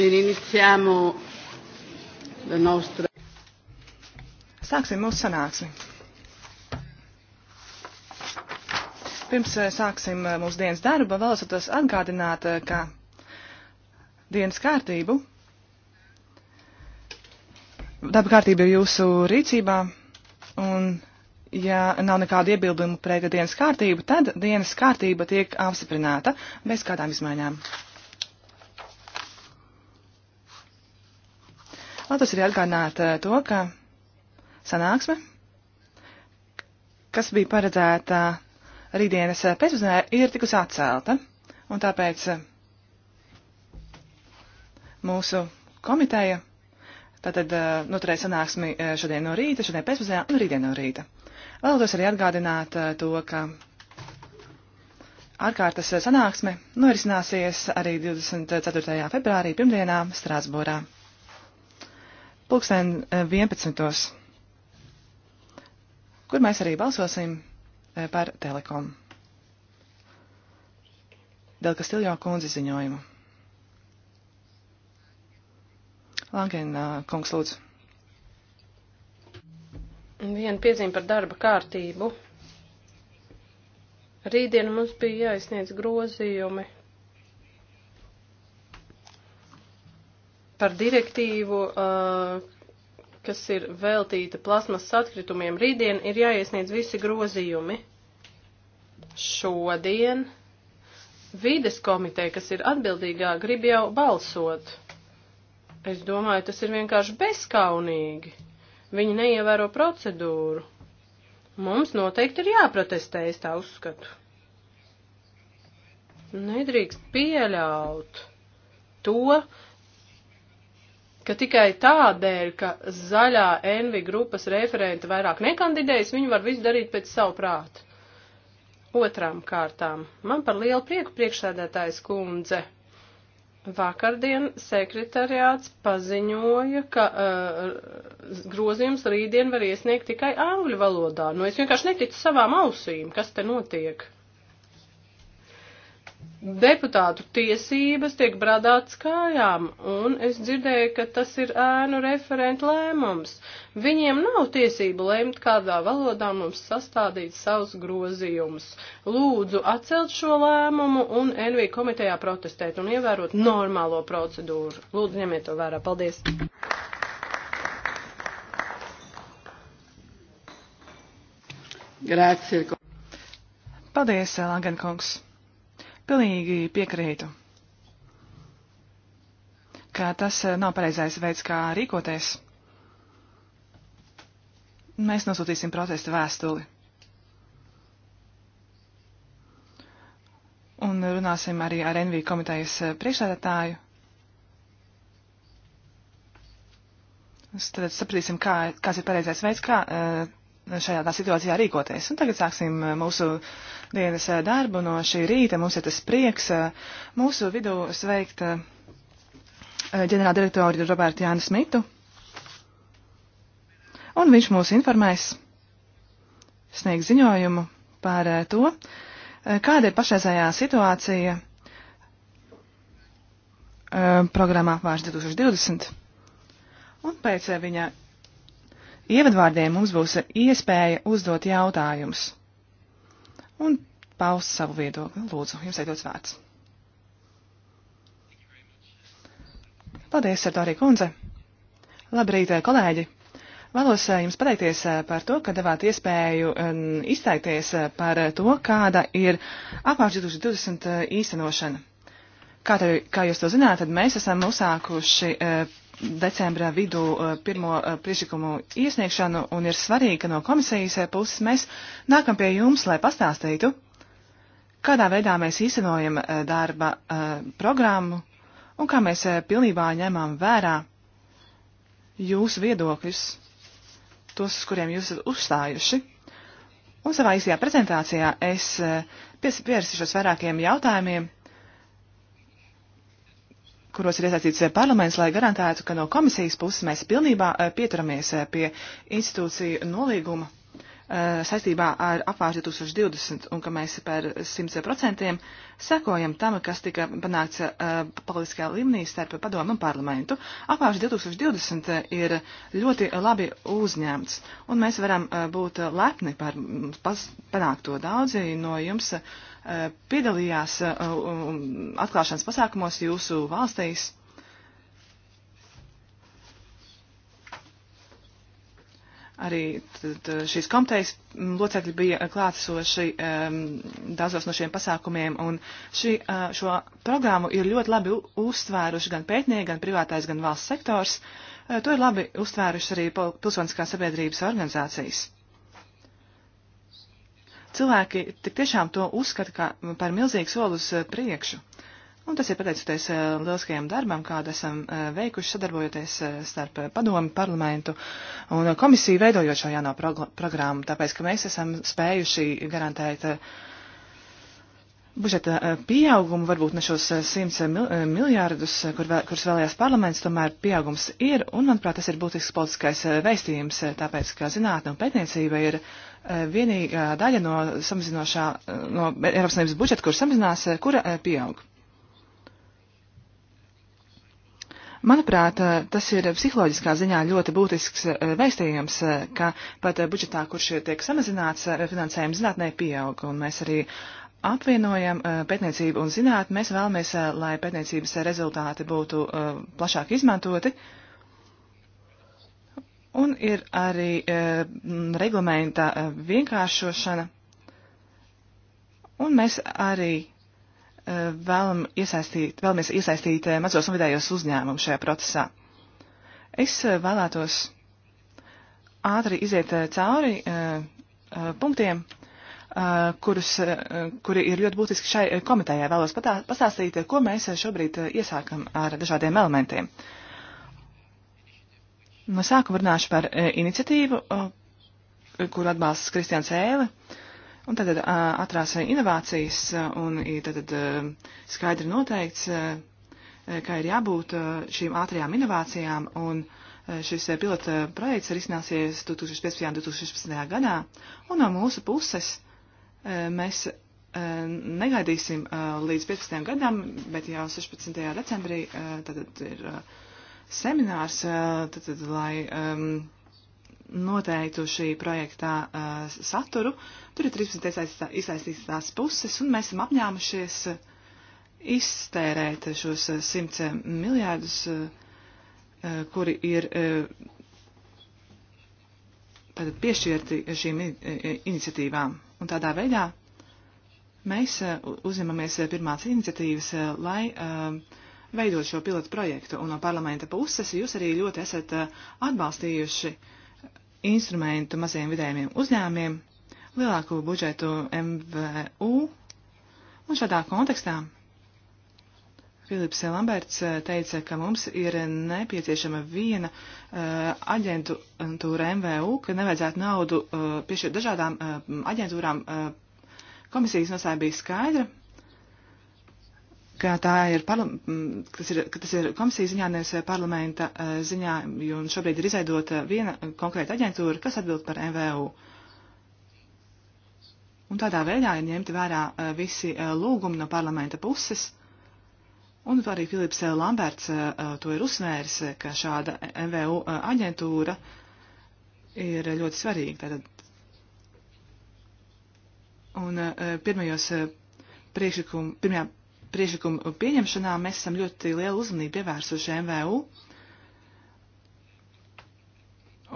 Bene, iniziamo la nostra. Sāksim mūsu sanāksmi. Pirms eh, sāksim eh, mūsu dienas darbu, vēlētos atgādināt, eh, ka dienas kārtību, darba kārtība ir jūsu rīcībā, un ja nav nekādu iebildumu pret dienas kārtību, tad dienas kārtība tiek apstiprināta bez kādām izmaiņām. Vēlos nu, arī atgādināt eh, to, ka sanāksme, kas bija paredzēta rītdienas pēcpusdienā, ir tikusi atcelta. Un tāpēc eh, mūsu komiteja tātad eh, noturēja sanāksmi šodien no rīta, šodien pēcpusdienā un rītdien no rīta. Vēlos arī atgādināt to, ka ārkārtas sanāksme norisināsies arī 24. februārī pirmdienā Strāsbūrā pulksten 11. Eh, kur mēs arī balsosim eh, par telekomu. Dēļ Kastiljo kundzi ziņojumu. Langen, eh, kungs, lūdzu. Viena piezīme par darba kārtību. Rītdien mums bija jāizsniedz grozījumi par direktīvu, uh, kas ir veltīta plasmas atkritumiem. Rītdien ir jāiesniedz visi grozījumi. Šodien vides komiteja, kas ir atbildīgā, grib jau balsot. Es domāju, tas ir vienkārši bezskaunīgi. Viņi neievēro procedūru. Mums noteikti ir jāprotestē, es tā uzskatu. Nedrīkst pieļaut to, ka tikai tādēļ, ka zaļā Envi grupas referenti vairāk nekandidējas, viņi var visu darīt pēc savu prātu. Otrām kārtām, man par lielu prieku priekšsēdētājs kundze. Vakardien sekretariāts paziņoja, ka uh, grozījums rītdien var iesniegt tikai angļu valodā. Nu, es vienkārši neticu savām ausīm, kas te notiek deputātu tiesības tiek bradāts kājām, un es dzirdēju, ka tas ir ēnu referentu lēmums. Viņiem nav tiesību lemt, kādā valodā mums sastādīt savus grozījumus. Lūdzu atcelt šo lēmumu un NV komitejā protestēt un ievērot normālo procedūru. Lūdzu, ņemiet to vērā. Paldies! Grācija. Paldies, Langenkungs. Pilnīgi piekrītu, ka tas eh, nav pareizais veids, kā rīkoties. Mēs nosūtīsim protesta vēstuli. Un runāsim arī ar NV komitejas eh, priekšsēdētāju. Tad sapratīsim, kā, kāds ir pareizais veids, kā uh, šajā situācijā rīkoties. Un tagad sāksim eh, mūsu dienas eh, darbu. No šī rīta mums ir tas prieks eh, mūsu vidū sveikt ģenerāldirektoru Robertu Jānu Smitu. Un viņš mūs informēs, sniegs ziņojumu par to, kāda ir pašreizējā situācija programmā Vārds 2020. Un pēc viņa ievadvārdiem mums būs iespēja uzdot jautājumus un paust savu viedokli. Lūdzu, jums ir dots vārds. Paldies, Sartori kundze. Labrīt, kolēģi. Vēlos eh, jums pateikties eh, par to, ka devāt iespēju eh, izteikties par to, kāda ir apmārš 2020 īstenošana. Kā, tev, kā jūs to zināt, tad mēs esam uzsākuši decembra vidū uh, pirmo uh, priekšlikumu iesniegšanu, un ir svarīgi, ka no komisijas uh, puses mēs nākam pie jums, lai pastāstītu, kādā veidā mēs īstenojam darba programmu un kā mēs pilnībā ņemam vērā jūsu viedokļus, tos, uz kuriem jūs esat uzstājuši. Un savā īsajā prezentācijā es piespriežos vairākiem jautājumiem, kuros ir iesaistīts eh, parlaments, lai garantētu, ka no komisijas puses mēs pilnībā eh, pieturamies eh, pie institūciju nolīguma Eh, saistībā ar apvārs 2020 un ka mēs par 100% sekojam tam, kas tika panākts uh, politiskajā līmenī starp padomu un parlamentu. Apvārs 2020 ir ļoti labi uzņemts un mēs varam uh, būt lepni par panākto daudzi no jums uh, piedalījās atklāšanas pasākumos jūsu valstīs Arī šīs komitejas locekļi bija klātsoši um, daudzos no šiem pasākumiem, un šī, uh, šo programmu ir ļoti labi uztvēruši gan pētnieki, gan privātais, gan valsts sektors. Uh, to ir labi uztvēruši arī pilsoniskās sabiedrības organizācijas. Cilvēki tik tiešām to uzskata kā par milzīgu soli uz priekšu. Un tas ir pateicoties eh, lieliskajam darbam, kādu esam eh, veikuši sadarbojoties eh, starp padomu, parlamentu un komisiju veidojot šo jauno programmu, tāpēc, ka mēs esam spējuši garantēt budžeta pieaugumu, varbūt ne šos 100 mil, miljārdus, kur vēl, kurus vēlējās parlaments, tomēr pieaugums ir, un, manuprāt, tas ir būtisks politiskais vēstījums, tāpēc, ka zinātne un pētniecība ir vienīgā daļa no samazinošā, no Eiropas Savienības budžeta, kur samazinās, kura pieaug. Manuprāt, eh, tas ir psiholoģiskā ziņā ļoti būtisks eh, veistījums, eh, ka pat budžetā, kurš tiek samazināts, finansējums zinātnē pieaug, un mēs arī apvienojam pētniecību un zinātni, mēs vēlamies, lai pētniecības rezultāti būtu plašāk izmantoti. Un ir arī reglamenta vienkāršošana. Un mēs arī vēlam iesaistīt, vēlamies iesaistīt eh, mazos un vidējos uzņēmumus šajā procesā. Es eh, vēlētos ātri iziet eh, cauri punktiem, kurus, kuri ir ļoti būtiski šai komitējai. Vēlos patā, pastāstīt, ko mēs šobrīd iesākam ar dažādiem elementiem. No sākuma runāšu par iniciatīvu, kuru atbalsts Kristians Ēle. Uh, Un tad uh, atrās inovācijas uh, un ir tad uh, skaidri noteikts, kā ir jābūt šīm ātrajām inovācijām. Un šis pilota projekts ir izcināsies 2015. un 2016. gadā. Un no mūsu puses mēs negaidīsim līdz 15. gadam, bet jau 16. decembrī tad ir seminārs, tad, tad, lai um, noteiktu šī projektā uh, saturu. Tur ir 13 izlaistītās puses, un mēs esam apņēmušies uh, iztērēt šos 100 uh, uh, miljārdus, uh, kuri ir uh, piešķirti šīm iniciatīvām. Un tādā veidā mēs uzņemamies pirmās iniciatīvas, lai uh, veidot šo pilotu projektu, un no parlamenta puses jūs arī ļoti esat atbalstījuši uh, instrumentu maziem vidējiem uzņēmiem, lielāku budžetu MVU, un šādā kontekstā Filips Lamberts eh, teica, ka mums ir nepieciešama viena eh, aģentūra MVU, ka nevajadzētu naudu eh, piešķirt dažādām aģentūrām. Komisijas nostāja bija skaidra, ka, ir tas ir, ka tas ir komisijas ziņā, nevis parlamenta e, ziņā, un šobrīd ir izveidota viena konkrēta aģentūra, kas atbild par MVU. Un tādā veidā ir ņemti vērā e, visi e, lūgumi no parlamenta puses. Un arī Filips Lamberts to ir uzsvērs, ka šāda MVU aģentūra ir ļoti svarīga. Tātad. Un pirmajos priekšlikum, pirmajā priekšlikumu pieņemšanā mēs esam ļoti lielu uzmanību pievērsuši MVU.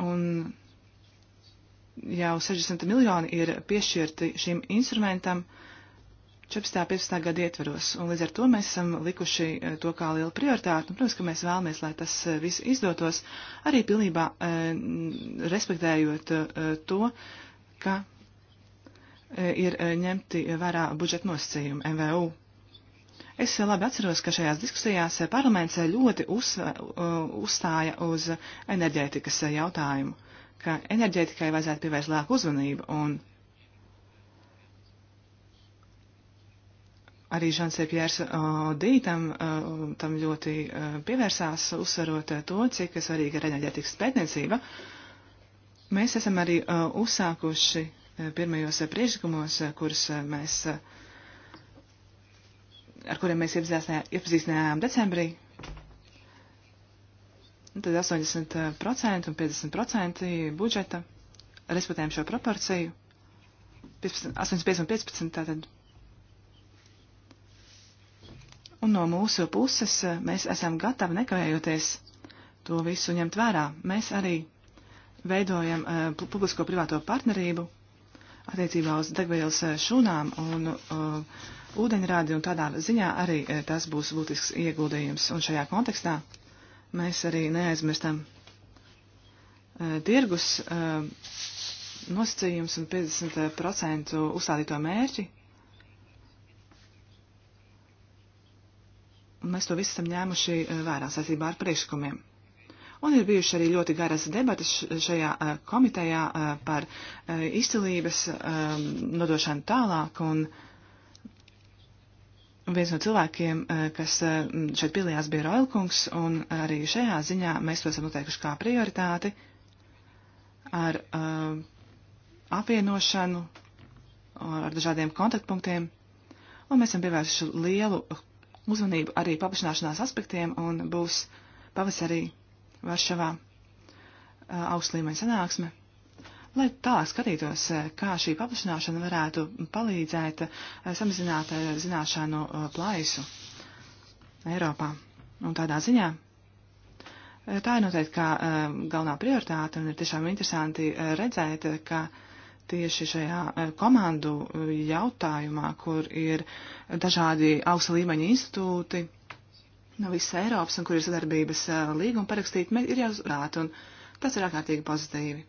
Un jau 60 miljoni ir piešķirti šim instrumentam 14. 15. gada ietveros, un līdz ar to mēs esam likuši eh, to kā lielu prioritātu. Un, protams, ka mēs vēlamies, lai tas eh, viss izdotos, arī pilnībā e, respektējot e, to, ka e, ir ņemti vērā budžeta nosacījumi MVU. Es labi atceros, ka šajās diskusijās parlaments ļoti uz, uh, uzstāja uz enerģētikas jautājumu, ka enerģētikai vajadzētu pievērst lielāku uzmanību un arī Žans Piers uh, Dī tam, uh, tam ļoti pievērsās, uzsverot to, cik svarīga ir enerģētikas pētniecība. Mēs esam arī uzsākuši pirmajos priekšlikumos, kurus mēs uh, ar kuriem mēs iepazīstinājām decembrī. Nu, un tad 80% un 50% budžeta, respektējam šo proporciju, 15, 85 un 15 tātad. Un no mūsu puses eh, mēs esam gatavi nekavējoties to visu ņemt vērā. Mēs arī veidojam uh, publisko privāto partnerību attiecībā uz degvielas eh, šūnām un uh, ūdeņrādi, un tādā ziņā arī eh, tas būs būtisks ieguldījums. Un šajā kontekstā mēs arī neaizmirstam uh, tirgus uh, nosacījums un 50% uzstādīto mērķi. Un mēs to visu esam ņēmuši vērā saistībā ar priekšlikumiem. Un ir bijuši arī ļoti garas debatas šajā komitejā par izcilības nodošanu tālāk. Un viens no cilvēkiem, kas šeit pilījās, bija Roilkungs, un arī šajā ziņā mēs to esam noteikuši kā prioritāti ar apvienošanu, ar dažādiem kontaktpunktiem. Un mēs esam pievērsuši lielu uzmanību arī paplašināšanās aspektiem un būs pavasarī Varšavā augstlīmeņa sanāksme, lai tā skatītos, kā šī paplašināšana varētu palīdzēt samazināt zināšanu plaisu Eiropā. Un tādā ziņā tā ir noteikti kā galvenā prioritāte un ir tiešām interesanti redzēt, ka tieši šajā komandu jautājumā, kur ir dažādi augsta līmeņa institūti, no visas Eiropas un kur ir sadarbības eh, līguma parakstīti, ir jāuzprāt, un tas ir ārkārtīgi pozitīvi.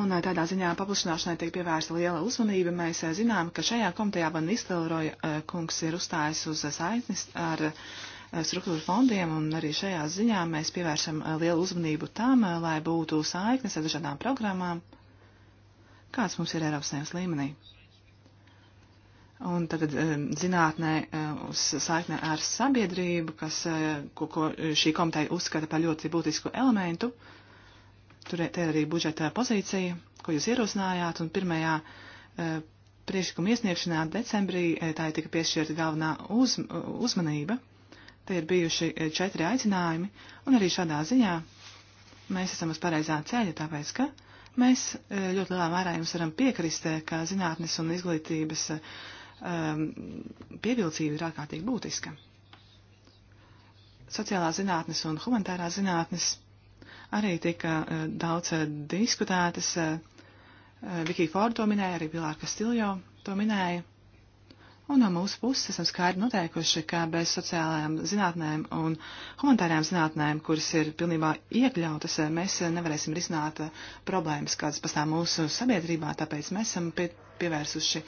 Un eh, tādā ziņā paplašināšanai tiek pievērsta liela uzmanība. Mēs eh, zinām, ka šajā komitejā Van Nistelroja kungs ir uzstājis uz saitnes ar struktūru fondiem, un arī šajā ziņā mēs pievēršam lielu uzmanību tam, lai būtu saiknes ar dažādām programmām, kāds mums ir Eiropas saimnes līmenī. Un tagad eh, zinātnē eh, uz saiknē ar sabiedrību, kas, eh, ko, ko šī komiteja uzskata par ļoti būtisku elementu. Tur ir arī budžeta pozīcija, ko jūs ierosinājāt, un pirmajā priekšlikuma iesniegšanā decembrī tā ir tika piešķirta galvenā uz, uzmanība. Te ir bijuši četri aicinājumi, un arī šādā ziņā mēs esam uz pareizā ceļa, tāpēc, ka mēs ļoti lielā mērā jums varam piekrist, ka zinātnes un izglītības uh, um, pievilcība ir ārkārtīgi būtiska. Sociālā zinātnes un humanitārā zinātnes arī tika uh, daudz uh, diskutētas. Uh, uh Viki Ford to minēja, arī Pilārka Stiljo to minēja. Un no mūsu puses esam skaidri noteikuši, ka bez sociālajām zinātnēm un humanitārajām zinātnēm, kuras ir pilnībā iekļautas, mēs nevarēsim risināt problēmas, kādas pastāv mūsu sabiedrībā, tāpēc mēs esam pie, pievērsuši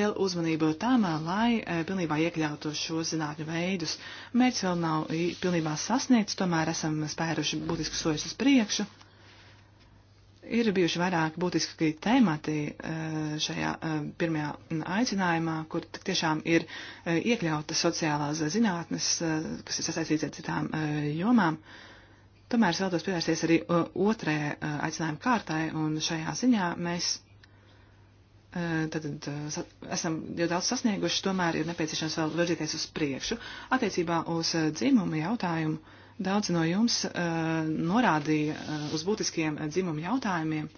lielu uzmanību tam, lai eh, pilnībā iekļautu šo zinātņu veidus. Mērķis vēl nav pilnībā sasniegts, tomēr esam spēruši būtiskus soļus uz priekšu. Ir bijuši vairāk būtiski temati e, šajā e, pirmajā aicinājumā, kur tiešām ir e, iekļautas sociālās zinātnes, kas ir sasaistīts ar citām jomām. Tomēr es vēlos pievērsties arī otrē aicinājuma kārtai, un šajā ziņā mēs tad esam jau daudz sasnieguši, tomēr ir nepieciešams vēl virzīties uz priekšu attiecībā uz dzimumu jautājumu Daudz no jums uh, norādīja uh, uz būtiskiem uh, dzimumu jautājumiem,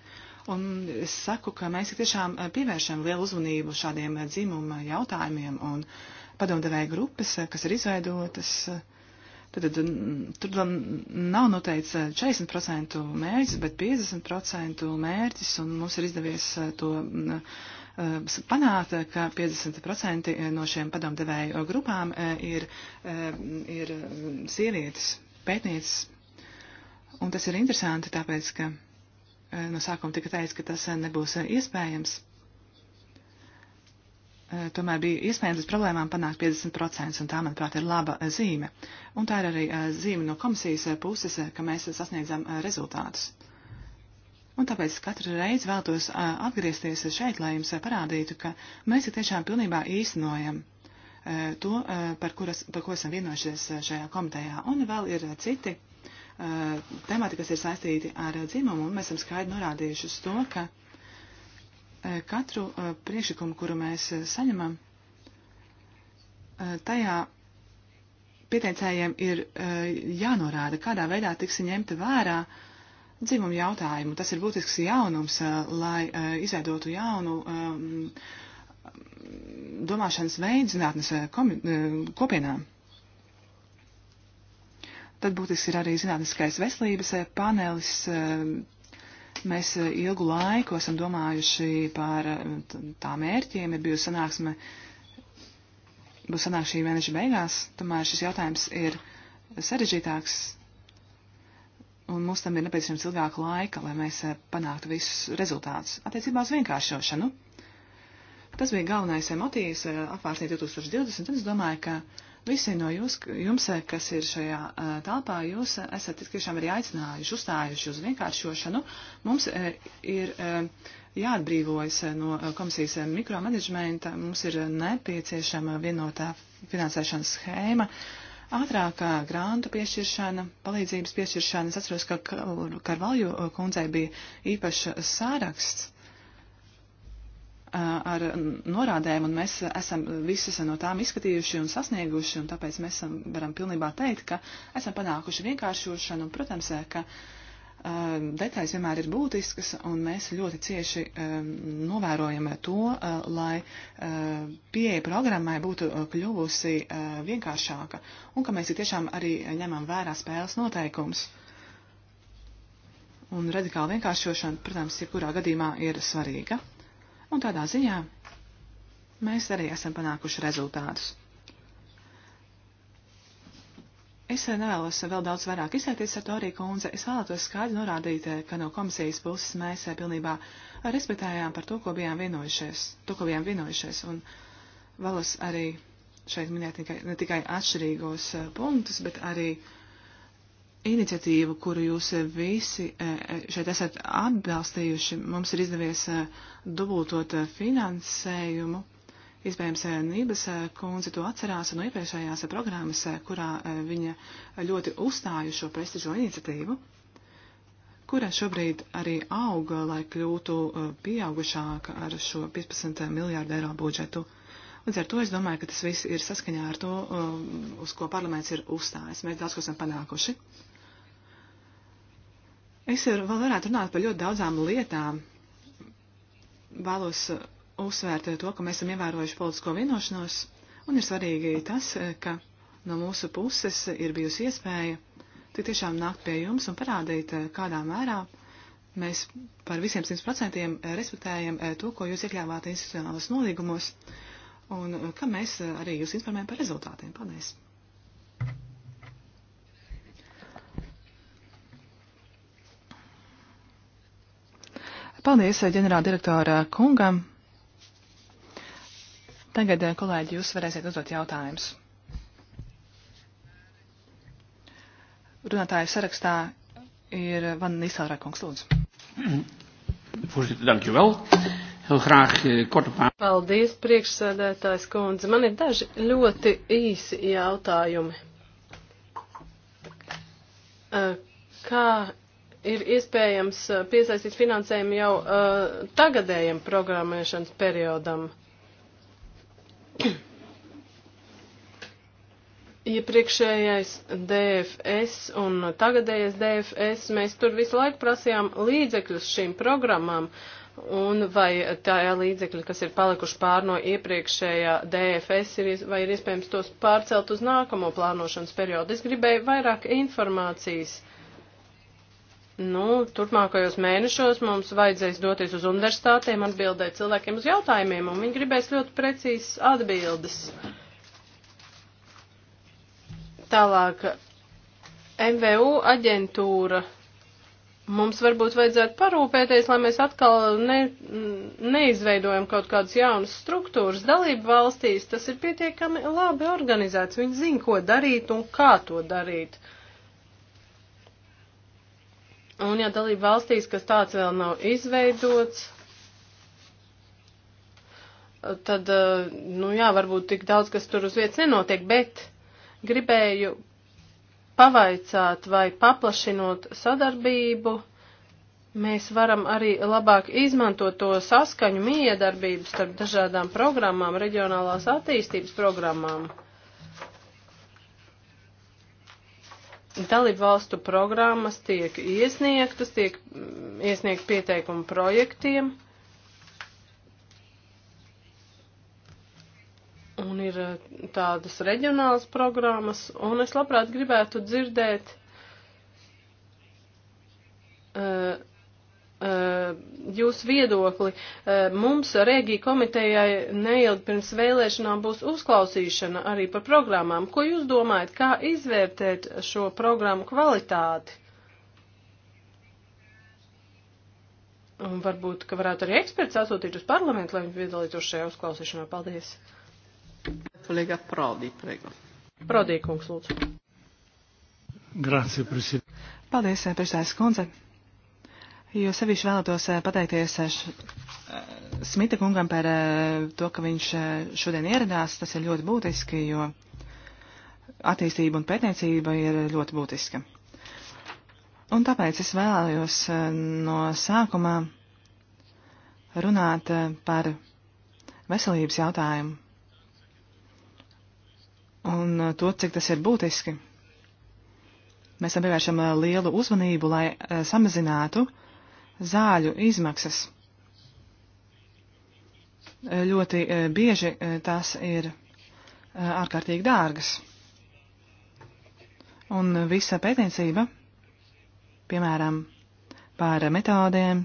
un es saku, ka mēs tiešām uh, pievēršam lielu uzmanību šādiem uh, dzimuma jautājumiem, un padomdevēja grupas, kas ir izveidotas, tad, tad mm, tur nav noteikts 40% mērķis, bet 50% mērķis, un mums ir izdevies to. Mm, uh, panākt, ka 50% no šiem padomdevēju grupām ir, ir sievietes pētniecības. Un tas ir interesanti, tāpēc, ka eh, no sākuma tika teikts, ka tas eh, nebūs eh, iespējams. Tomēr bija iespējams bez problēmām panākt 50%, un tā, manuprāt, ir laba zīme. Un tā ir arī zīme no komisijas puses, ka mēs sasniedzam rezultātus. Un tāpēc katru reizi vēlos atgriezties šeit, lai jums parādītu, ka mēs tiešām pilnībā īstenojam uh, Eh, to, eh, par, kuras, par ko esam vienojušies eh, šajā komitejā. Un vēl ir citi temati, kas ir saistīti ar dzimumu, un mēs esam skaidri norādījuši uz to, ka katru priekšlikumu, kuru mēs saņemam, tajā pieteicējiem ir jānorāda, kādā veidā tiks ņemta vērā dzimumu jautājumu. Tas ir būtisks jaunums, lai izveidotu jaunu domāšanas veids zinātnes eh, eh, kopienām. Tad būtisks ir arī zinātniskais veselības eh, panelis. Mēs ilgu laiku esam domājuši par tā mērķiem, ir bijusi sanāksme, būs sanāk šī mēneša beigās, tomēr šis jautājums ir sarežģītāks, un mums tam ir nepieciešams ilgāka laika, lai mēs panāktu visus rezultātus. Attiecībā uz vienkāršošanu. Tas bija galvenais motīvs eh, apvārsnī 2020, un es domāju, ka visi no jūs, jums, eh, kas ir šajā eh, telpā, jūs esat tiešām arī aicinājuši, uzstājuši uz vienkāršošanu. Mums ir jāatbrīvojas no komisijas mikromanagementa, mums ir nepieciešama vienotā finansēšanas schēma ātrākā grāntu piešķiršana, palīdzības piešķiršana. Es atceros, ka Karvalju kundzei bija īpašs sāraksts ar norādēm, un mēs esam visas no tām izskatījuši un sasnieguši, un tāpēc mēs esam, varam pilnībā teikt, ka esam panākuši vienkāršošanu, un, protams, ka uh, detaļas vienmēr ir būtiskas, un mēs ļoti cieši uh, novērojam to, uh, lai pieeja programmai būtu kļuvusi vienkāršāka, un ka mēs tiešām arī ņemam vērā spēles noteikums. Un radikāla vienkāršošana, protams, jebkurā gadījumā ir svarīga. Un tādā ziņā mēs arī esam panākuši rezultātus. Es nevēlos vēl daudz vairāk izteikties ar to arī kundze. Es vēlētos skaidri norādīt, ka no komisijas puses mēs eh, pilnībā respektējām par to, ko bijām vienojušies. To, ko bijām vienojušies. Un vēlos arī šeit minēt ne tikai atšķirīgos eh, punktus, bet arī uh, iniciatīvu, kuru jūs eh, visi eh, šeit esat atbalstījuši. Mums ir izdevies eh, dubultot finansējumu. Iespējams, Nības kundze to atcerās no iepriekšējās programmas, kurā viņa ļoti uzstāju šo prestižo iniciatīvu, kura šobrīd arī auga, lai kļūtu pieaugušāka ar šo 15 miljārdu eiro budžetu. Līdz ar to es domāju, ka tas viss ir saskaņā ar to, uz ko parlaments ir uzstājis. Mēs daudz ko esam panākuši. Es vēl varētu runāt par ļoti daudzām lietām. Vēlos uh, uzsvērt uh, to, ka mēs esam ievērojuši politisko vienošanos, un ir svarīgi tas, uh, ka no mūsu puses ir bijusi iespēja tik tiešām nākt pie jums un parādīt, kādā mērā mēs par visiem 100% respektējam to, ko jūs iekļāvāt institucionālos nolīgumos, un ka mēs arī jūs informējam par rezultātiem. Paldies! Paldies eh, ģenerāldirektora kungam. Tagad, eh, kolēģi, jūs varēsiet uzdot jautājumus. Runātāju sarakstā ir Van Nisāra kungs, lūdzu. Voorzitter, dank u wel. Heel graag eh, korte paar. Paldies, priekšsēdētājs kundze. Man ir daži ļoti īsi jautājumi. Kā ir iespējams uh, piesaistīt finansējumu jau uh, tagadējiem programmēšanas periodam. Iepriekšējais ja DFS un tagadējais DFS, mēs tur visu laiku prasījām līdzekļus šīm programmām, un vai tā līdzekļi, kas ir palikuši pār no iepriekšējā DFS, ir, vai ir iespējams tos pārcelt uz nākamo plānošanas periodu. Es gribēju vairāk informācijas Nu, turpmākajos mēnešos mums vajadzēs doties uz universitātēm, atbildēt cilvēkiem uz jautājumiem, un viņi gribēs ļoti precīzas atbildes. Tālāk, MVU aģentūra. Mums varbūt vajadzētu parūpēties, lai mēs atkal ne, neizveidojam kaut kādas jaunas struktūras dalību valstīs. Tas ir pietiekami labi organizēts. Viņi zina, ko darīt un kā to darīt. Uh, Un ja dalība valstīs, kas tāds vēl nav izveidots, tad, nu jā, varbūt tik daudz, kas tur uz vietas nenotiek, bet gribēju pavaicāt vai paplašinot sadarbību, mēs varam arī labāk izmantot to saskaņu miedarbību starp dažādām programmām, reģionālās attīstības programmām. Dalību valstu programmas tiek iesniegtas, tiek mm, iesniegt pieteikumu projektiem. Un ir eh, tādas reģionālas programmas, un es labprāt gribētu dzirdēt uh, Uh, jūs viedokli. Uh, mums Rēgija komitejai neilgi pirms vēlēšanām būs uzklausīšana arī par programmām. Ko jūs domājat, kā izvērtēt šo programmu kvalitāti? Un varbūt, ka varētu arī eksperts atsūtīt uz parlamentu, lai viņi piedalītos šajā uzklausīšanā. Paldies. Kolēģa Prādī, prego. Prādī, kungs, lūdzu. Grācija, prezidents. Paldies, eh, prezidents Konze. Jo sevišķi vēlētos eh, pateikties eh, eh, Smita kungam par to, ka viņš šodien ieradās. Tas ir ļoti būtiski, jo attīstība un pētniecība ir ļoti būtiska. Un tāpēc es vēlējos no sākumā runāt par veselības jautājumu un to, cik tas ir būtiski. Mēs tam pievēršam lielu uzmanību, lai samazinātu uh, zāļu izmaksas. Ļoti eh, bieži eh, tās ir eh, ārkārtīgi dārgas. Un visa pētniecība, piemēram, par metodēm,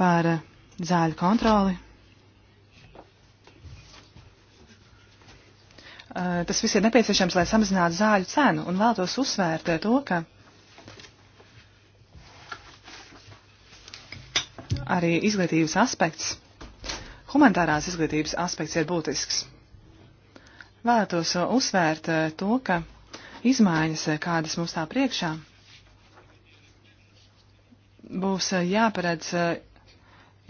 par zāļu kontroli Eh, tas viss ir nepieciešams, lai samazinātu zāļu cenu, un vēlos uzsvērt eh, to, ka arī izglītības aspekts, humanitārās izglītības aspekts ir būtisks. Vēlētos eh, uzsvērt to, ka izmaiņas, kādas mums tā priekšā, būs jāparedz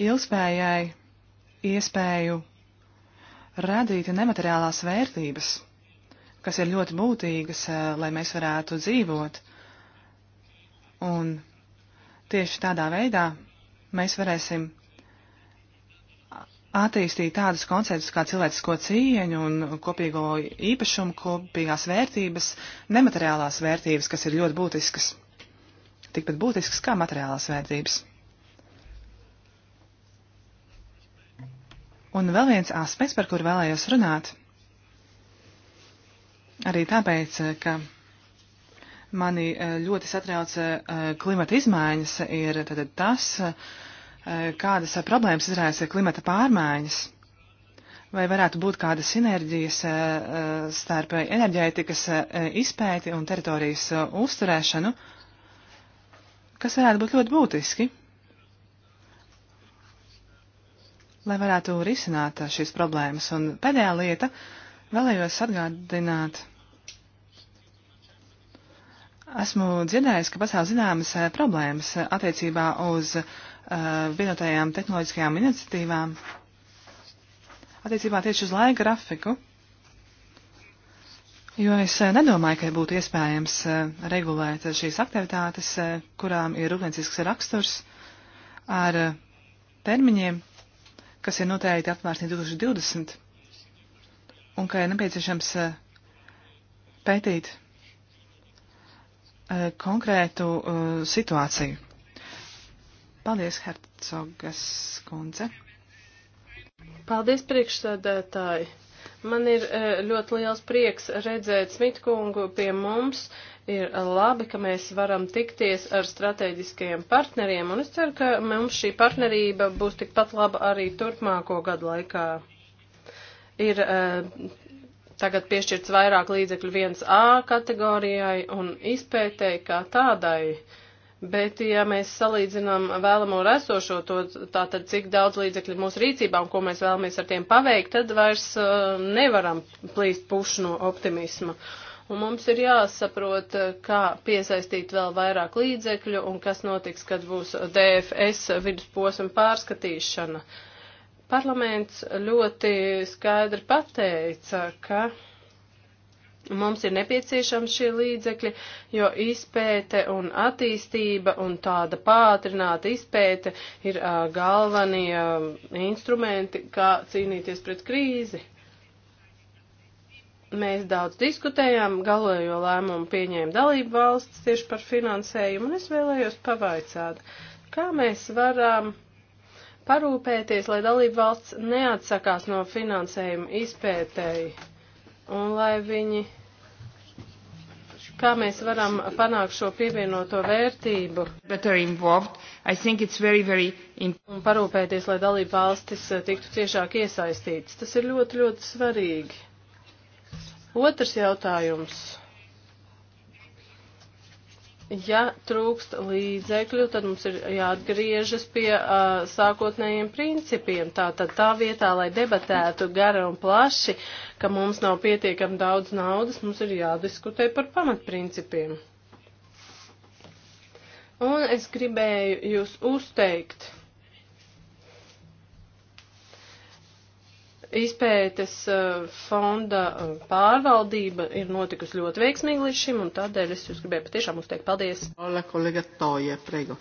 ilgspējai iespēju radītu nemateriālās vērtības, kas ir ļoti būtīgas, eh, lai mēs varētu dzīvot. Un tieši tādā veidā mēs varēsim attīstīt tādus konceptus kā cilvēcisko cieņu un kopīgo īpašumu, kopīgās vērtības, nemateriālās vērtības, kas ir ļoti būtiskas. Tikpat būtiskas kā materiālās vērtības. Un vēl viens aspekts, par kuru vēlējos runāt, arī tāpēc, ka mani e, ļoti satrauc e, klimata izmaiņas, ir tad, tas, e, kādas problēmas izraisa klimata pārmaiņas. Vai varētu būt kādas sinerģijas starp enerģētikas izpēti un teritorijas uzturēšanu, kas varētu būt ļoti būtiski? lai varētu risināt šīs problēmas. Un pēdējā lieta vēlējos atgādināt. Esmu dzirdējis, ka pastāv zināmas problēmas attiecībā uz uh, vienotajām tehnoloģiskajām iniciatīvām, attiecībā tieši uz laika grafiku, jo es nedomāju, ka būtu iespējams uh, regulēt šīs aktivitātes, uh, kurām ir rūpniecisks raksturs ar termiņiem, kas ir noteikti apmērsnī 2020, un ka ir nepieciešams eh, pētīt eh, konkrētu eh, situāciju. Paldies, Hercogas kundze. Paldies, priekšsēdētāji. Man ir ļoti liels prieks redzēt Smitkungu pie mums. Uh, Ir labi, ka mēs varam tikties ar strateģiskajiem partneriem, un es ceru, ka mums šī partnerība būs tikpat laba arī turpmāko gadu laikā. Ir eh, tagad piešķirts vairāk līdzekļu 1A kategorijai un izpētēji kā tādai. Bet, ja mēs salīdzinām vēlamo ar esošo, to, tātad cik daudz līdzekļu mūsu rīcībā un ko mēs vēlamies ar tiem paveikt, tad vairs uh, nevaram plīst pušu no optimisma. Uh, un mums ir jāsaprot, eh, kā piesaistīt vēl vairāk līdzekļu un kas notiks, kad būs DFS vidusposma pārskatīšana. Parlaments ļoti skaidri pateica, ka mums ir nepieciešams šie līdzekļi, jo izpēte un attīstība un tāda pātrināta izpēte ir uh, galvenie uh, instrumenti, kā cīnīties pret krīzi. Mēs daudz diskutējām, galējo lēmumu pieņēma dalību valsts tieši par finansējumu, un es vēlējos pavaicāt, kā mēs varam parūpēties, lai dalību valsts neatsakās no finansējuma izpētēji, un lai viņi, kā mēs varam panākt šo pievienoto vērtību, very, very un parūpēties, lai dalību valstis tiktu ciešāk iesaistītas. Tas ir ļoti, ļoti svarīgi. Otrs jautājums. Ja trūkst līdzekļu, tad mums ir jāatgriežas pie uh, sākotnējiem principiem. Tā tad tā vietā, lai debatētu gara un plaši, ka mums nav pietiekami daudz naudas, mums ir jādiskutē par pamatprincipiem. Un es gribēju jūs uzteikt izpētes eh, fonda eh, pārvaldība ir notikusi ļoti veiksmīgi līdz šim, un tādēļ es jūs gribēju patiešām uzteikt paldies. Ola kolega Toja, prego.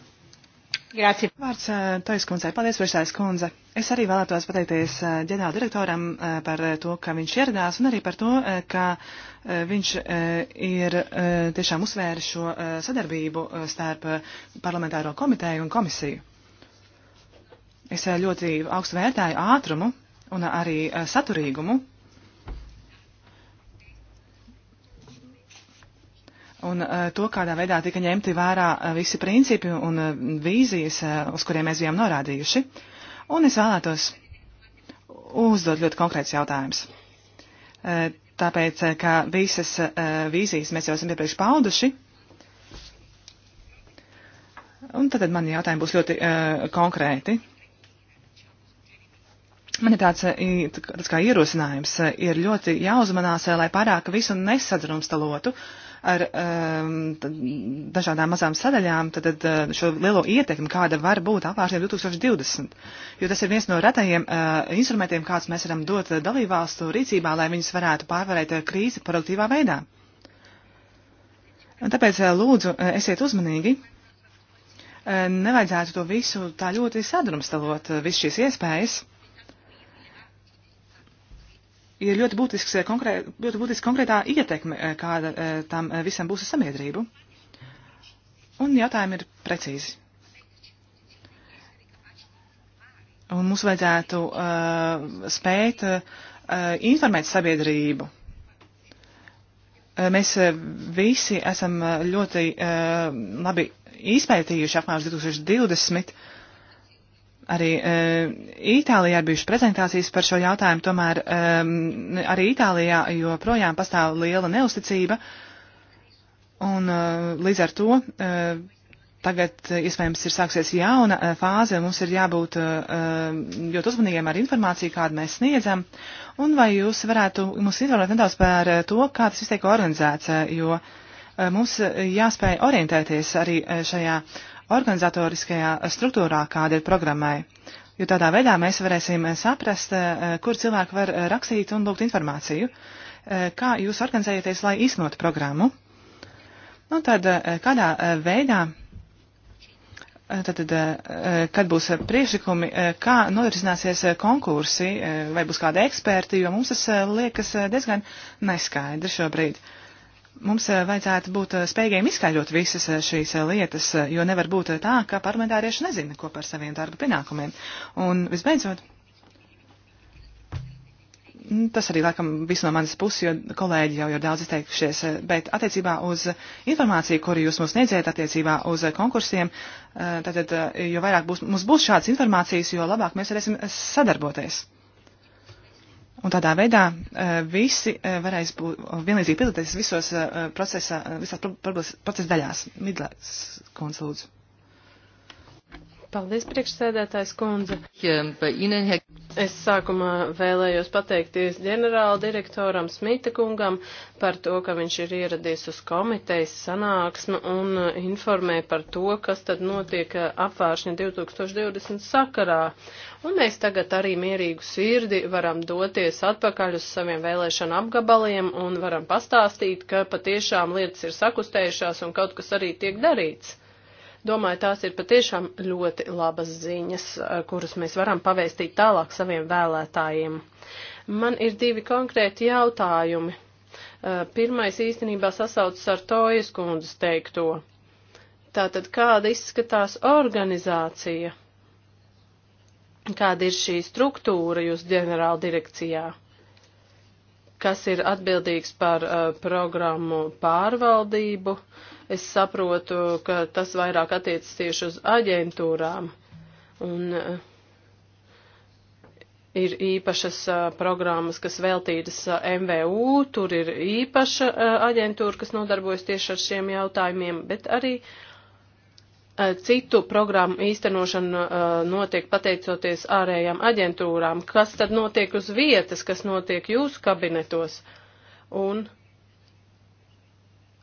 Grācija. Vārds eh, Tojas kundzei. Paldies, priekšstājas kundze. Es arī vēlētos pateikties ģenerāla direktoram par to, ka viņš ieradās, un arī par to, ka viņš ir tiešām uzsvēris šo sadarbību starp parlamentāro komiteju un komisiju. Es ļoti augstu vērtēju ātrumu, un arī eh, saturīgumu. Un eh, to, kādā veidā tika ņemti vērā eh, visi principi un vīzijas, uz kuriem mēs bijām norādījuši. Un es vēlētos uzdot ļoti konkrēts jautājums. Tāpēc, ka visas vīzijas mēs jau esam iepriekš pauduši. Un tad man jautājumi būs ļoti konkrēti. Man ir tāds, tāds kā ierosinājums, e, ir ļoti jāuzmanās, e, lai pārāk visu nesadrumstalotu ar um, dažādām mazām sadaļām, tad, tad e, šo lielo ietekmi, kāda var būt apvāršiem 2020. Jo tas ir viens no retajiem uh, instrumentiem, kāds mēs varam dot dalībvalstu rīcībā, lai viņas varētu pārvarēt krīzi produktīvā veidā. Un tāpēc lūdzu, esiet uzmanīgi nevajadzētu to visu tā ļoti sadrumstalot, visu šīs iespējas ir ļoti, būtisks, eh, konkrē, ļoti būtiski konkrētā ietekme, eh, kāda eh, tam visam būs uz sabiedrību. Un jautājumi ir precīzi. Un mums vajadzētu uh, spēt uh, informēt sabiedrību. Mēs visi esam ļoti uh, labi izpētījuši apmēram 2020 Arī e, Itālijā ir bijušas prezentācijas par šo jautājumu, tomēr e, arī Itālijā joprojām pastāv liela neusticība, un e, līdz ar to e, tagad iespējams ir sāksies jauna e, fāze, mums ir jābūt e, e, ļoti uzmanīgiem ar informāciju, kādu mēs sniedzam, un vai jūs varētu mums informēt nedaudz par e, to, kā tas viss tiek organizēts, e, jo e, mums jāspēj orientēties arī šajā organizatoriskajā struktūrā, kāda ir programmai. Jo tādā veidā mēs varēsim saprast, eh, kur cilvēki var eh, rakstīt un lūgt informāciju, eh, kā jūs organizējaties, lai īstenotu programmu. Nu, tad kādā veidā, tad, kad būs priekšlikumi, kā norisināsies konkursi, vai būs kādi eksperti, jo mums tas liekas diezgan neskaidri šobrīd. Uh, mums eh, vajadzētu būt eh, spējīgiem izskaidrot visas eh, šīs lietas, jo nevar būt tā, ka parlamentārieši nezina, ko par saviem darba pienākumiem. Un visbeidzot, tas arī laikam viss no manas puses, jo kolēģi jau ir daudz izteikušies, bet attiecībā uz informāciju, kuru jūs mums sniedziet attiecībā uz konkursiem, tātad, jo vairāk būs, mums būs šādas informācijas, jo labāk mēs varēsim sadarboties. Un tādā veidā e, visi e, varēs būt vienlīdzīgi piedalīties visos e, procesa, visās procesa daļās. Midlēks konsults. Paldies, priekšsēdētājs kundze. Es sākumā vēlējos pateikties ģenerāla direktoram Smita kungam par to, ka viņš ir ieradies uz komitejas sanāksmu un uh, informē par to, kas tad notiek uh, apvāršņa 2020 sakarā. Un mēs tagad arī mierīgu sirdi varam doties atpakaļ uz saviem vēlēšanu apgabaliem un varam pastāstīt, ka patiešām lietas ir sakustējušās un kaut kas arī tiek darīts. Domāju, tās ir patiešām ļoti labas ziņas, eh, kuras mēs varam pavēstīt tālāk saviem vēlētājiem. Man ir divi konkrēti jautājumi. Eh, Pirmais īstenībā sasaucas ar Tojas kundzes teikto. Tātad kāda izskatās organizācija? Kāda ir šī struktūra jūs ģenerāla direkcijā? Kas ir atbildīgs par uh, programmu pārvaldību? Uh, Es saprotu, ka tas vairāk attiecas tieši uz aģentūrām. Un eh, ir īpašas eh, programmas, kas veltītas eh, MVU, tur ir īpaša aģentūra, kas nodarbojas tieši ar šiem jautājumiem, bet arī citu programmu īstenošana notiek pateicoties ārējām aģentūrām. Kas tad notiek uz vietas, kas notiek jūsu kabinetos? Un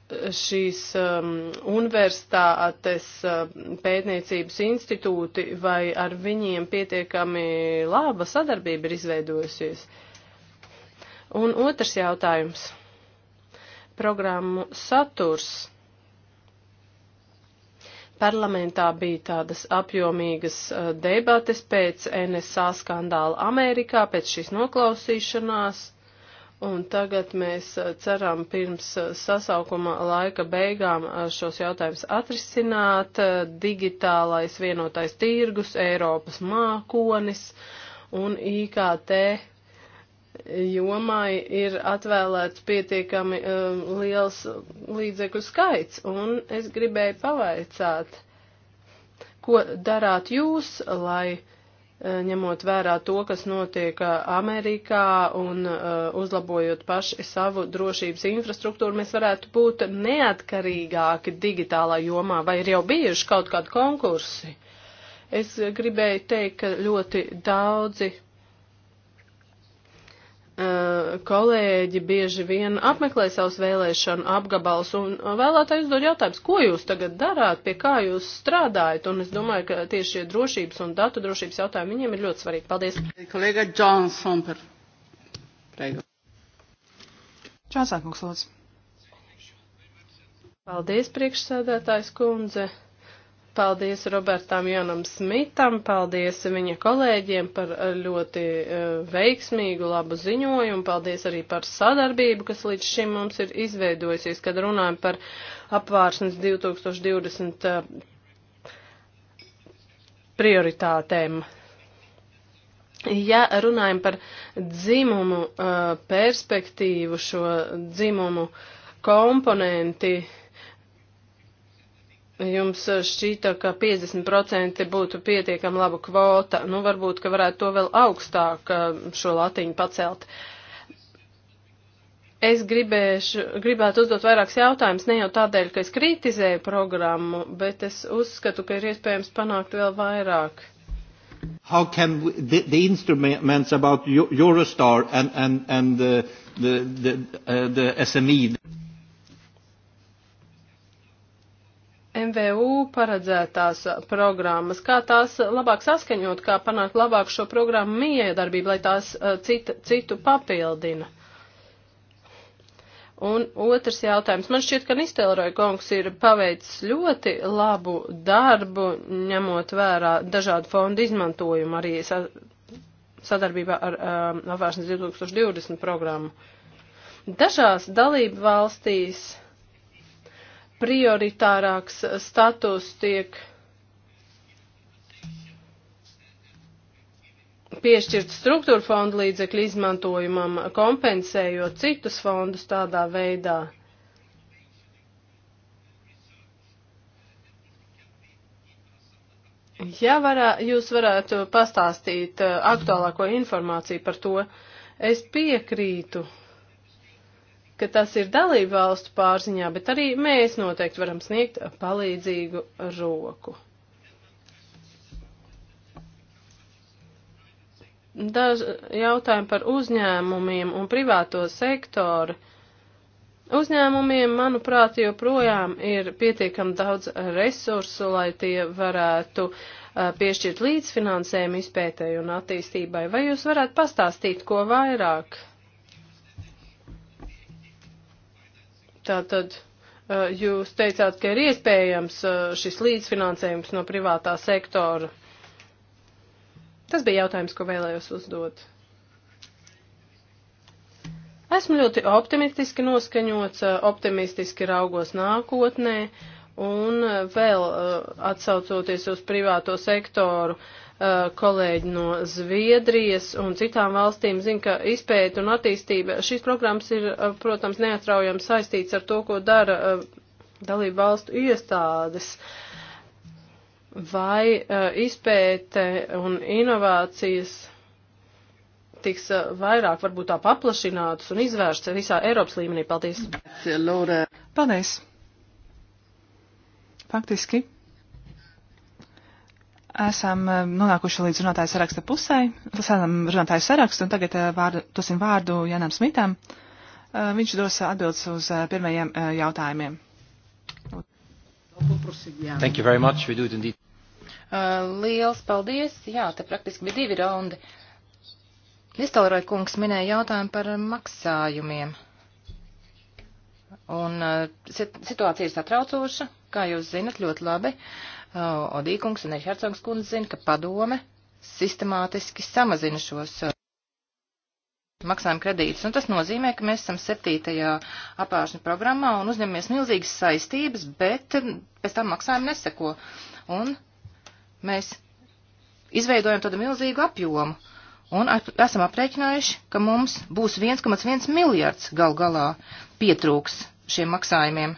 šīs um, universitātes uh, pētniecības institūti, vai ar viņiem pietiekami laba sadarbība ir izveidojusies? Un otrs jautājums. Programmu saturs. Parlamentā bija tādas apjomīgas uh, debates pēc NSA skandāla Amerikā, pēc šīs noklausīšanās Un tagad mēs uh, ceram pirms uh, sasaukuma laika beigām uh, šos jautājumus atrisināt. Digitālais vienotais tirgus, Eiropas mākonis un IKT jomai ir atvēlēts pietiekami um, liels līdzekļu skaits. Un es gribēju pavaicāt, ko darāt jūs, lai Eh, ņemot vērā to, kas notiek eh, Amerikā un eh, uzlabojot paši savu drošības infrastruktūru, mēs varētu būt neatkarīgāki digitālā jomā, vai ir jau bijuši kaut kādi konkursi? Es gribēju teikt, ka ļoti daudzi Eh, kolēģi bieži vien apmeklē savus vēlēšanu apgabalus un vēlētāji uzdod jautājums, ko jūs tagad darāt, pie kā jūs strādājat, un es domāju, ka tieši šie drošības un datu drošības jautājumi viņiem ir ļoti svarīgi. Paldies. Kolēga Johnson par prego. Čāsākums lūdzu. Paldies, priekšsēdētājs kundze. Paldies Robertam Janam Smitam, paldies viņa kolēģiem par eh, ļoti eh, veiksmīgu, labu ziņojumu, paldies arī par sadarbību, kas līdz šim mums ir izveidojusies, kad runājam par apvārsnes 2020 eh, prioritātēm. Ja runājam par dzimumu perspektīvu, šo dzimumu komponenti, Jums eh, šķīta, ka 50% būtu pietiekama laba kvota. Nu, varbūt, ka varētu to vēl augstāk eh, šo latiņu pacelt. Es gribēšu, gribētu uzdot vairākus jautājumus, ne jau tādēļ, ka es kritizēju programmu, bet es uzskatu, ka ir iespējams panākt vēl vairāk. How can we, the, the instruments about Eurostar and, and, and the, uh, the, the, uh, the SME? MVU paredzētās programmas, kā tās labāk saskaņot, kā panākt labāk šo programmu miedarbību, lai tās uh, cita, citu papildina. Un otrs jautājums. Man šķiet, ka Nistelroja kungs ir paveicis ļoti labu darbu, ņemot vērā dažādu fondu izmantojumu arī sa sadarbībā ar um, Avārsnes 2020 programmu. Dažās dalību valstīs prioritārāks status tiek piešķirt struktūra fondu līdzekļu izmantojumam, kompensējot citus fondus tādā veidā. Ja varā, jūs varētu pastāstīt eh, aktuālāko informāciju par to, es piekrītu ka tas ir dalību valstu pārziņā, bet arī mēs noteikti varam sniegt palīdzīgu roku. Daž jautājumi par uzņēmumiem un privāto sektoru. Uzņēmumiem, manuprāt, joprojām ir pietiekam daudz resursu, lai tie varētu uh, piešķirt līdzfinansējumu izpētēju un attīstībai. Vai jūs varētu pastāstīt ko vairāk? Tātad jūs teicāt, ka ir iespējams šis līdzfinansējums no privātā sektora. Tas bija jautājums, ko vēlējos uzdot. Esmu ļoti optimistiski noskaņots, optimistiski raugos nākotnē un vēl atsaucoties uz privāto sektoru. Uh, kolēģi no Zviedrijas un citām valstīm zina, ka izpēta un attīstība šīs programmas ir, protams, neatraujami saistīts ar to, ko dara dalību valstu iestādes. Vai izpēte un inovācijas tiks vairāk varbūt tā paplašinātas un izvērstas visā Eiropas līmenī? Paldies! Paldies! Faktiski Esam eh, nonākuši līdz runātāju saraksta pusē, sēdam runātāju sarakstu un tagad eh, vārdu, dosim vārdu Janam Smitam. Eh, viņš dos atbildes uz pirmajiem jautājumiem. Thank you very much. We do it indeed. Uh, liels paldies. Jā, te praktiski bija divi raundi. Nistelroja kungs minēja jautājumu par maksājumiem. Un uh, situācija ir satraucoša, kā jūs zinat, ļoti labi. Uh, Uh, Odīkungs un arī Hercogs kundze zina, ka padome sistemātiski samazina šos uh, maksājuma kredītus. Un tas nozīmē, ka mēs esam septītajā apāršņa programmā un uzņemamies milzīgas saistības, bet um, pēc tam maksājumi neseko. Un mēs izveidojam tādu milzīgu apjomu. Un ar, esam aprēķinājuši, ka mums būs 1,1 miljards gal galā pietrūks šiem maksājumiem.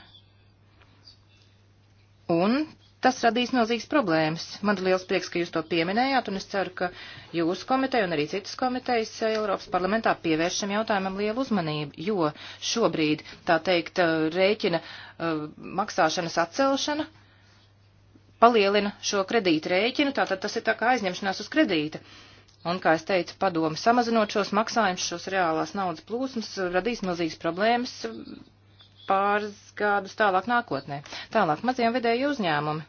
Un Tas radīs milzīgas problēmas. Man ir liels prieks, ka jūs to pieminējāt, un es ceru, ka jūsu komiteja un arī citas komitejas Eiropas parlamentā pievērš šim jautājumam lielu uzmanību, jo šobrīd, tā teikt, rēķina uh, maksāšanas atcelšana palielina šo kredīta rēķinu, tātad tas ir tā kā aizņemšanās uz kredīta. Un, kā es teicu, padomu samazinot šos maksājumus, šos reālās naudas plūsmas, radīs milzīgas problēmas pāris gadus tālāk nākotnē. Tālāk maziem vidēju uzņēmumi.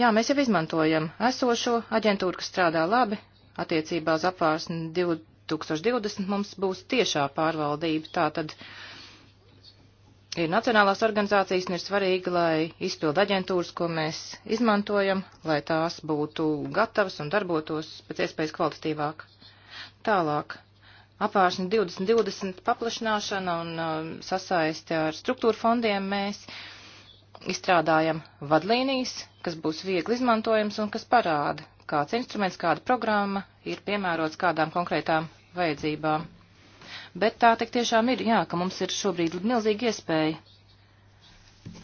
Jā, mēs jau izmantojam esošo aģentūru, kas strādā labi. Attiecībā uz apvārsni 2020 mums būs tiešā pārvaldība. Tātad ir nacionālās organizācijas un ir svarīgi, lai izpildu aģentūras, ko mēs izmantojam, lai tās būtu gatavas un darbotos pēc iespējas kvalitatīvāk. Tālāk apvāršana 2020 paplašināšana un um, sasaiste ar struktūra fondiem mēs izstrādājam vadlīnijas, kas būs viegli izmantojams un kas parāda, kāds instruments, kāda programma ir piemērots kādām konkrētām vajadzībām. Bet tā tik tiešām ir, jā, ka mums ir šobrīd milzīga iespēja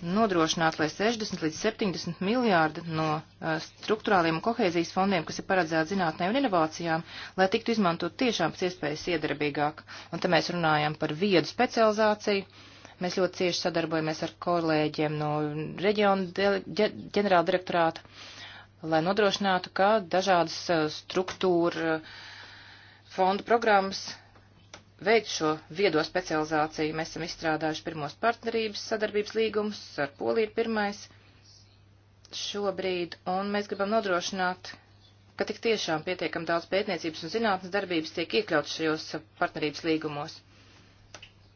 nodrošināt, lai 60 līdz 70 miljārdi no eh, struktūrāliem un kohēzijas fondiem, kas ir paredzēti zinātnē un inovācijām, lai tiktu izmantot tiešām pēc iespējas iedarbīgāk. Un te mēs runājam par viedu specializāciju. Mēs ļoti cieši sadarbojamies ar kolēģiem no reģiona ģenerāla direktorāta, lai nodrošinātu, ka dažādas eh, struktūra eh, fondu programmas veikt šo viedo specializāciju. Mēs esam izstrādājuši pirmos partnerības sadarbības līgumus, ar Poliju pirmais šobrīd, un mēs gribam nodrošināt, ka tik tiešām pietiekam daudz pētniecības un zinātnes darbības tiek iekļauts šajos partnerības līgumos.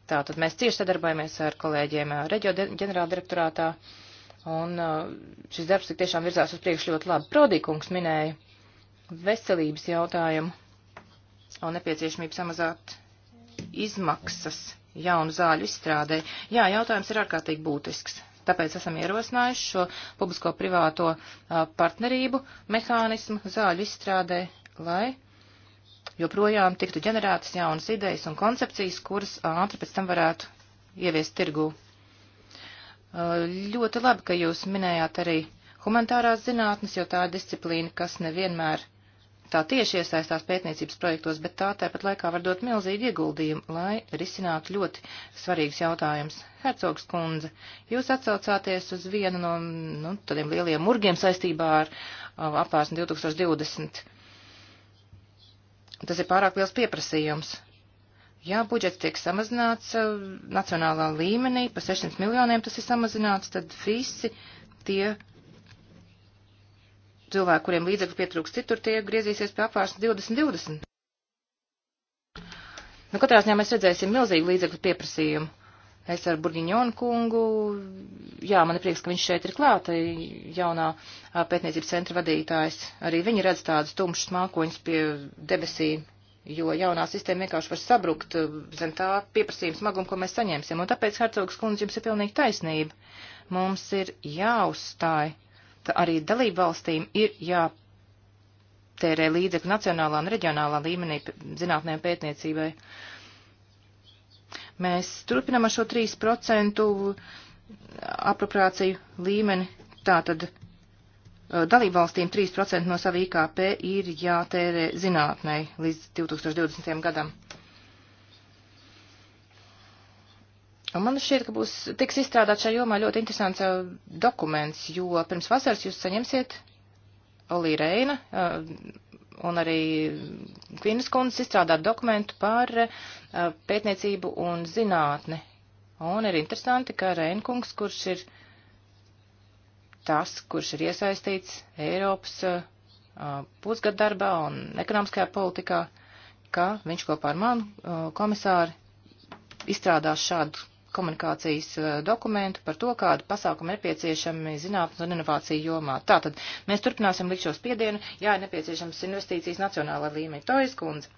Tātad mēs cieši sadarbojamies ar kolēģiem uh, reģio ģenerāldirektorātā, un uh, šis darbs tik tiešām virzās uz priekšu ļoti labi. Prodīkungs minēja veselības jautājumu un nepieciešamību samazāt izmaksas jaunu zāļu izstrādē. Jā, jautājums ir ārkārtīgi būtisks. Tāpēc esam ierosinājuši šo publisko-privāto partnerību mehānismu zāļu izstrādē, lai joprojām tiktu ģenerētas jaunas idejas un koncepcijas, kuras ātri pēc tam varētu ieviest tirgū. Ļoti labi, ka jūs minējāt arī humanitārās zinātnes, jo tā ir disciplīna, kas nevienmēr tā tieši iesaistās pētniecības projektos, bet tā tāpat laikā var dot milzīgu ieguldījumu, lai risinātu ļoti svarīgs jautājums. Hercogs kundze, jūs atsaucāties uz vienu no nu, tādiem lieliem murgiem saistībā ar uh, apvārsni 2020. Tas ir pārāk liels pieprasījums. Ja budžets tiek samazināts uh, nacionālā līmenī, pa 600 miljoniem tas ir samazināts, tad visi tie cilvēki, kuriem līdzekļu pietrūks citur, tie griezīsies pie apvārsnes 2020. Nu, katrā ziņā mēs redzēsim milzīgu līdzekļu pieprasījumu. Es ar Burgiņonu kungu, jā, man ir prieks, ka viņš šeit ir klāta, jaunā pētniecības centra vadītājs. Arī viņi redz tādus tumšus mākoņus pie debesīm, jo jaunā sistēma vienkārši var sabrukt zem tā pieprasījuma smaguma, ko mēs saņemsim. Un tāpēc, Hercogs kundze, jums ir pilnīgi taisnība. Mums ir jāuzstāj arī dalību valstīm ir jātērē līdzekļi nacionālā un reģionālā līmenī zinātnēm pētniecībai. Mēs turpinām ar šo 3% apropriāciju līmeni, tātad dalību valstīm 3% no sava IKP ir jātērē zinātnei līdz 2020. gadam. Un nu, man šķiet, ka būs tiks izstrādāt šajā jomā ļoti interesants uh, dokuments, jo pirms vasaras jūs saņemsiet Olī Reina uh, un arī Kvinas kundzes izstrādāt dokumentu par uh, pētniecību un zinātni. Un ir interesanti, ka Reinkungs, kurš ir tas, kurš ir iesaistīts Eiropas uh, pusgada darbā un ekonomiskajā politikā, ka viņš kopā ar manu uh, komisāru izstrādās šādu komunikācijas eh, dokumentu par to, kādu pasākumu nepieciešami zinātnes un inovāciju jomā. Tātad mēs turpināsim likt šo spiedienu, jā, ir nepieciešams investīcijas nacionālā līmenī. To es kundze.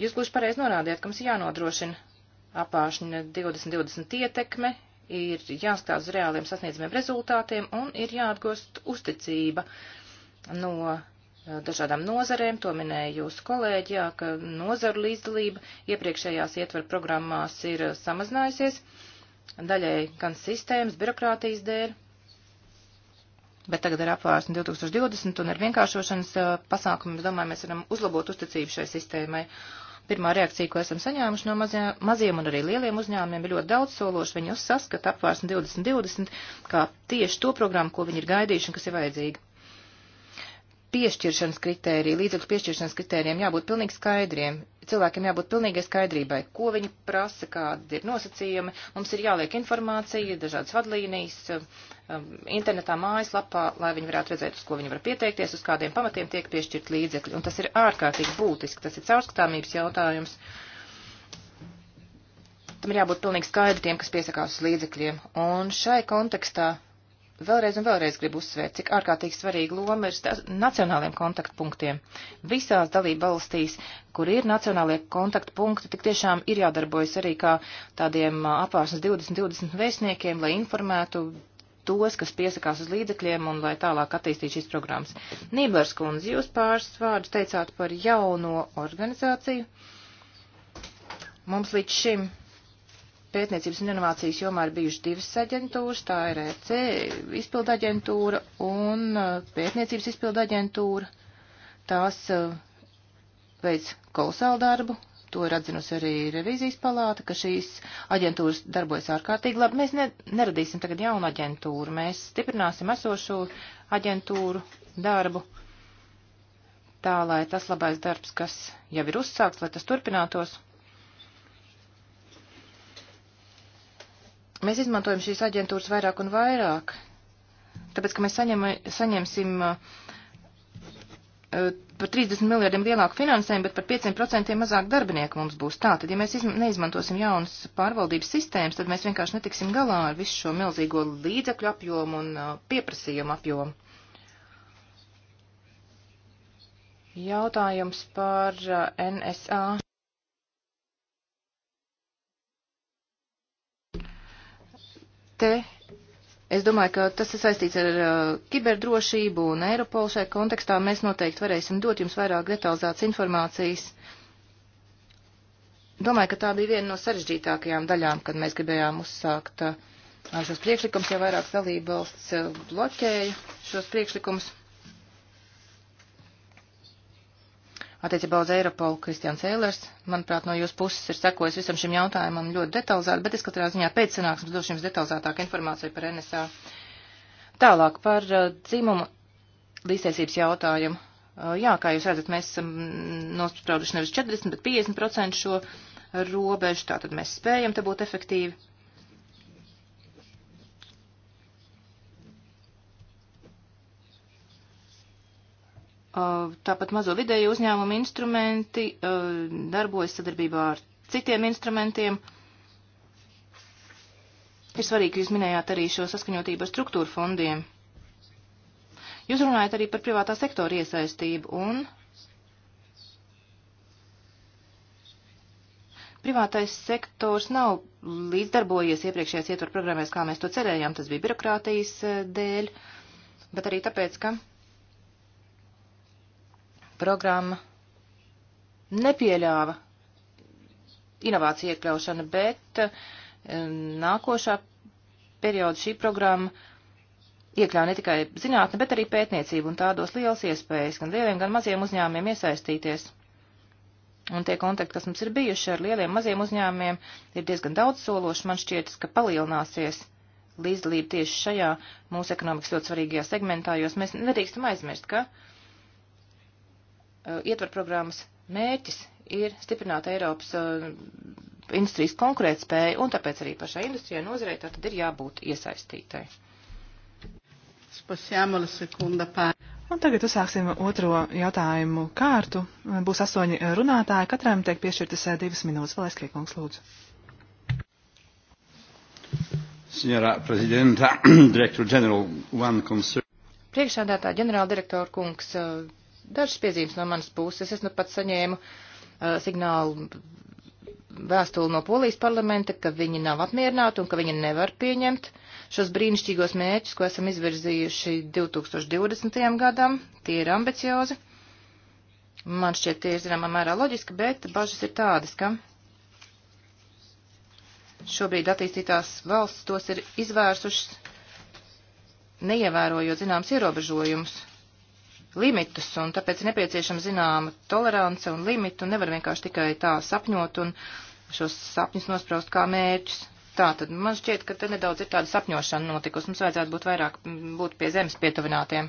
Jūs gluži pareizi norādījāt, ka mums jānodrošina apāšņa 2020 ietekme, ir jāskatās uz reāliem sasniedzamiem rezultātiem un ir jāatgūst uzticība no dažādām nozarēm, to minēja jūsu kolēģi, jā, ka nozaru līdzdalība iepriekšējās ietver programmās ir eh, samazinājusies, daļai gan sistēmas, birokrātijas dēļ, bet tagad ar apvārsni 2020 un ar vienkāršošanas eh, pasākumu, es domāju, mēs varam uzlabot uzticību šai sistēmai. Pirmā reakcija, ko esam saņēmuši no mazajā, maziem un arī lieliem uzņēmumiem, ir ļoti daudz sološi. Viņi uzsaskata apvārsni 2020 kā tieši to programmu, ko viņi ir gaidījuši un kas ir vajadzīga piešķiršanas kritērija, līdzekļu piešķiršanas kritērijiem jābūt pilnīgi skaidriem. Cilvēkiem jābūt pilnīgai skaidrībai, ko viņi prasa, kādi ir nosacījumi. Mums ir jāliek informācija, dažādas vadlīnijas, um, um, internetā, mājaslapā, lai viņi varētu redzēt, uz ko viņi var pieteikties, uz kādiem pamatiem tiek piešķirt līdzekļi. Un tas ir ārkārtīgi būtiski, tas ir caurskatāmības jautājums. Tam ir jābūt pilnīgi skaidriem, kas piesakās uz līdzekļiem. Un šai kontekstā Vēlreiz un vēlreiz gribu uzsvērt, cik ārkārtīgi svarīga loma ir nacionāliem kontaktpunktiem. Visās dalība valstīs, kur ir nacionālie kontaktpunkti, tik tiešām ir jādarbojas arī kā tādiem apvārsnes 20-20 vēstniekiem, lai informētu tos, kas piesakās uz līdzekļiem un lai tālāk attīstītu šīs programmas. Nīblers kundze, jūs pāris vārdus teicāt par jauno organizāciju. Mums līdz šim pētniecības un inovācijas jomā ir bijušas divas aģentūras, tā ir EC izpilda aģentūra un e, pētniecības izpilda aģentūra. Tās e, veids kolosālu darbu, to ir atzinusi arī revīzijas palāta, ka šīs aģentūras darbojas ārkārtīgi labi. Mēs ne, neradīsim tagad jaunu aģentūru, mēs stiprināsim esošo aģentūru darbu tā, lai tas labais darbs, kas jau ir uzsākts, lai tas turpinātos. Mēs izmantojam šīs aģentūras vairāk un vairāk, tāpēc, ka mēs saņem, saņemsim uh, uh, par 30 miljardiem lielāku finansējumu, bet par 5% mazāk darbinieku mums būs. Tā, tad, ja mēs izm neizmantosim jaunas pārvaldības sistēmas, tad mēs vienkārši netiksim galā ar visu šo milzīgo līdzekļu apjomu un uh, pieprasījumu apjomu. Jautājums par NSA. te es domāju, ka tas ir saistīts ar uh, kiberdrošību un Eiropolu šai kontekstā. Mēs noteikti varēsim dot jums vairāk detalizētas informācijas. Domāju, ka tā bija viena no sarežģītākajām daļām, kad mēs gribējām uzsākt uh, šos priekšlikumus, ja vairāk dalībvalsts uh, bloķēja šos priekšlikumus. attiecībā uz Eiropolu Kristians Eilers. Manuprāt, no jūsu puses ir sekojis visam šim jautājumam ļoti detalizēti, bet es katrā ziņā pēc sanāksmes došu jums detalizētāku informāciju par NSA. Tālāk par uh, dzimumu līdztiesības jautājumu. Uh, jā, kā jūs redzat, mēs esam nosprauduši nevis 40, bet 50% šo robežu, tātad mēs spējam te būt efektīvi. Uh, tāpat mazo vidēju uzņēmumu instrumenti uh, darbojas sadarbībā ar citiem instrumentiem. Ir svarīgi, ka jūs minējāt arī šo saskaņotību ar struktūru fondiem. Jūs runājat arī par privātā sektora iesaistību un privātais sektors nav līdzdarbojies iepriekšējās ietvaru programmēs, kā mēs to cerējām. Tas bija birokrātijas uh, dēļ, bet arī tāpēc, ka programma nepieļāva inovāciju iekļaušana, bet eh, nākošā perioda šī programma iekļauj ne tikai zinātni, bet arī pētniecību, un tā dos liels iespējas gan lieliem, gan maziem uzņēmiem iesaistīties. Un tie kontakti, kas mums ir bijuši ar lieliem, maziem uzņēmiem, ir diezgan daudz sološi, man šķiet, ka palielināsies līdzdalība tieši šajā mūsu ekonomikas ļoti svarīgajā segmentā, jo mēs nedrīkstam aizmirst, ka uh, Uh, ietver programmas mērķis ir stiprināt Eiropas uh, industrijas konkurētspēju, un tāpēc arī pašai industrijai nozarei tā tad ir jābūt iesaistītai. Un tagad uzsāksim otro jautājumu kārtu. Būs astoņi runātāji, katram tiek piešķirtas eh, divas minūtes. Valēskie kungs, lūdzu. Signora Presidenta, Director General, one concern. Priekšādātā ģenerāldirektora kungs, eh, Dažas piezīmes no manas puses. Es nu pat saņēmu uh, signālu vēstuli no Polijas parlamenta, ka viņi nav apmierināti un ka viņi nevar pieņemt šos brīnišķīgos mērķus, ko esam izvirzījuši 2020. gadam. Tie ir ambiciozi. Man šķiet, tie ir zināmā mērā loģiski, bet bažas ir tādas, ka šobrīd attīstītās valsts tos ir izvērsušas, neievērojot zināms ierobežojumus limitus, un tāpēc ir nepieciešama zināma tolerance un limitu, un nevar vienkārši tikai tā sapņot un šos sapņus nospraust kā mērķus. Tā tad man šķiet, ka te nedaudz ir tāda sapņošana notikusi. Mums vajadzētu būt vairāk būt pie zemes pietuvinātiem.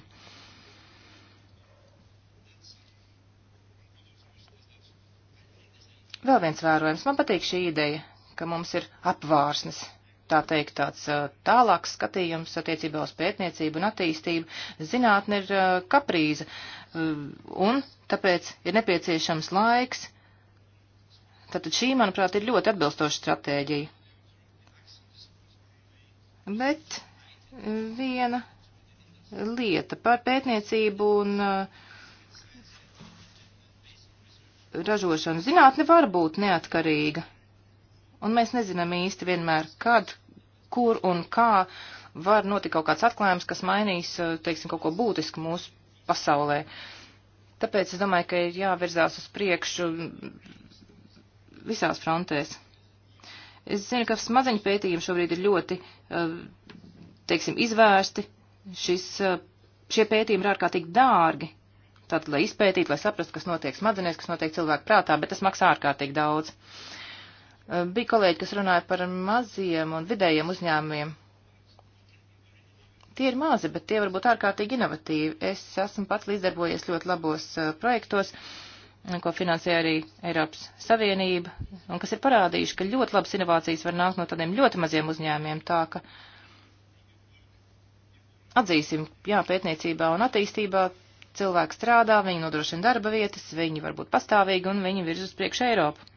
Vēl viens vērojums. Man patīk šī ideja, ka mums ir apvārsnes tā teikt, tāds tālāks skatījums attiecībā uz pētniecību un attīstību. Zinātne ir kaprīza, un tāpēc ir nepieciešams laiks. Tātad šī, manuprāt, ir ļoti atbilstoša stratēģija. Bet viena lieta par pētniecību un ražošanu. Zinātne var būt neatkarīga Un mēs nezinām īsti vienmēr, kad, kur un kā var notikt kaut kāds atklājums, kas mainīs, eh, teiksim, kaut ko būtisku mūsu pasaulē. Tāpēc es domāju, ka ir jāvirzās uz priekšu visās frontēs. Es zinu, ka smadzeņu pētījumi šobrīd ir ļoti, eh, teiksim, izvērsti. Šis, eh, šie pētījumi ir ārkārtīgi dārgi. Tātad, lai izpētītu, lai saprastu, kas notiek smadzenēs, kas notiek cilvēku prātā, bet tas maksā ārkārtīgi daudz. Uh, Eh, bija kolēģi, kas runāja par maziem un vidējiem uzņēmumiem. Tie ir mazi, bet tie var būt ārkārtīgi inovatīvi. Es esmu pats līdzdarbojies ļoti labos eh, projektos, eh, ko finansē arī Eiropas Savienība, un kas ir parādījuši, ka ļoti labas inovācijas var nākt no tādiem ļoti maziem uzņēmiem, tā ka atzīsim, jā, pētniecībā un attīstībā cilvēki strādā, viņi nodrošina darba vietas, viņi var būt pastāvīgi un viņi virz uz priekšu Eiropu.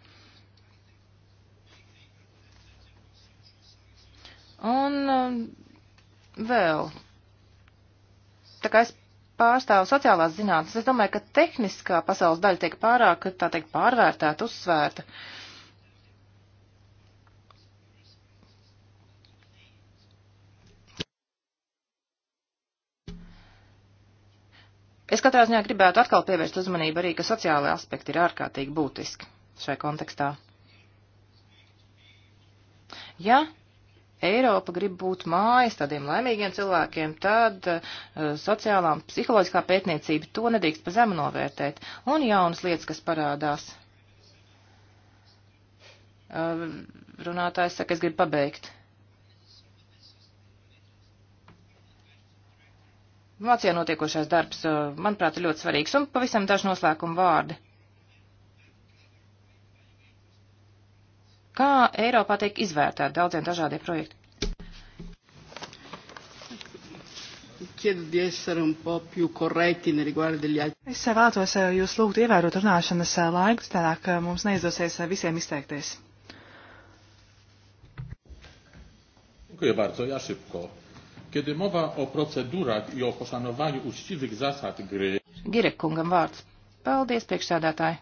Un um, vēl. Tā kā es pārstāvu sociālās zinātnes, es domāju, ka tehniskā pasaules daļa tiek pārāk, tā teikt, pārvērtēta, uzsvērta. Es katrā ziņā gribētu atkal pievērst uzmanību arī, ka sociālai aspekti ir ārkārtīgi būtiski šajā kontekstā. Ja Eiropa grib būt mājas tādiem laimīgiem cilvēkiem, tad uh, eh, sociālā un psiholoģiskā pētniecība to nedrīkst pa zemu novērtēt. Un jaunas lietas, kas parādās. Uh, runātājs saka, es gribu pabeigt. Mācijā notiekošais darbs, eh, manuprāt, ir ļoti svarīgs un pavisam daži noslēguma vārdi. Kā Eiropā tiek izvērtēti daudziem dažādiem projektiem? Es vēlētos eh, jūs lūgt ievērot runāšanas eh, laiku, tādā, ka eh, mums neizdosies visiem izteikties. Dziękuję bardzo, ja szybko. Kiedy mowa o procedurach i o poszanowaniu uczciwych zasad gry... Girekungam vārds. Paldies, priekšsādātāji.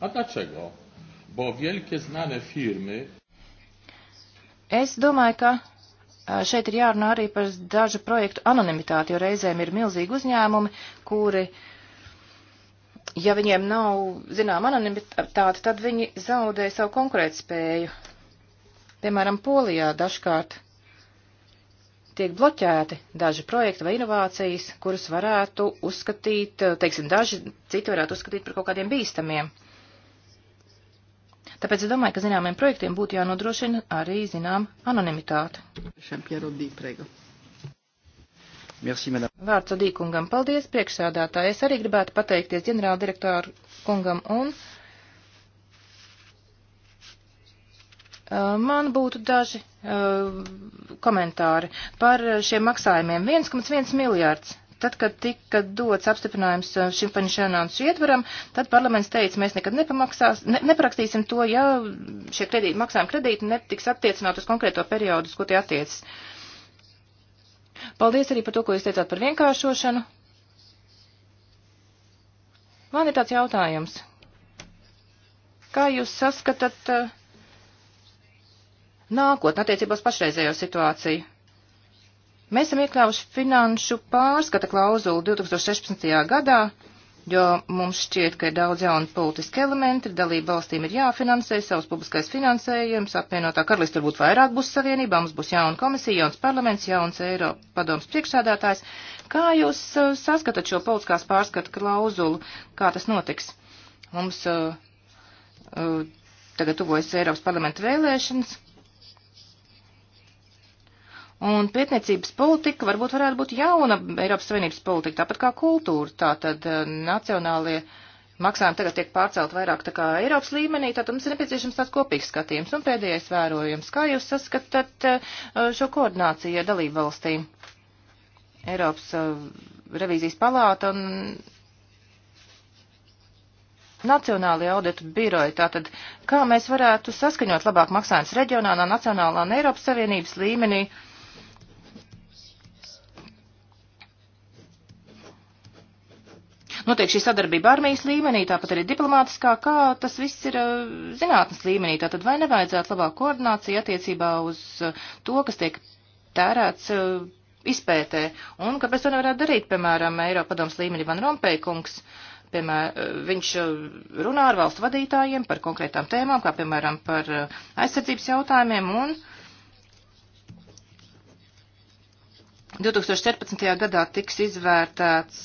A dlaczego? Bo wielkie znane firmy. Es domāju, ka e, Šeit ir jārunā arī par dažu projektu anonimitāti, jo reizēm ir milzīgi uzņēmumi, kuri, ja viņiem nav zinām anonimitāte, tad viņi zaudē savu konkurētspēju. Piemēram, Polijā dažkārt tiek bloķēti daži projekti vai inovācijas, kurus varētu uzskatīt, e, teiksim, daži citi varētu uzskatīt par kaut kādiem bīstamiem. Uh, Tāpēc es domāju, ka zināmiem projektiem būtu jānodrošina arī zinām anonimitāte. Merci, madame. Vārds Odīkungam. Paldies, priekšsēdātāji. Es arī gribētu pateikties ģenerāla direktoru kungam un. Man būtu daži uh, komentāri par šiem maksājumiem. 1,1 miljārds Tad, kad tika dots apstiprinājums uh, šim finanšu ietvaram, tad parlaments teica, mēs nekad nepamaksās, ne, neprakstīsim to, ja šie kredīti, maksājumi kredīti netiks attiecināt uz konkrēto periodu, uz ko tie attiecas. Paldies arī par to, ko jūs teicāt par vienkāršošanu. Man ir tāds jautājums. Kā jūs saskatat uh, nākotnē attiecībās pašreizējo situāciju? Mēs esam iekļāvuši finanšu pārskata klauzulu 2016. gadā, jo mums šķiet, ka ir daudz jaunu politiski elementi, dalība valstīm ir jāfinansē savs publiskais finansējums, apvienotā karalista varbūt vairāk būs savienībā, mums būs jauna komisija, jauns parlaments, jauns Eiropa padoms priekšsādātājs. Kā jūs uh, saskatat šo politiskās pārskata klauzulu, kā tas notiks? Mums uh, uh, tagad tuvojas Eiropas parlamenta vēlēšanas. Un pētniecības politika varbūt varētu būt jauna Eiropas Savienības politika, tāpat kā kultūra. Tātad eh, nacionālie maksājumi tagad tiek pārcelt vairāk tā kā Eiropas līmenī, tātad mums ir nepieciešams tāds kopīgs skatījums. Un pēdējais vērojums, kā jūs saskatāt eh, šo koordināciju ar dalību valstīm? Eiropas eh, revīzijas palāta un Nacionālajā auditu biroja, tātad kā mēs varētu saskaņot labāk maksājums reģionālā, nacionālā un Eiropas Savienības līmenī, uh, Notiek šī sadarbība armijas līmenī, tāpat arī diplomātiskā, kā tas viss ir eh, zinātnes līmenī. Tātad vai nevajadzētu labāk koordinācija attiecībā uz eh, to, kas tiek tērēts eh, izpētē? Un kāpēc to nevarētu darīt, piemēram, Eiropadoms līmenī Van Rompēkungs? piemēram, viņš runā ar valstu vadītājiem par konkrētām tēmām, kā piemēram par aizsardzības jautājumiem, un 2014. gadā tiks izvērtēts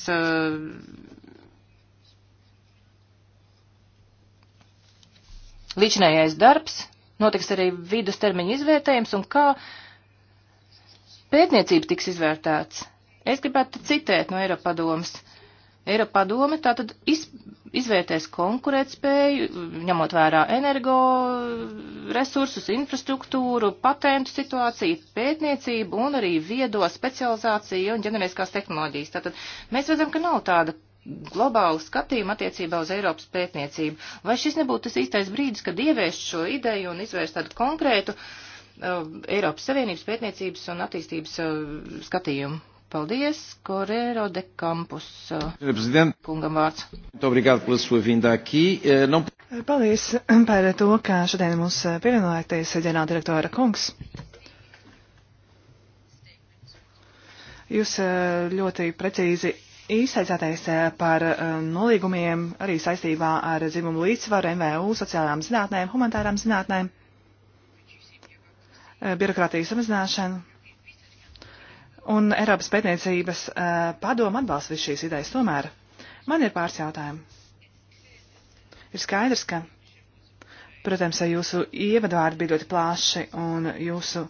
līdzinējais darbs, notiks arī vidustermiņa izvērtējums un kā pētniecība tiks izvērtēts. Es gribētu citēt no Eiropadomas. Eiropadome tātad iz, izvērtēs konkurētspēju, ņemot vērā energo resursus, infrastruktūru, patentu situāciju, pētniecību un arī viedo specializāciju un ģenerēskās tehnoloģijas. Tātad mēs redzam, ka nav tāda globālu skatījumu attiecībā uz Eiropas pētniecību. Vai šis nebūtu tas īstais brīdis, kad ievērst šo ideju un izvērst tādu konkrētu uh, Eiropas Savienības pētniecības un attīstības uh, skatījumu? Paldies, Correro de Campus. Uh, kungam vārds. Eh, nu- Paldies um, par to, ka šodien mums uh, pievienojāties eh, ģenerāldirektora kungs. Jūs eh, ļoti precīzi Īsaicētais eh, par eh, nolīgumiem arī saistībā ar dzimumu līdzsvaru, MVU, sociālām zinātnēm, humanitārām zinātnēm, eh, birokrātijas samazināšanu. Un Eiropas pētniecības padoma atbalsta visu šīs idejas. Tomēr man ir pāris jautājumi. Ir skaidrs, ka, protams, jūsu ievadvārdi bija ļoti plaši un jūsu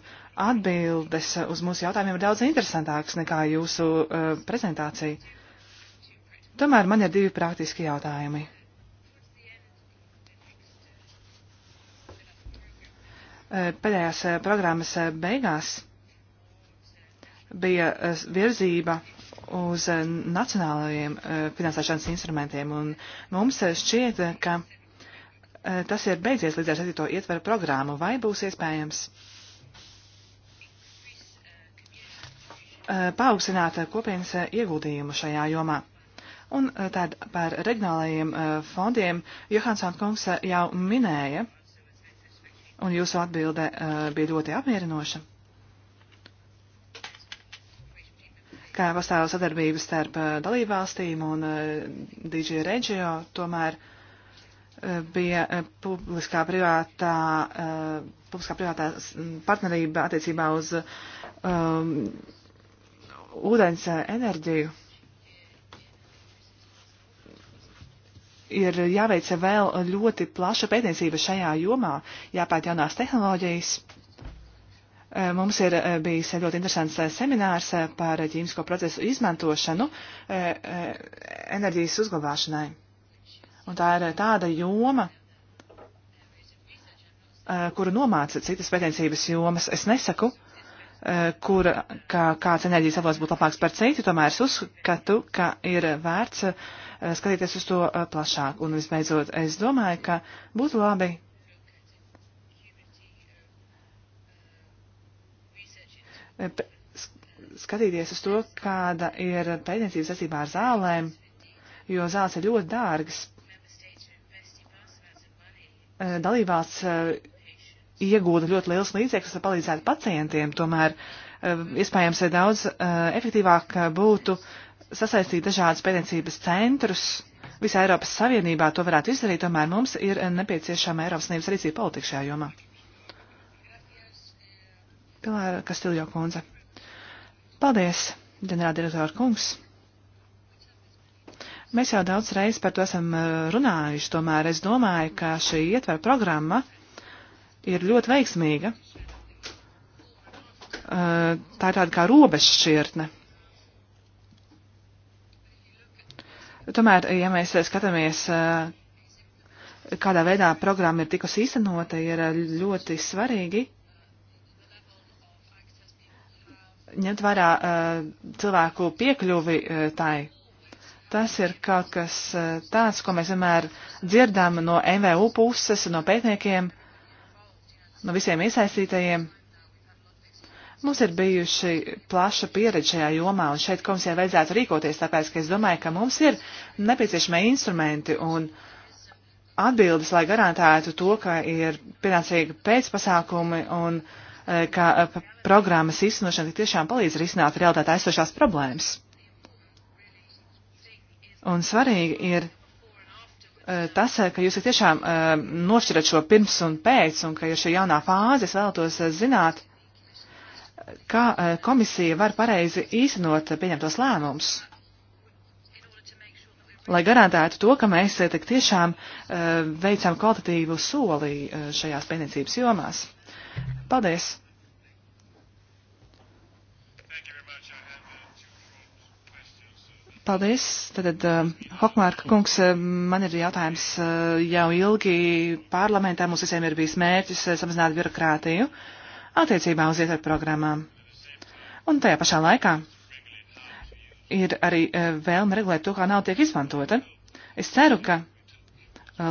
atbildes uz mūsu jautājumiem ir daudz interesantāks nekā jūsu uh, prezentācija. Tomēr man ir divi praktiski jautājumi. E, pēdējās e, programmas e, beigās bija virzība uz nacionālajiem finansēšanas instrumentiem, un mums šķiet, ka tas ir beidzies līdz ar 7. ietveru programmu, vai būs iespējams paaugstināt kopienas ieguldījumu šajā jomā. Un eh, tad par reģionālajiem eh, fondiem Johansson kungs eh, jau minēja, un jūsu atbilde bija ļoti apmierinoša. Kā pastāv sadarbības starp dalībvalstīm un DJ Regio, tomēr bija publiskā privātā, publiskā privātā mm, partnerība attiecībā uz um, ūdens enerģiju. ir jāveic vēl ļoti plaša pētniecība šajā jomā, jāpēt jaunās tehnoloģijas. E, mums ir e, bijis ļoti interesants e, seminārs par ķīmisko procesu izmantošanu enerģijas uzglabāšanai. Un tā ir tāda joma, kuru nomāca citas pētniecības jomas. Es nesaku, kur kā, kāds enerģijas avots būtu labāks par citu, tomēr es uzskatu, ka ir vērts Eh, skatīties uz to eh, plašāk. Un visbeidzot, es domāju, ka būtu labi. Eh, skatīties uz to, kāda ir pētniecības saistībā ar zālēm, jo zāles ir ļoti dārgas. Dalībās iegūda ļoti liels līdzeklis, lai palīdzētu pacientiem, tomēr iespējams daudz efektīvāk būtu uh, sasaistīt dažādus pētniecības centrus. Visā Eiropas Savienībā to varētu izdarīt, tomēr mums ir eh, nepieciešama Eiropas Savienības rīcība politika šajā jomā. Pilāra Kastiljo kundze. Paldies, ģenerāldirektora kungs. Mēs jau daudz reiz par to esam eh, runājuši, tomēr es domāju, ka šī ietver programma ir ļoti veiksmīga. Eh, Tā ir tāda kā robežšķirtne Tomēr, ja mēs skatāmies, eh, kādā veidā programma ir tikusi īstenota, ir eh, ļoti svarīgi ņemt vērā eh, cilvēku piekļuvi tai. Tas ir kaut kas tāds, ko mēs vienmēr dzirdām no MVU puses, no pētniekiem, no visiem iesaistītajiem. Mums ir bijuši plaša pieredze šajā jomā, un šeit komisijai vajadzētu rīkoties, tāpēc, ka es domāju, ka mums ir nepieciešamie instrumenti un atbildes, lai garantētu to, ka ir pienācīgi pēcpasākumi un eh, ka eh, programmas izsnošana tiešām palīdz risināt realitāte aizsošās problēmas. Un svarīgi ir eh, tas, ka jūs tiešām nošķirat šo pirms un pēc, un ka ir šī jaunā fāze, es vēlētos zināt, kā eh, komisija var pareizi īstenot pieņemtos lēmumus, lai garantētu to, ka mēs eh, tik tiešām eh, veicam kvalitatīvu soli šajās pētniecības jomās. Paldies! Paldies. Tad, uh, Hokmārka kungs, man ir jautājums uh, jau ilgi parlamentā. Mums visiem ir bijis mērķis uh, samazināt birokrātiju. Uh, attiecībā uz ietver programmām. Un tajā pašā laikā ir arī e, vēlme regulēt to, kā nav tiek izmantota. Es ceru, ka e,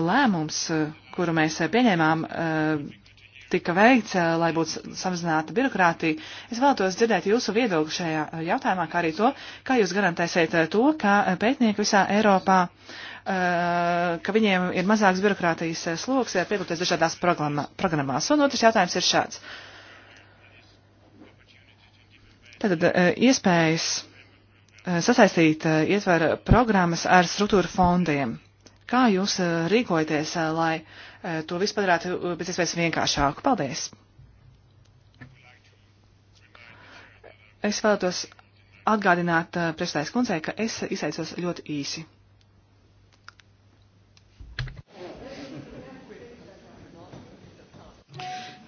lēmums, e, kuru mēs pieņēmām, tika veikts, lai būtu samazināta birokrātija. Es vēlētos dzirdēt jūsu viedokli šajā jautājumā, kā arī to, kā jūs garantēsiet to, ka pētnieki visā Eiropā, ka viņiem ir mazāks birokrātijas sloks, piedalīties dažādās programmās. Un otrs jautājums ir šāds. Tātad eh, iespējas eh, sasaistīt eh, ietver programmas ar struktūru fondiem. Kā jūs rīkojaties, lai to visu padarītu pēc iespējas vienkāršāku? Paldies! Es vēlētos atgādināt priekšstājas kundzei, ka es izteicos ļoti īsi.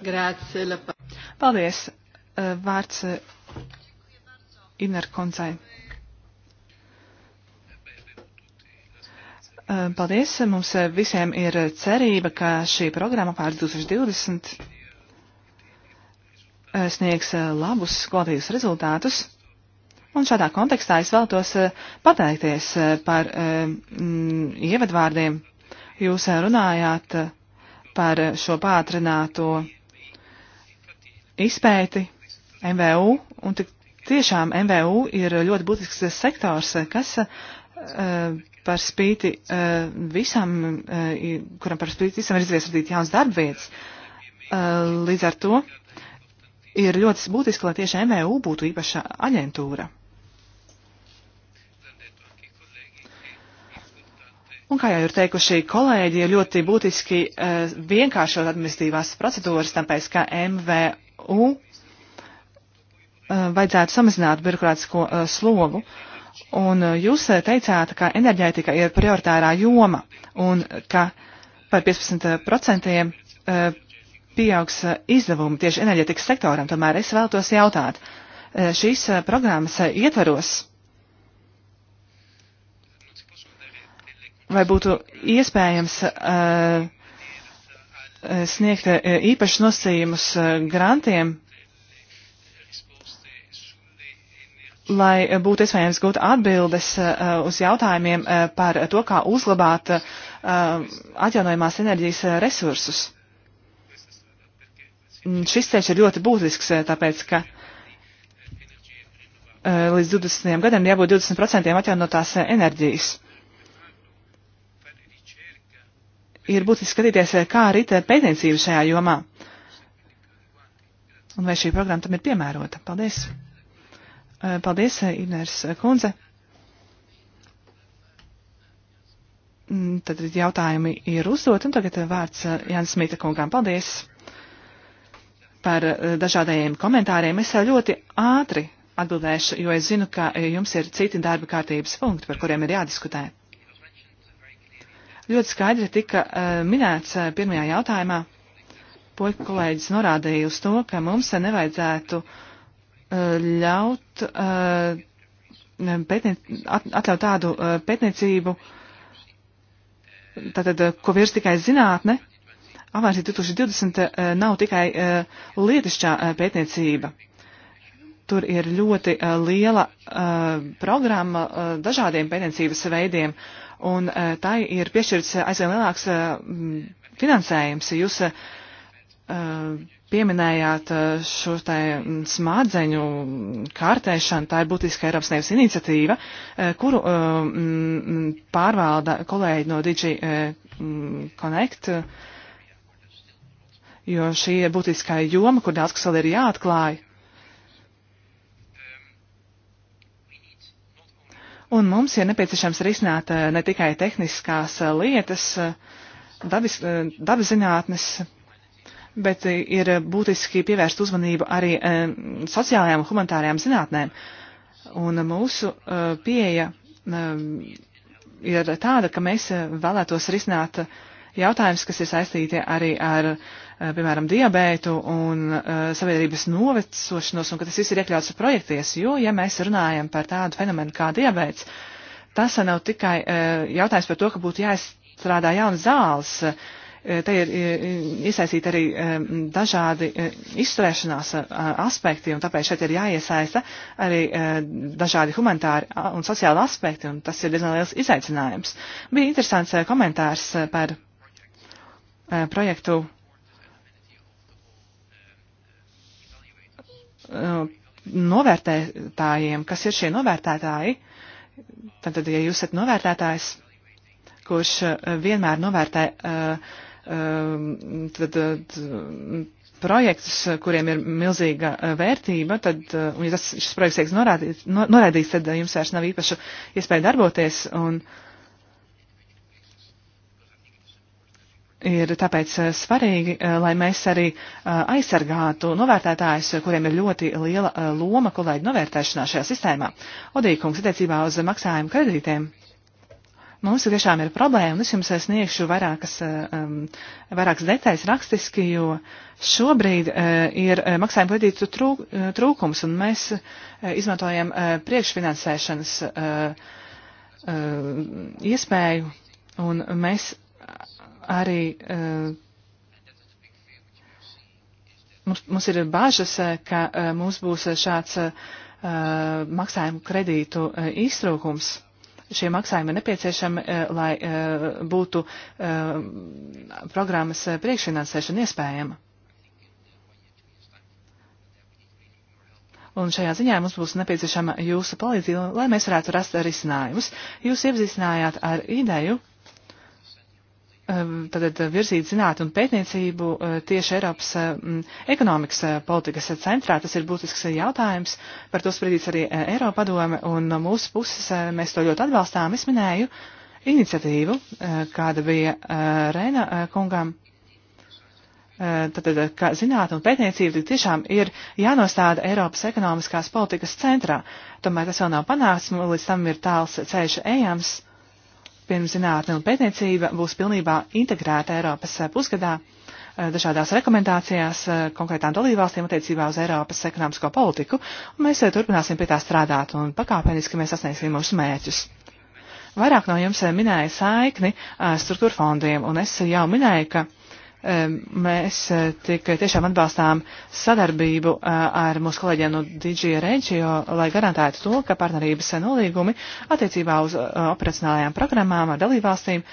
Grāci, Paldies! Vārds Iner Koncai. Eh, paldies! Mums visiem ir cerība, ka šī programma pār 2020 eh, sniegs eh, labus kvalitīvus rezultātus. Un šādā kontekstā es vēlos pateikties par mm, ievadvārdiem. Jūs runājāt par šo pātrināto izpēti MVU, un tik tiešām MVU ir ļoti būtisks sektors, kas eh, par spīti eh, visam, eh, kuram par spīti visam ir izvies radīt jauns darbvietas. Līdz ar to ir ļoti būtiski, lai tieši MVU būtu īpaša aģentūra. Un kā jau ir teikuši kolēģi, ir ļoti būtiski vienkāršot administratīvās procedūras, tāpēc ka MVU Eh, vajadzētu samazināt birokrātisko eh, slogu. Un eh, jūs teicāt, ka enerģētika ir prioritārā joma un ka par 15% pieaugs izdevumi tieši enerģētikas sektoram. Tomēr es vēltos jautāt, šīs programmas ietvaros vai būtu iespējams sniegt īpašus nosacījumus grantiem lai eh, būtu iespējams gūt atbildes eh, uz jautājumiem eh, par to, kā uzlabāt atjaunojumās enerģijas resursus. Mm, šis ceļš ir ļoti būtisks, tāpēc, ka līdz 20. gadam jābūt 20% atjaunotās enerģijas. Ir būtiski skatīties, kā rit pētniecība šajā jomā. Un vai šī programma tam ir piemērota? Paldies! Eh, paldies, eh, Inērs Kunze. Mm, tad jautājumi ir uzdot, un tagad eh, vārds Jānis Smita kungām. Paldies par dažādajiem komentāriem. Es ļoti ātri atbildēšu, jo es zinu, ka jums ir citi darba kārtības punkti, par kuriem ir jādiskutē. Ļoti skaidri tika minēts pirmajā jautājumā. Poļu kolēģis norādīja uz to, ka mums nevajadzētu uh, ļaut eh, pētniec, atļaut tādu eh, pētniecību, tātad, eh, ko virs tikai zinātne, Avansija 2020 nav tikai lietišķā pētniecība. Tur ir ļoti liela programma dažādiem pētniecības veidiem, un tai ir piešķirts aizvien lielāks finansējums. Jūs pieminējāt eh, šo tā smadzeņu kārtēšanu, tā ir būtiska Eiropas Savienības iniciatīva, eh, kuru um, pārvalda kolēģi no Digi Connect, jo šī ir būtiskā joma, kur daudz kas vēl ir jāatklāj. Un mums ir nepieciešams risināt ne tikai tehniskās lietas, dabas, dabas zinātnes, bet ir būtiski pievērst uzmanību arī eh, sociālajām un humanitārajām zinātnēm. Un mūsu eh, pieeja eh, ir tāda, ka mēs vēlētos risināt jautājumus, kas ir saistīti arī ar, piemēram, diabētu un sabiedrības novecošanos, un ka tas viss ir iekļauts projekties, jo, ja mēs runājam par tādu fenomenu kā diabēts, tas nav tikai jautājums par to, ka būtu jāizstrādā jaunas zāles, te ir iesaistīti arī dažādi e, izturēšanās e, aspekti, un tāpēc šeit ir jāiesaista arī e, dažādi humanitāri un sociāli aspekti, un tas ir diezgan liels izaicinājums. Bija interesants komentārs par projektu novērtētājiem, kas ir šie novērtētāji. Tad, ja jūs esat novērtētājs, kurš vienmēr novērtē uh, Ehm, tad, tad, eh, projektus, kuriem ir milzīga eh, vērtība, tad, eh, un ja tas, šis projekts tiek norādīts, norādīts, tad jums vairs nav īpašu iespēju darboties. Un, Ir tāpēc svarīgi, lai mēs arī aizsargātu novērtētājus, kuriem ir ļoti liela loma kolēģi novērtēšanā šajā sistēmā. Odīkums attiecībā uz maksājumu kredītiem. Uh, Mums tiešām ir problēma, un es jums sniegšu vairākas, um, vairākas detaļas rakstiski, jo šobrīd uh, ir eh, maksājuma kredītu trūk, trūkums, un mēs uh, izmantojam uh, priekšfinansēšanas uh, uh, iespēju, un mēs arī. Uh, Mums, mums ir bažas, ka uh, mums būs šāds uh, maksājumu kredītu uh, iztrūkums šie maksājumi ir nepieciešami, eh, lai eh, būtu eh, programmas priekšfinansēšana iespējama. Un šajā ziņā mums būs nepieciešama jūsu palīdzība, lai mēs varētu rast risinājumus. Jūs iepazīstinājāt ar ideju, Um, tātad virzīt zinātnē un pētniecību uh, tieši Eiropas uh, ekonomikas uh, politikas centrā. Tas ir būtisks jautājums, par to spridīs arī Eiropa padome, un no mūsu puses mēs to ļoti atbalstām. Es minēju iniciatīvu, kāda bija Reina kungam. Tātad, ka zinātnē un pētniecība tiešām ir jānostāda Eiropas ekonomiskās politikas centrā. Tomēr tas vēl nav panākts, līdz tam ir tāls ceļš ejams pirms zinātne un pētniecība būs pilnībā integrēta Eiropas eh, pusgadā eh, dažādās rekomendācijās eh, konkrētām dalībvalstīm attiecībā uz Eiropas ekonomisko politiku, un mēs turpināsim pie tā strādāt un pakāpeniski mēs sasniegsim mūsu mērķus. Vairāk no jums minēja saikni struktūra fondiem, un es jau minēju, ka mēs eh, tik tiešām atbalstām sadarbību eh, ar mūsu kolēģiem no DJ Reģio, lai garantētu to, ka partnerības nolīgumi attiecībā uz eh, operacionālajām programmām ar dalībvalstīm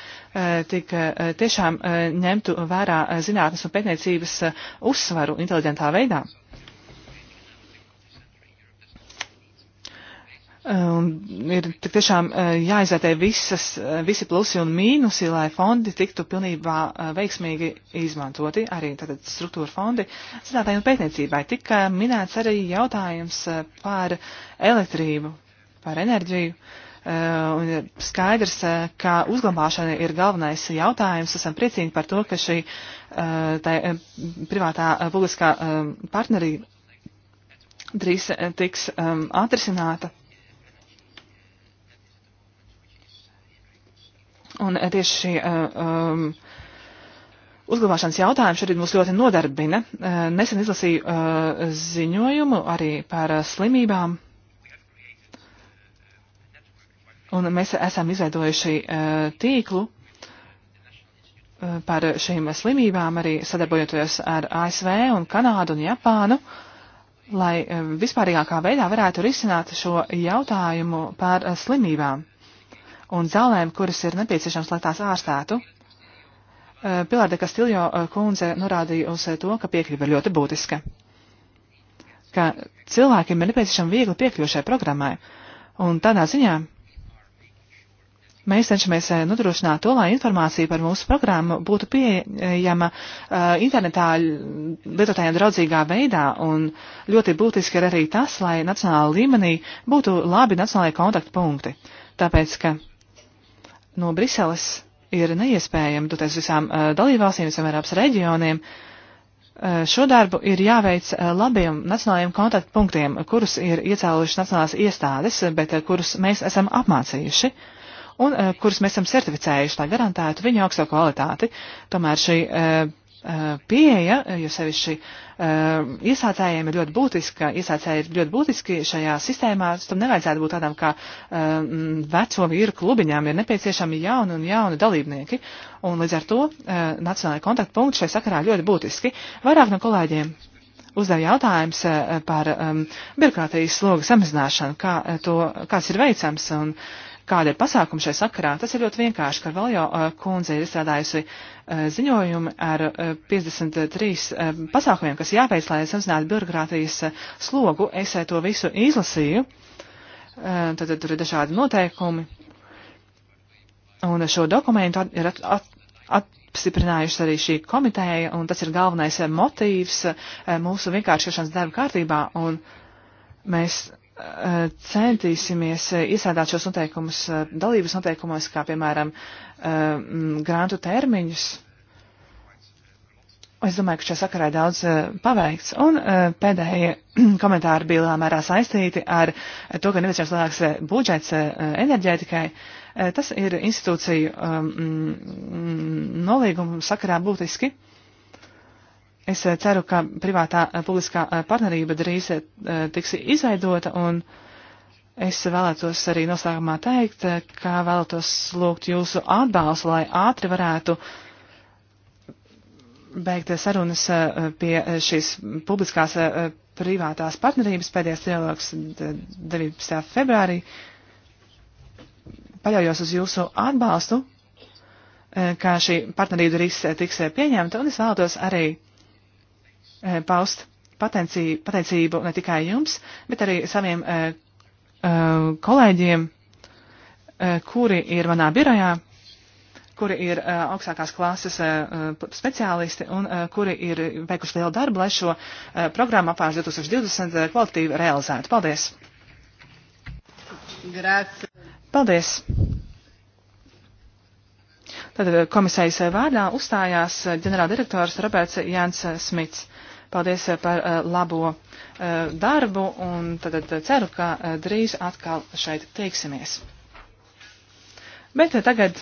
tik tiešām ņemtu vērā zinātnes un pētniecības uzsvaru inteliģentā veidā. Un um, ir tiešām uh, jāizvērtē visas, uh, visi plusi un mīnusi, lai fondi tiktu pilnībā uh, veiksmīgi izmantoti, arī tātad struktūra fondi zinātnē un pētniecībai. Tika minēts arī jautājums par elektrību, par enerģiju. Un ir skaidrs, ka uzglabāšana ir galvenais jautājums. Esam priecīgi par to, ka šī tā, privātā publiskā um, partnerība drīz tiks um, atrisināta Un eh, tieši šī eh, um, uzglabāšanas jautājums šodien mūs ļoti nodarbina. Eh, nesen izlasīju uh, ziņojumu arī par slimībām. Un mēs esam izveidojuši uh, tīklu par šīm slimībām, arī sadarbojoties ar ASV un Kanādu un Japānu, lai vispārīgākā veidā varētu risināt šo jautājumu par slimībām un zālēm, kuras ir nepieciešams, lai tās ārstētu. Eh, Pilārde Kastiljo eh, kundze norādīja uz eh, to, ka piekļuva ir ļoti būtiska, ka cilvēkiem ir nepieciešama viegli piekļušai programmai, un tādā ziņā Mēs cenšamies nodrošināt to, lai informācija par mūsu programmu būtu pieejama uh, internetā lietotājiem draudzīgā veidā, un ļoti būtiski ir arī tas, lai nacionāla līmenī būtu labi nacionālai kontaktpunkti. Tāpēc, ka no Briseles ir neiespējami, toties visām uh, dalībvalstīm, visam Eiropas reģioniem. Uh, šo darbu ir jāveic uh, labiem nacionālajiem kontaktpunktiem, kurus ir iecēlušas nacionālās iestādes, bet uh, kurus mēs esam apmācījuši un uh, kurus mēs esam certificējuši, lai garantētu viņu augsto kvalitāti. Tomēr šī uh, Eh, pieeja, eh, jo sevišķi eh, iesācējiem ir ļoti būtiska, iesācēji ir ļoti būtiski šajā sistēmā, tam nevajadzētu būt tādam kā veco vīru klubiņām, ir nepieciešami jauni un jauni dalībnieki, un līdz ar to nacionālai kontaktpunkti šai sakarā ļoti būtiski. Vairāk no kolēģiem uzdev jautājums par um, birokrātijas slogu samazināšanu, kā to, kāds ir veicams, un Kāda ir pasākuma šai sakarā? Tas ir ļoti vienkārši. Karvaljo kundze ir izstrādājusi ziņojumu ar 53 pasākumiem, kas jāveic, lai samazinātu birokrātijas slogu. Es to visu izlasīju. Tad, tad tur ir dažādi noteikumi. Un šo dokumentu ir at, at, at, apstiprinājuši arī šī komiteja, un tas ir galvenais motīvs mūsu vienkāršošanas darba kārtībā, un mēs Eh, centīsimies eh, iesādāt šos noteikumus eh, dalības noteikumos, kā piemēram grantu termiņus. Es domāju, ka šajā sakarā ir daudz paveikts. Un pēdējie komentāri bija lielā mērā saistīti ar to, ka nepieciešams lielāks budžets enerģētikai. Tas ir institūciju nolīgumu sakarā būtiski. Es eh, ceru, ka privātā eh, publiskā eh, partnerība drīz tiks izveidota, un es vēlētos arī noslēgumā teikt, ka vēlētos lūgt jūsu atbalstu, lai ātri varētu beigt sarunas pie šīs publiskās privātās partnerības pēdējais dialogs 19. februārī. Paļaujos uz jūsu atbalstu, kā šī partnerība drīz tiks pieņemta, un es vēlētos arī E, paust pateicību ne tikai jums, bet arī saviem e, e, kolēģiem, kuri ir manā birojā, kuri ir augstākās klases speciālisti un kuri ir veikuši lielu darbu, lai šo programmu apvērs 2020 kvalitīvi realizētu. Paldies! Grāci. Paldies! Tad komisijas vārdā uzstājās ģenerāldirektors Roberts Jānis Smits. Paldies eh, par eh, labo eh, darbu un tad ceru, ka drīz atkal šeit teiksimies. Bet tagad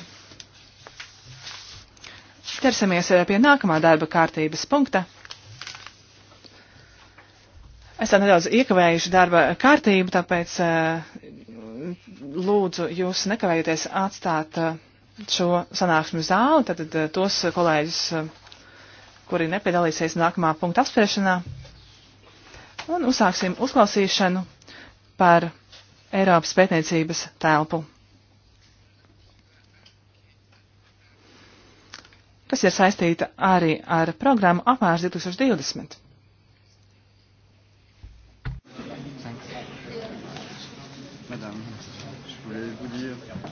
ķersimies pie nākamā darba kārtības punkta. Esam nedaudz iekavējuši darba kārtību, tāpēc lūdzu jūs nekavējoties atstāt šo sanāksmu zāli, tad tos kolēģis kuri nepiedalīsies nākamā punkta apspriešanā. Un uzsāksim uzklausīšanu par Eiropas pētniecības telpu. kas ir saistīta arī ar programmu apmērs 2020. Thanks. Madame, je voulais vous dire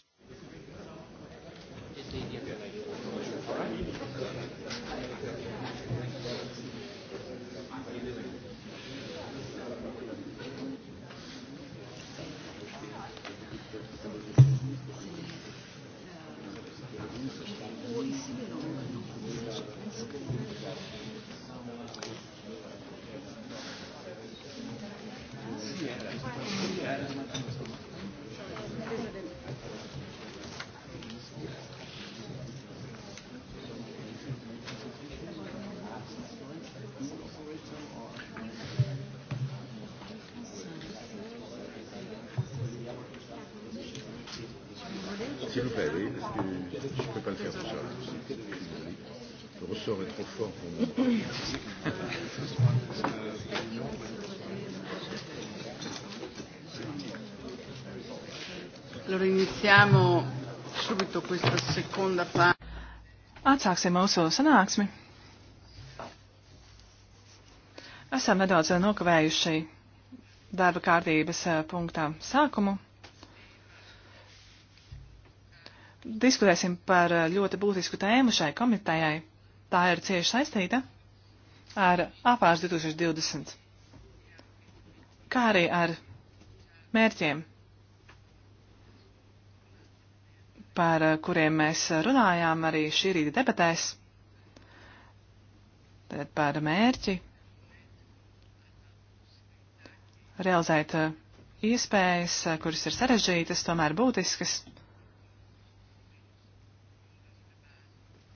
Atsāksim mūsu sanāksmi. Esam nedaudz nokavējuši darba kārtības eh, punktā sākumu. Diskutēsim par eh, ļoti būtisku tēmu šai komitējai. Tā ir cieši saistīta ar APārs 2020, kā arī ar mērķiem par eh, kuriem mēs runājām arī šī rīta debatēs, tad par mērķi realizēt eh, iespējas, eh, kuras ir sarežģītas, tomēr būtiskas,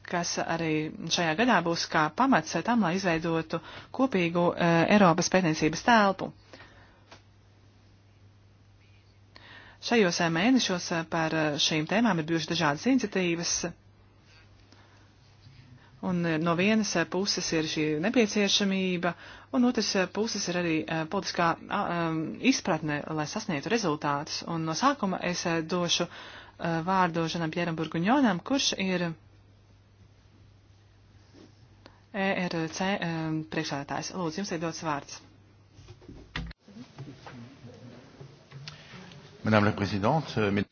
kas arī šajā gadā būs kā pamats tam, lai izveidotu kopīgu Eiropas pētniecības telpu. Šajos eh, mēnešos eh, par eh, šīm tēmām ir bijušas dažādas iniciatīvas. Un no vienas puses ir šī nepieciešamība, un otras puses ir arī politiskā um, izpratne, lai sasniegtu rezultātus. Un no sākuma es došu vārdu Žanam Pjeram Burguņonam, kurš ir ERC priekšādātājs. Lūdzu, jums ir dots vārds. Madame la Présidente. Euh, Med...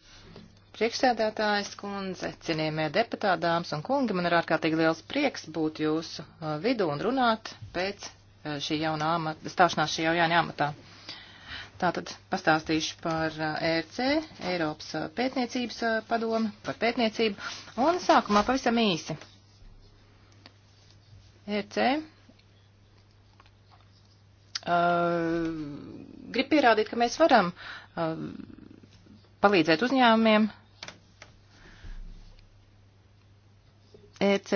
Priekšsēdētājs kundze, cienījamie deputāti, dāmas un kungi, man ir ārkārtīgi liels prieks būt jūsu uh, vidū un runāt pēc uh, šī jaunā amata, stāšanās šī jaunā amatā. Tātad pastāstīšu par uh, ERC, Eiropas pētniecības padomu, par pētniecību, un sākumā pavisam īsi. ERC uh, grib pierādīt, ka mēs varam uh, palīdzēt uzņēmumiem. EC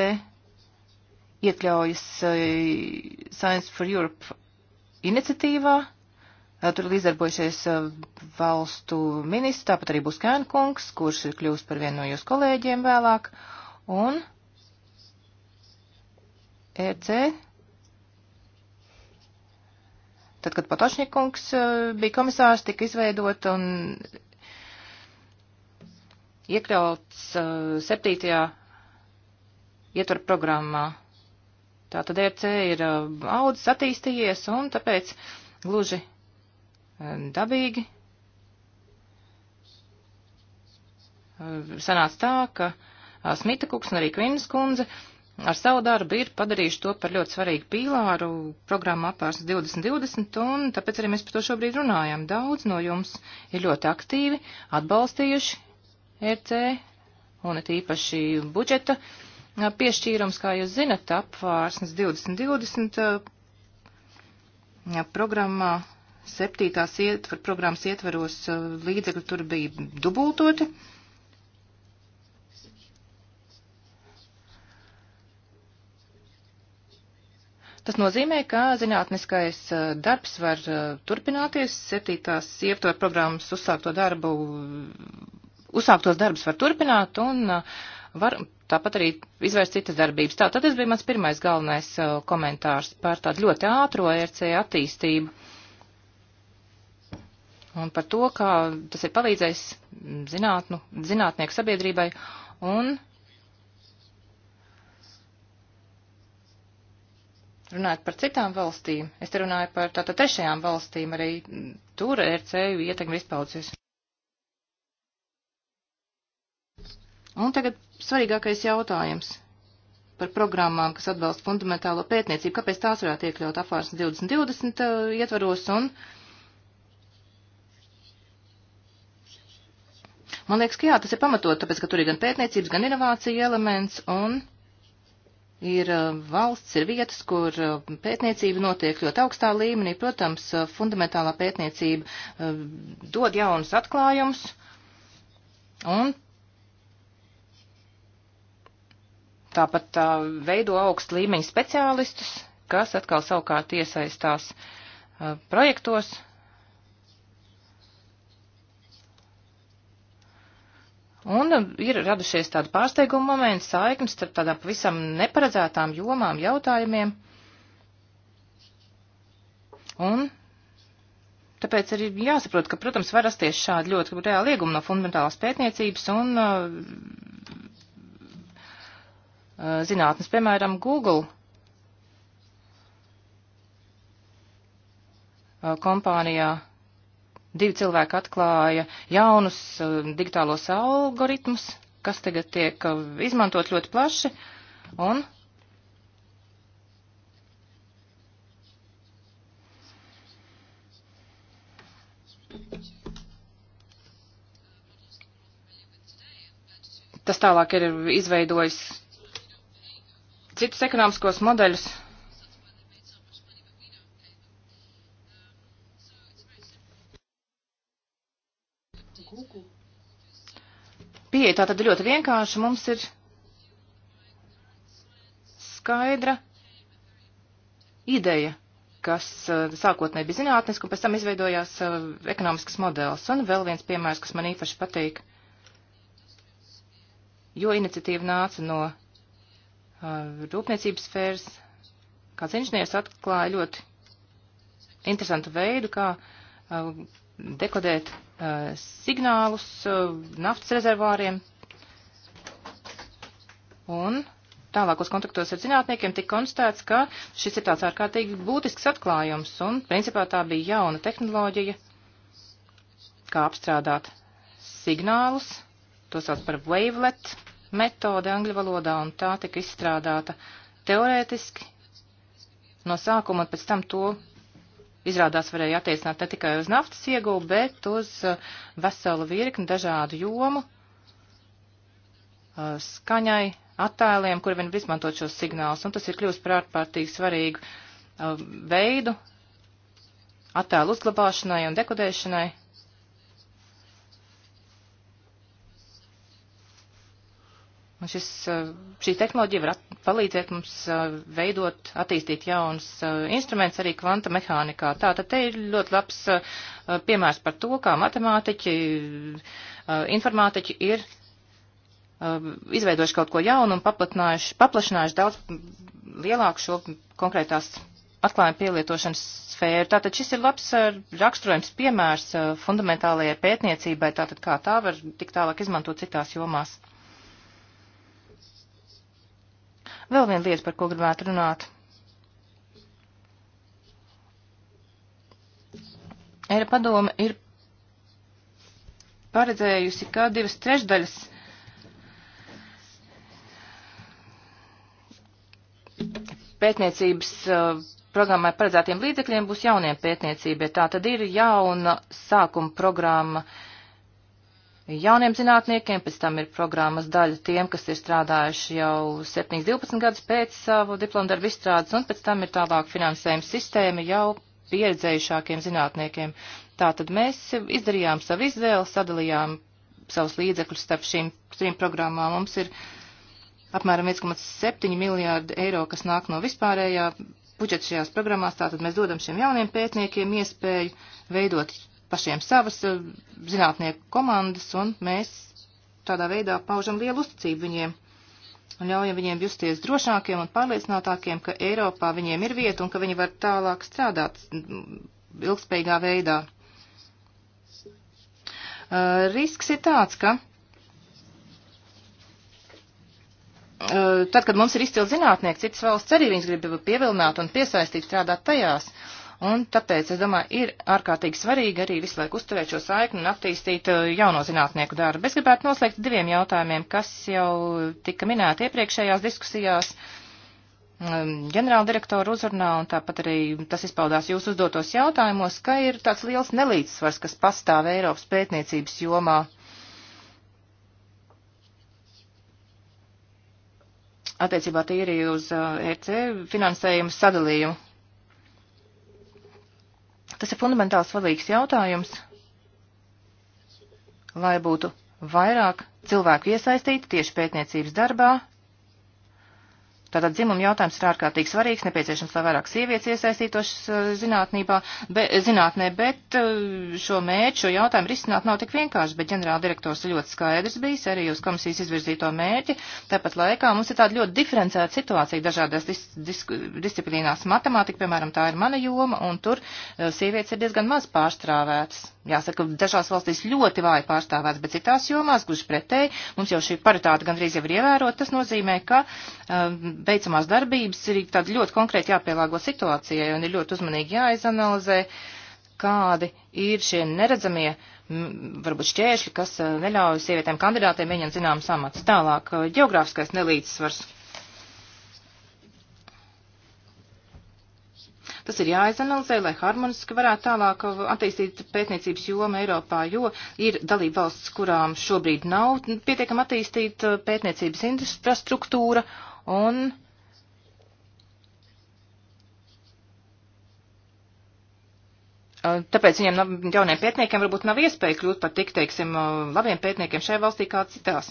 iekļaujas e, Science for Europe iniciatīvā. E, tur līdzdarbojušies e, valstu ministrs, tāpat arī būs Kēnkungs, kurš ir kļūst par vienu no jūsu kolēģiem vēlāk. Un EC tad, kad Patočņikungs bija komisārs, tika izveidot un iekļauts uh, septītajā ietvaru programmā. Tātad ERC ir uh, audzis attīstījies un tāpēc gluži uh, dabīgi uh, sanāca tā, ka uh, Smita kungs un arī Kvinnas kundze ar savu darbu ir padarījuši to par ļoti svarīgu pīlāru programmu apvērs 2020 un tāpēc arī mēs par to šobrīd runājam. Daudz no jums ir ļoti aktīvi atbalstījuši ERC un it īpaši budžeta piešķīrums, kā jūs zinat, apvārsnes 2020 programmā, septītās ietver, programmas ietveros līdzekļi tur bija dubultoti. Tas nozīmē, ka zinātniskais darbs var turpināties, septītās ietver programmas uzsākto darbu uzsāktos darbus var turpināt un uh, var tāpat arī izvērst citas darbības. Tā tad tas bija mans pirmais galvenais uh, komentārs par tādu ļoti ātro ERC attīstību un par to, kā tas ir palīdzējis zinātnu, zinātnieku sabiedrībai un Runājot par citām valstīm, es te runāju par tātad trešajām valstīm, arī tur e RC ietekmi izpaudzies. Un tagad svarīgākais jautājums par programmām, kas atbalsta fundamentālo pētniecību, kāpēc tās varētu iekļaut apvārs 2020 uh, ietvaros un. Man liekas, ka jā, tas ir pamatot, tāpēc, ka tur ir gan pētniecības, gan inovācija elements un ir uh, valsts, ir vietas, kur uh, pētniecība notiek ļoti augstā līmenī. Protams, eh, fundamentālā pētniecība dod jaunus atklājumus un Tāpat tā veido augstu līmeņu speciālistus, kas atkal savukārt iesaistās uh, projektos. Un ir radušies tāda pārsteiguma momenta saiknes starp tādām pavisam neparedzētām jomām, jautājumiem. Un tāpēc arī jāsaprot, ka, protams, var rasties šādi ļoti reāli iegumi no fundamentālās pētniecības un uh, Uh, zinātnes, piemēram, Google uh, kompānijā. Divi cilvēki atklāja jaunus uh, digitālos algoritmus, kas tagad tiek izmantot ļoti plaši, un tas tālāk ir izveidojis citus ekonomiskos modeļus. Pieeja tā tad ļoti vienkārša. Mums ir skaidra ideja, kas eh, sākotnēji bija zinātniska un pēc tam izveidojās eh, ekonomiskas modelis. Un vēl viens piemērs, kas man īpaši patīk, jo iniciatīva nāca no Uh, rūpniecības sfēras, kāds inženieris atklāja ļoti interesantu veidu, kā uh, dekodēt uh, signālus naftas rezervāriem. Un tālākos kontaktos ar zinātniekiem tika konstatēts, ka šis ir tāds ārkārtīgi būtisks atklājums, un principā tā bija jauna tehnoloģija, kā apstrādāt signālus, to sauc par wavelet metode angļu valodā, un tā tika izstrādāta teorētiski no sākuma, un pēc tam to izrādās varēja attiecināt ne tikai uz naftas ieguvu, bet uz uh, veselu virkni dažādu jomu, uh, skaņai, attēliem, kur vien var izmantot šos signālus, un tas ir kļūst par ārkārtīgi svarīgu uh, veidu attēlu uzglabāšanai un dekodēšanai, Un šis, eh, šī tehnoloģija var palīdzēt mums eh, veidot, attīstīt jaunus eh, instrumentus arī kvanta mehānikā. Tā tad te ir ļoti labs piemērs par to, kā matemātiķi, informātiķi ir izveidojuši kaut ko jaunu un paplašinājuši daudz lielāku šo konkrētās atklājuma pielietošanas sfēru. Tātad šis ir labs raksturojums piemērs fundamentālajai pētniecībai, tātad kā tā var tik tālāk izmantot citās jomās. Vēl viena lieta, par ko gribētu runāt. Eiropa padome ir paredzējusi, ka divas trešdaļas pētniecības uh, programmai paredzētiem līdzekļiem būs jauniem pētniecībai. Tā tad ir jauna sākuma programma uh, jauniem zinātniekiem, pēc tam ir programmas daļa tiem, kas ir strādājuši jau 7-12 gadus pēc savu diplomu darbu izstrādes, un pēc tam ir tālāk finansējuma sistēma jau pieredzējušākiem zinātniekiem. Tātad mēs izdarījām savu izvēli, sadalījām savus līdzekļus starp šīm trim programmām. Mums ir apmēram 1,7 miljārdi eiro, kas nāk no vispārējā budžeta šajās programmās, tātad mēs dodam šiem jauniem pētniekiem iespēju veidot pašiem savas eh, zinātnieku komandas, un mēs tādā veidā paužam lielu uzticību viņiem un ļaujam viņiem justies drošākiem un pārliecinātākiem, ka Eiropā viņiem ir vieta un ka viņi var tālāk strādāt mm, ilgspējīgā veidā. Uh, risks ir tāds, ka uh, tad, kad mums ir izcils zinātnieki, citas valsts arī viņas grib pievilināt un piesaistīt strādāt tajās. Uh, Un tāpēc, es domāju, ir ārkārtīgi svarīgi arī visu laiku uzturēt šo saikni un attīstīt uh, jauno zinātnieku darbu. Es gribētu noslēgt diviem jautājumiem, kas jau tika minēti iepriekšējās diskusijās um, ģenerāldirektoru uzrunā, un tāpat arī tas izpaudās jūsu uzdotos jautājumos, ka ir tāds liels nelīdzsvars, kas pastāv Eiropas pētniecības jomā. Attiecībā tīri uz uh, EC finansējumu sadalījumu. Tas ir fundamentāli svarīgs jautājums, lai būtu vairāk cilvēku iesaistīti tieši pētniecības darbā, Tātad dzimuma jautājums ir ārkārtīgi svarīgs, nepieciešams, lai vairāk sievietes iesaistītos uh, zinātnībā, be, zinātnē, bet uh, šo mērķu, šo jautājumu risināt nav tik vienkārši, bet ģenerāla direktors ir ļoti skaidrs bijis arī uz komisijas izvirzīto mērķi. Tāpat laikā mums ir tāda ļoti diferencēta situācija dažādās dis, dis, disciplīnās. Matemātika, piemēram, tā ir mana joma, un tur uh, sievietes ir diezgan maz pārstrāvētas. Jāsaka, dažās valstīs ļoti vāji pārstāvēts, bet citās jomās, gluži pretēji, mums jau šī paritāte gandrīz jau ir ievērota. Tas nozīmē, ka um, veicamās darbības ir tāda ļoti konkrēti jāpielāgo situācijai un ir ļoti uzmanīgi jāizanalizē, kādi ir šie neredzamie varbūt šķēršļi, kas eh, neļauj sievietēm kandidātēm ieņemt zināmas amatas. Tālāk, eh, geogrāfiskais nelīdzsvars. Tas ir jāizanalizē, lai harmoniski varētu tālāk eh, attīstīt pētniecības jomu Eiropā, jo ir dalība valsts, kurām šobrīd nav pietiekam attīstīta pētniecības infrastruktūra, un Tāpēc viņiem nav, jauniem pētniekiem varbūt nav iespēja kļūt par tik, teiksim, labiem pētniekiem šajā valstī kā citās.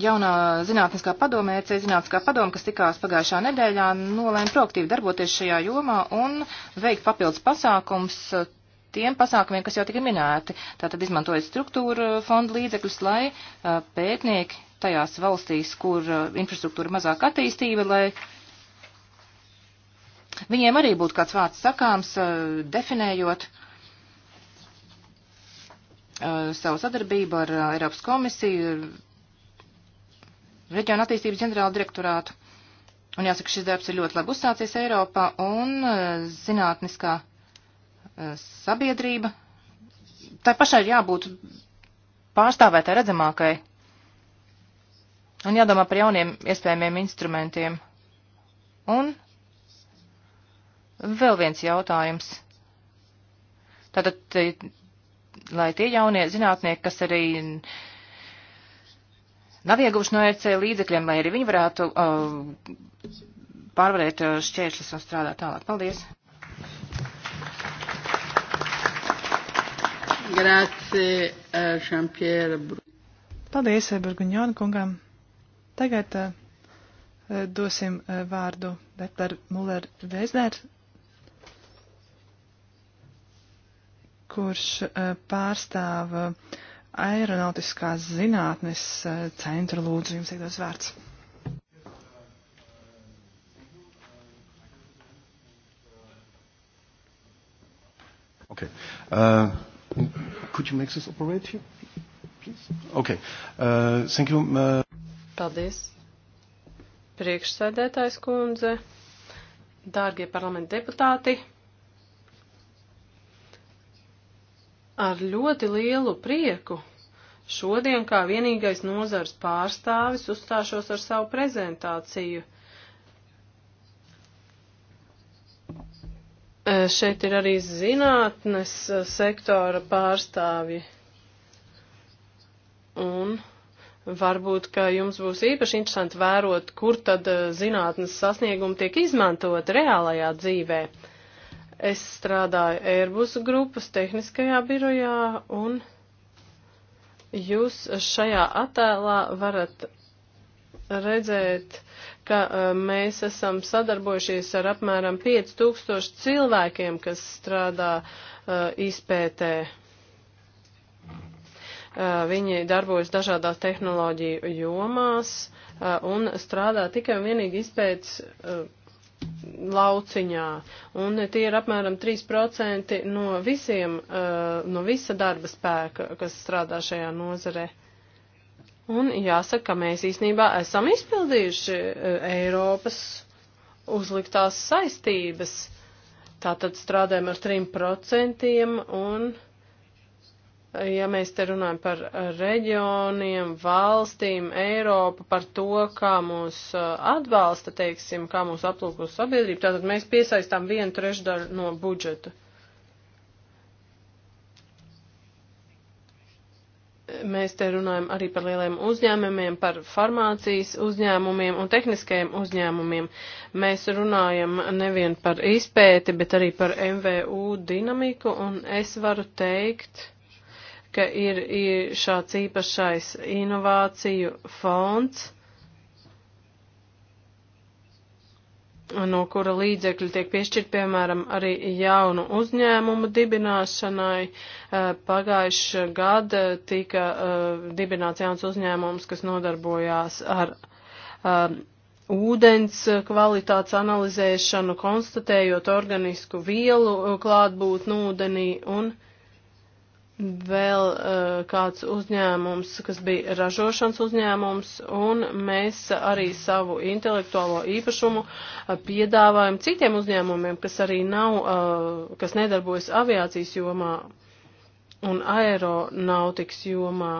Jaunā zinātniskā padome, EC zinātniskā padome, kas tikās pagājušā nedēļā, nolēma proaktīvi darboties šajā jomā un veikt papildus pasākums tiem pasākumiem, kas jau tika minēti. Tātad izmantojot struktūra uh, fondu līdzekļus, lai uh, pētnieki tajās valstīs, kur uh, infrastruktūra mazāk attīstība, lai viņiem arī būtu kāds vārds sakāms, definējot savu sadarbību ar Eiropas komisiju, reģionu attīstības ģenerāla direktorātu. Un jāsaka, šis darbs ir ļoti labi uzsācies Eiropā un zinātniskā Uh, sabiedrība, tai pašai ir jābūt pārstāvētai redzamākai un jādomā par jauniem iespējamiem instrumentiem. Un vēl viens jautājums. Tātad, lai tie jaunie zinātnieki, kas arī nav ieguvuši no EC līdzekļiem, lai arī viņi varētu uh, pārvarēt uh, šķēršļus un strādāt tālāk. Paldies! Grazie, eh, Jean-Pierre. Paldies, eh, Burguņona kungam. Tagad uh, dosim uh, vārdu Dr. Muller Vēzner, kurš uh, pārstāv aeronautiskās zinātnes centru. Lūdzu, jums ir dots vārds. Okay. Uh, Could you make this operate here, please? Okay. Uh, thank you. Uh... Paldies. Priekšsēdētājs kundze, dārgie parlamenta deputāti, ar ļoti lielu prieku šodien kā vienīgais nozars pārstāvis uzstāšos ar savu prezentāciju – E, šeit ir arī zinātnes e, sektora pārstāvji. Un varbūt, ka jums būs īpaši interesanti vērot, kur tad e, zinātnes sasniegumi tiek izmantot reālajā dzīvē. Es strādāju Airbus grupas tehniskajā birojā un jūs šajā attēlā varat redzēt ka e, mēs esam sadarbojušies ar apmēram 5000 cilvēkiem, kas strādā e, izpētē. E, viņi darbojas dažādās tehnoloģiju jomās un strādā tikai un vienīgi izpētes lauciņā, un tie ir apmēram 3% no visiem, no visa darba spēka, kas strādā šajā nozarē. Un jāsaka, ka mēs īstenībā esam izpildījuši e, Eiropas uzliktās saistības. Tātad strādājam ar 3% un e, ja mēs te runājam par reģioniem, valstīm, Eiropu, par to, kā mūs e, atbalsta, teiksim, kā mūs aplūko sabiedrība, tātad mēs piesaistām vienu trešdaļu no budžeta. Mēs te runājam arī par lieliem uzņēmumiem, par farmācijas uzņēmumiem un tehniskajiem uzņēmumiem. Mēs runājam nevien par izpēti, bet arī par MVU dinamiku, un es varu teikt, ka ir, ir šāds īpašais inovāciju fonds no kura līdzekļi tiek piešķirt, piemēram, arī jaunu uzņēmumu dibināšanai. Eh, Pagājušā gada eh, tika eh, dibināts jauns uzņēmums, kas nodarbojās ar ūdens kvalitātes analizēšanu, konstatējot organisku vielu klātbūtni ūdenī un ūdenī vēl uh, kāds uzņēmums, kas bija ražošanas uzņēmums, un mēs arī savu intelektuālo īpašumu uh, piedāvājam citiem uzņēmumiem, kas arī nav, uh, kas nedarbojas aviācijas jomā un aeronautikas jomā.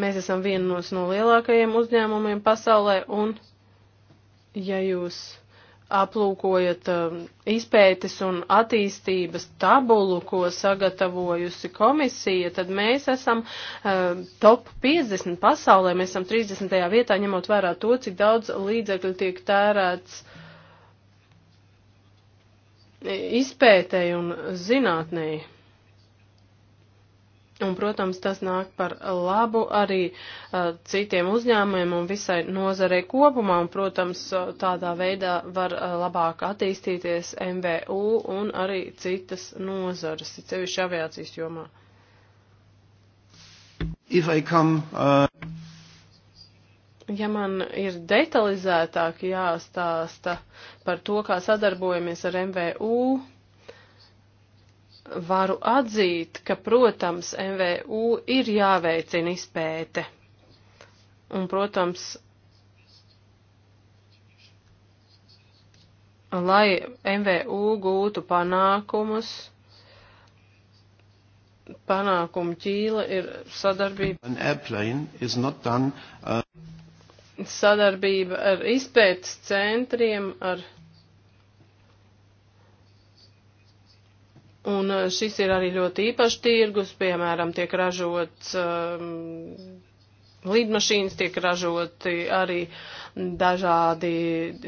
Mēs esam vienos no lielākajiem uzņēmumiem pasaulē, un ja jūs aplūkojat um, izpētes un attīstības tabulu, ko sagatavojusi komisija, tad mēs esam um, top 50 pasaulē, mēs esam 30. vietā, ņemot vērā to, cik daudz līdzekļu tiek tērēts e, izpētēji un zinātnēji. Un, protams, tas nāk par labu arī uh, citiem uzņēmumiem un visai nozarei kopumā, un, protams, tādā veidā var uh, labāk attīstīties MVU un arī citas nozares, cevišķi aviācijas jomā. Come, uh... Ja man ir detalizētāk jāstāsta par to, kā sadarbojamies ar MVU, varu atzīt, ka, protams, MVU ir jāveicina izpēte. Un, protams, lai MVU gūtu panākumus, panākumu ķīla ir sadarbība. Done, uh... Sadarbība ar izpētes centriem, ar Un eh, šis ir arī ļoti īpašs tirgus, piemēram, tiek ražots um, lidmašīnas, tiek ražoti arī dažādi,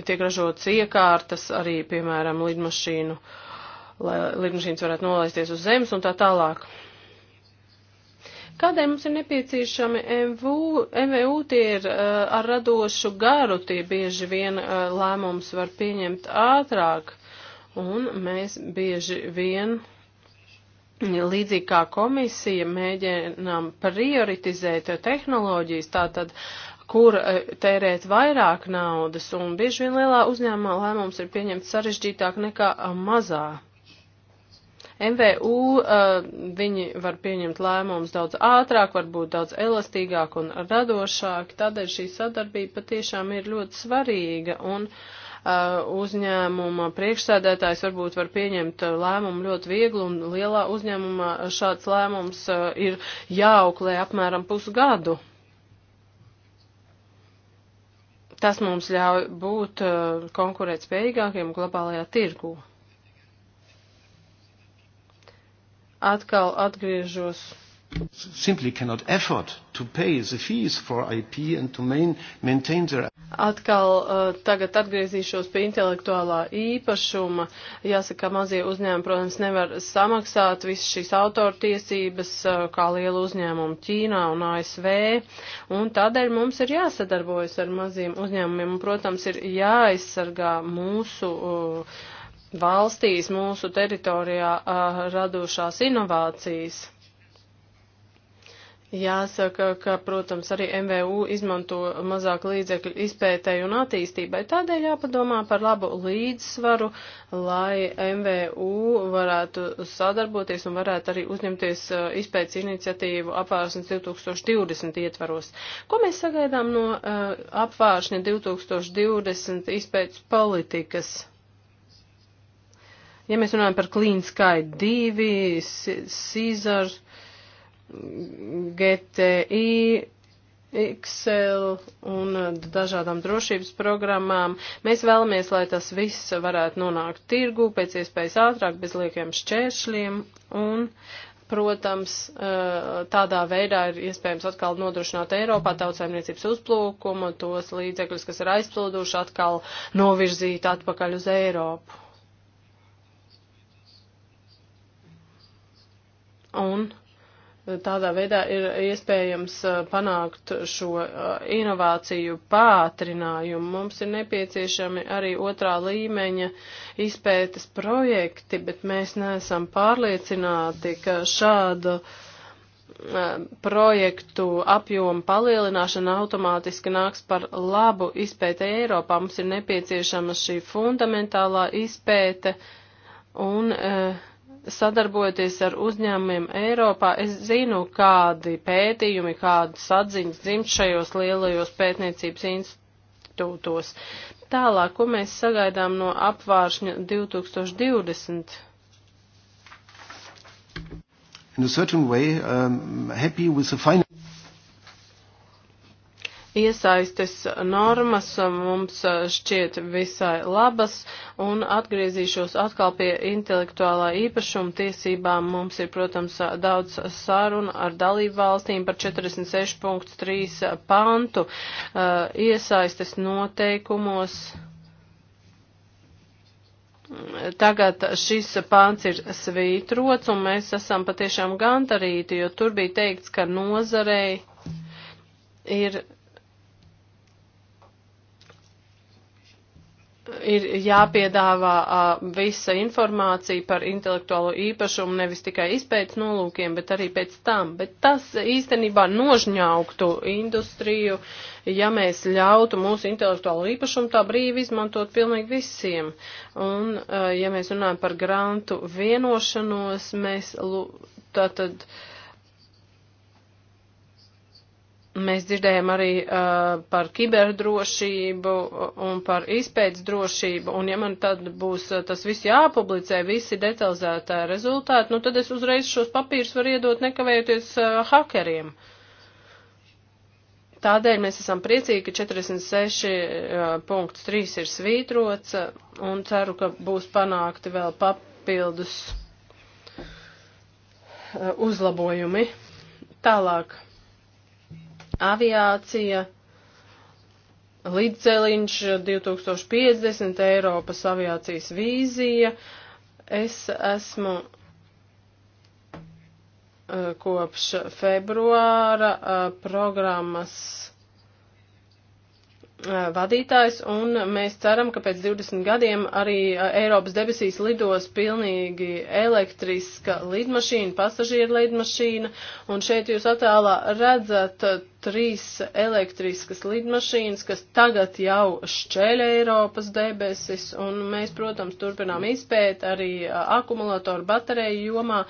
tiek ražotas iekārtas, arī, piemēram, lidmašīnu, lai lidmašīnas varētu nolaisties uz zemes un tā tālāk. Kādēļ mums ir nepieciešami MVU? MVU tie ir uh, ar radošu garu, tie bieži vien uh, lēmums var pieņemt ātrāk. Un mēs bieži vien, līdzīgi kā komisija, mēģinām prioritizēt tehnoloģijas, tātad kur e, tērēt vairāk naudas, un bieži vien lielā uzņēmumā lēmums ir pieņemts sarežģītāk nekā mazā. MVU e, viņi var pieņemt lēmumus daudz ātrāk, varbūt daudz elastīgāk un radošāk, tādēļ šī sadarbība patiešām ir ļoti svarīga, un uh, Uh, uzņēmuma priekšsēdētājs varbūt var pieņemt uh, lēmumu ļoti viegli, un lielā uzņēmumā šāds lēmums uh, ir jāauklē apmēram pusgadu. Tas mums ļauj būt konkurēt spējīgākiem globālajā tirgū. Atkal atgriežos simply cannot afford to pay the fees for IP and to main, maintain their. Atkal uh, tagad atgriezīšos pie intelektuālā īpašuma. Jāsaka, mazie uzņēmumi, protams, nevar samaksāt visas šīs autortiesības, uh, kā liela uzņēmuma Ķīnā un ASV, un tādēļ mums ir jāsadarbojas ar maziem uzņēmumiem, un, protams, ir jāaizsargā mūsu. Uh, valstīs, mūsu teritorijā uh, radošās inovācijas. Jāsaka, ka, protams, arī MVU izmanto mazāk līdzekļu izpētēju un attīstībai. Tādēļ jāpadomā par labu līdzsvaru, lai MVU varētu sadarboties un varētu arī uzņemties uh, izpētes iniciatīvu apvārsnes 2020 ietvaros. Ko mēs sagaidām no uh, apvāršņa 2020 izpētes politikas? Ja mēs runājam par Clean Sky 2, Caesar, GTI, Excel un dažādām drošības programmām. Mēs vēlamies, lai tas viss varētu nonākt tirgu pēc iespējas ātrāk, bez liekiem šķēršļiem un uh, protams, eh, tādā veidā ir iespējams atkal nodrošināt Eiropā tautsēmniecības uzplūkumu, tos līdzekļus, kas ir aizplūduši, atkal novirzīt atpakaļ uz Eiropu. Un Tādā veidā ir iespējams uh, panākt šo uh, inovāciju pātrinājumu. Mums ir nepieciešami arī otrā līmeņa izpētes projekti, bet mēs neesam pārliecināti, ka šādu uh, projektu apjomu palielināšana automātiski nāks par labu izpēte Eiropā. Mums ir nepieciešama šī fundamentālā izpēte un uh, sadarbojoties ar uzņēmumiem Eiropā, es zinu, kādi pētījumi, kādas atziņas dzimts šajos lielajos pētniecības institūtos. Tālāk, ko mēs sagaidām no apvāršņa 2020? In a certain way, um, happy with the final. Iesaistes normas mums šķiet visai labas un atgriezīšos atkal pie intelektuālā īpašuma tiesībām. Mums ir, protams, daudz sarunu ar dalību valstīm par 46.3 pantu eh, iesaistes noteikumos tagad šis pāns ir svītrots, un mēs esam patiešām gandarīti, jo tur bija teikts, ka nozarei ir ir jāpiedāvā uh, visa informācija par intelektuālo īpašumu nevis tikai izpēc nolūkiem, bet arī pēc tam. Bet tas īstenībā nožņauktu industriju, ja mēs ļautu mūsu intelektuālo īpašumu tā brīvi izmantot pilnīgi visiem. Un, uh, ja mēs runājam par grantu vienošanos, mēs tātad. Uh, Mēs dzirdējam arī uh, par kiberdrošību un par izpētes drošību, un ja man tad būs uh, tas viss jāpublicē, visi detalizētā rezultāti, nu tad es uzreiz šos papīrus varu iedot nekavējoties uh, hakeriem. Tādēļ mēs esam priecīgi, ka 46.3 uh, ir svītrots, uh, un ceru, ka būs panākti vēl papildus uh, uzlabojumi. Tālāk aviācija, līdzceļiņš 2050, Eiropas aviācijas vīzija. Es esmu eh, kopš februāra eh, programmas eh, vadītājs, un mēs ceram, ka pēc 20 gadiem arī Eiropas debesīs lidos pilnīgi elektriska lidmašīna, pasažieru lidmašīna, un šeit jūs attēlā redzat trīs elektriskas lidmašīnas, kas tagad jau šķēļ Eiropas debesis, un mēs, protams, turpinām izpēt arī akumulatoru bateriju jomā,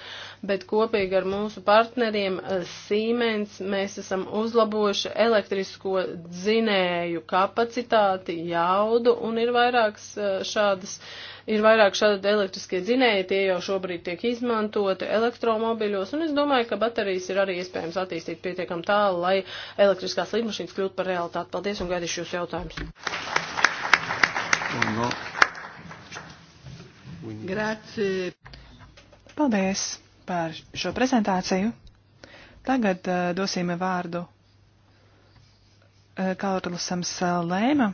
bet kopīgi ar mūsu partneriem Siemens mēs esam uzlabojuši elektrisko dzinēju kapacitāti, jaudu, un ir vairākas šādas uh, ir vairāk šādi elektriskie dzinēji, tie jau šobrīd tiek izmantoti elektromobiļos, un es domāju, ka baterijas ir arī iespējams attīstīt pietiekam tālu, lai elektriskās lidmašīnas kļūtu par realitāti. Paldies un gaidīšu jūs jautājumus. No. Grāci. Paldies par šo prezentāciju. Tagad uh, dosim vārdu uh, eh, Kaurlusam Lēma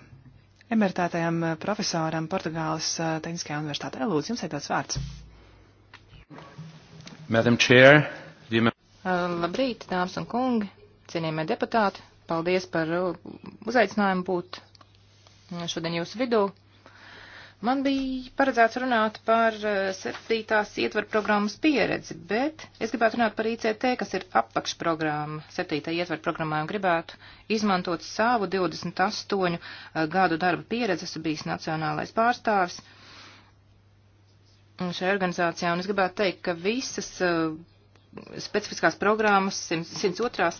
emeritētajam eh, profesoram Portugāles eh, Tehniskajā universitātē. Lūdzu, jums ir tāds vārds. Madam Chair, Dima. Eh, labrīt, dāmas un kungi, cienījamie deputāti. Paldies par uzaicinājumu būt šodien jūsu vidū. Man bija paredzēts runāt par eh, septītās ietvaru programmas pieredzi, bet es gribētu runāt par ICT, kas ir apakšprogramma septītā ietvaru programmā un gribētu izmantot savu 28 eh, gadu darba pieredzi. Esmu bijis nacionālais pārstāvis šajā organizācijā un es gribētu teikt, ka visas eh, specifiskās programmas, 102.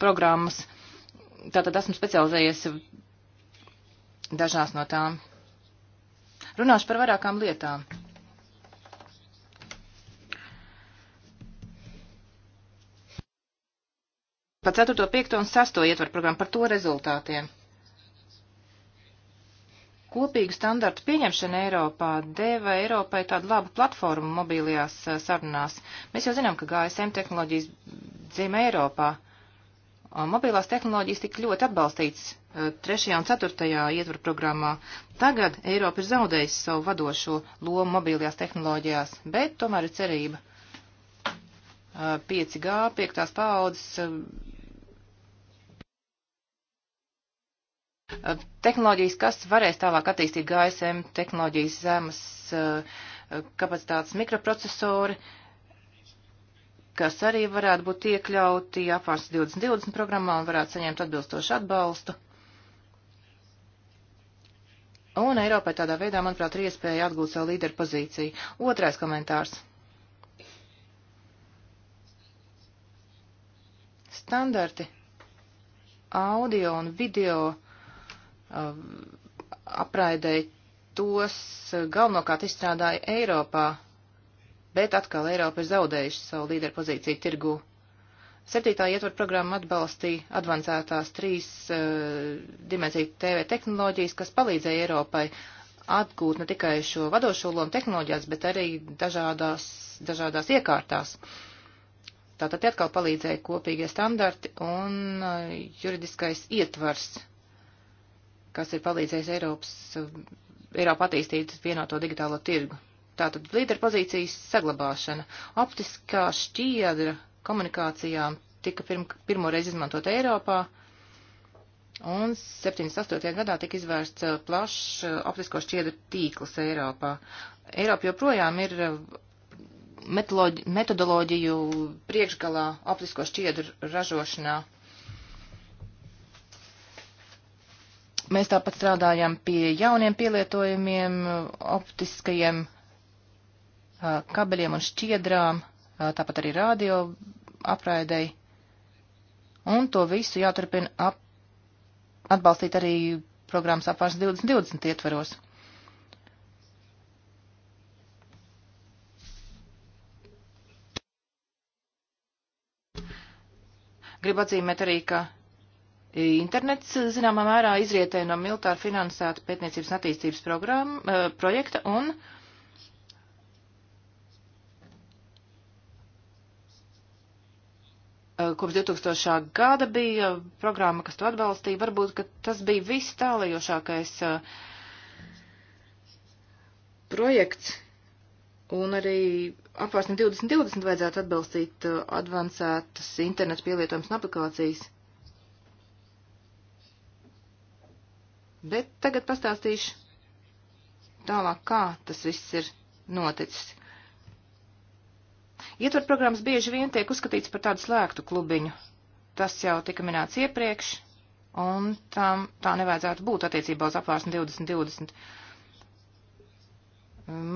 programmas, tātad esmu specializējies dažās no tām Runāšu par vairākām lietām. Pa 4., 5. un 6. ietvaru programmu par to rezultātiem. Kopīgu standartu pieņemšana Eiropā deva Eiropai tādu labu platformu mobīlajās eh, sarunās. Mēs jau zinām, ka GSM tehnoloģijas dzīve Eiropā. Uh, mobilās tehnoloģijas tik ļoti atbalstīts e, trešajā un ceturtajā ietvaru programmā. Tagad Eiropa ir zaudējusi savu vadošo lomu mobilajās tehnoloģijās, bet tomēr ir cerība. 5G, 5. paaudzes tehnoloģijas, kas varēs tālāk attīstīt GSM, tehnoloģijas zemes e, e, kapacitātes mikroprocesori, uh, kas arī varētu būt iekļauti apvārs 2020 programmā un varētu saņemt atbilstošu atbalstu. Un Eiropai tādā veidā, manuprāt, ir iespēja atgūt savu līderu pozīciju. Otrais komentārs. Standarti audio un video uh, um, apraidēja tos galvenokārt izstrādāja Eiropā bet atkal Eiropa ir zaudējuši savu līderu pozīciju tirgu. Septītā ietvaru programma atbalstīja advancētās trīs uh, dimensiju TV tehnoloģijas, kas palīdzēja Eiropai atgūt ne tikai šo vadošo lomu tehnoloģijās, bet arī dažādās, dažādās iekārtās. Tātad atkal palīdzēja kopīgie standarti un uh, juridiskais ietvars, kas ir palīdzējis Eiropas, uh, Eiropa attīstīt vienoto digitālo tirgu. Tātad līderpozīcijas saglabāšana. Optiskā šķiedra komunikācijām tika pirm, pirmo reizi izmantot Eiropā, un 78. gadā tika izvērsts uh, plašs uh, optisko šķiedru tīkls Eiropā. Eiropa joprojām ir uh, metodoloģiju priekšgalā optisko šķiedru ražošanā. Mēs tāpat strādājam pie jauniem pielietojumiem, optiskajiem kabeļiem un šķiedrām, tāpat arī rādio apraidei. Un to visu jāturpina ap, atbalstīt arī programmas apvārs 2020 ietveros. Gribu atzīmēt arī, ka internets zināmā mērā izrietē no militāri finansēta pētniecības un attīstības programma, projekta un uh, Eh, kopš 2000. gada bija programma, kas to atbalstīja. Varbūt, ka tas bija viss tālajošākais eh, projekts. Un arī apvārsni 2020 vajadzētu atbalstīt eh, advancētas internetu pielietojums un aplikācijas. Bet tagad pastāstīšu tālāk, kā tas viss ir noticis. Ietver programmas bieži vien tiek uzskatīts par tādu slēgtu klubiņu. Tas jau tika minēts iepriekš, un tam tā nevajadzētu būt attiecībā uz apvārsni 2020.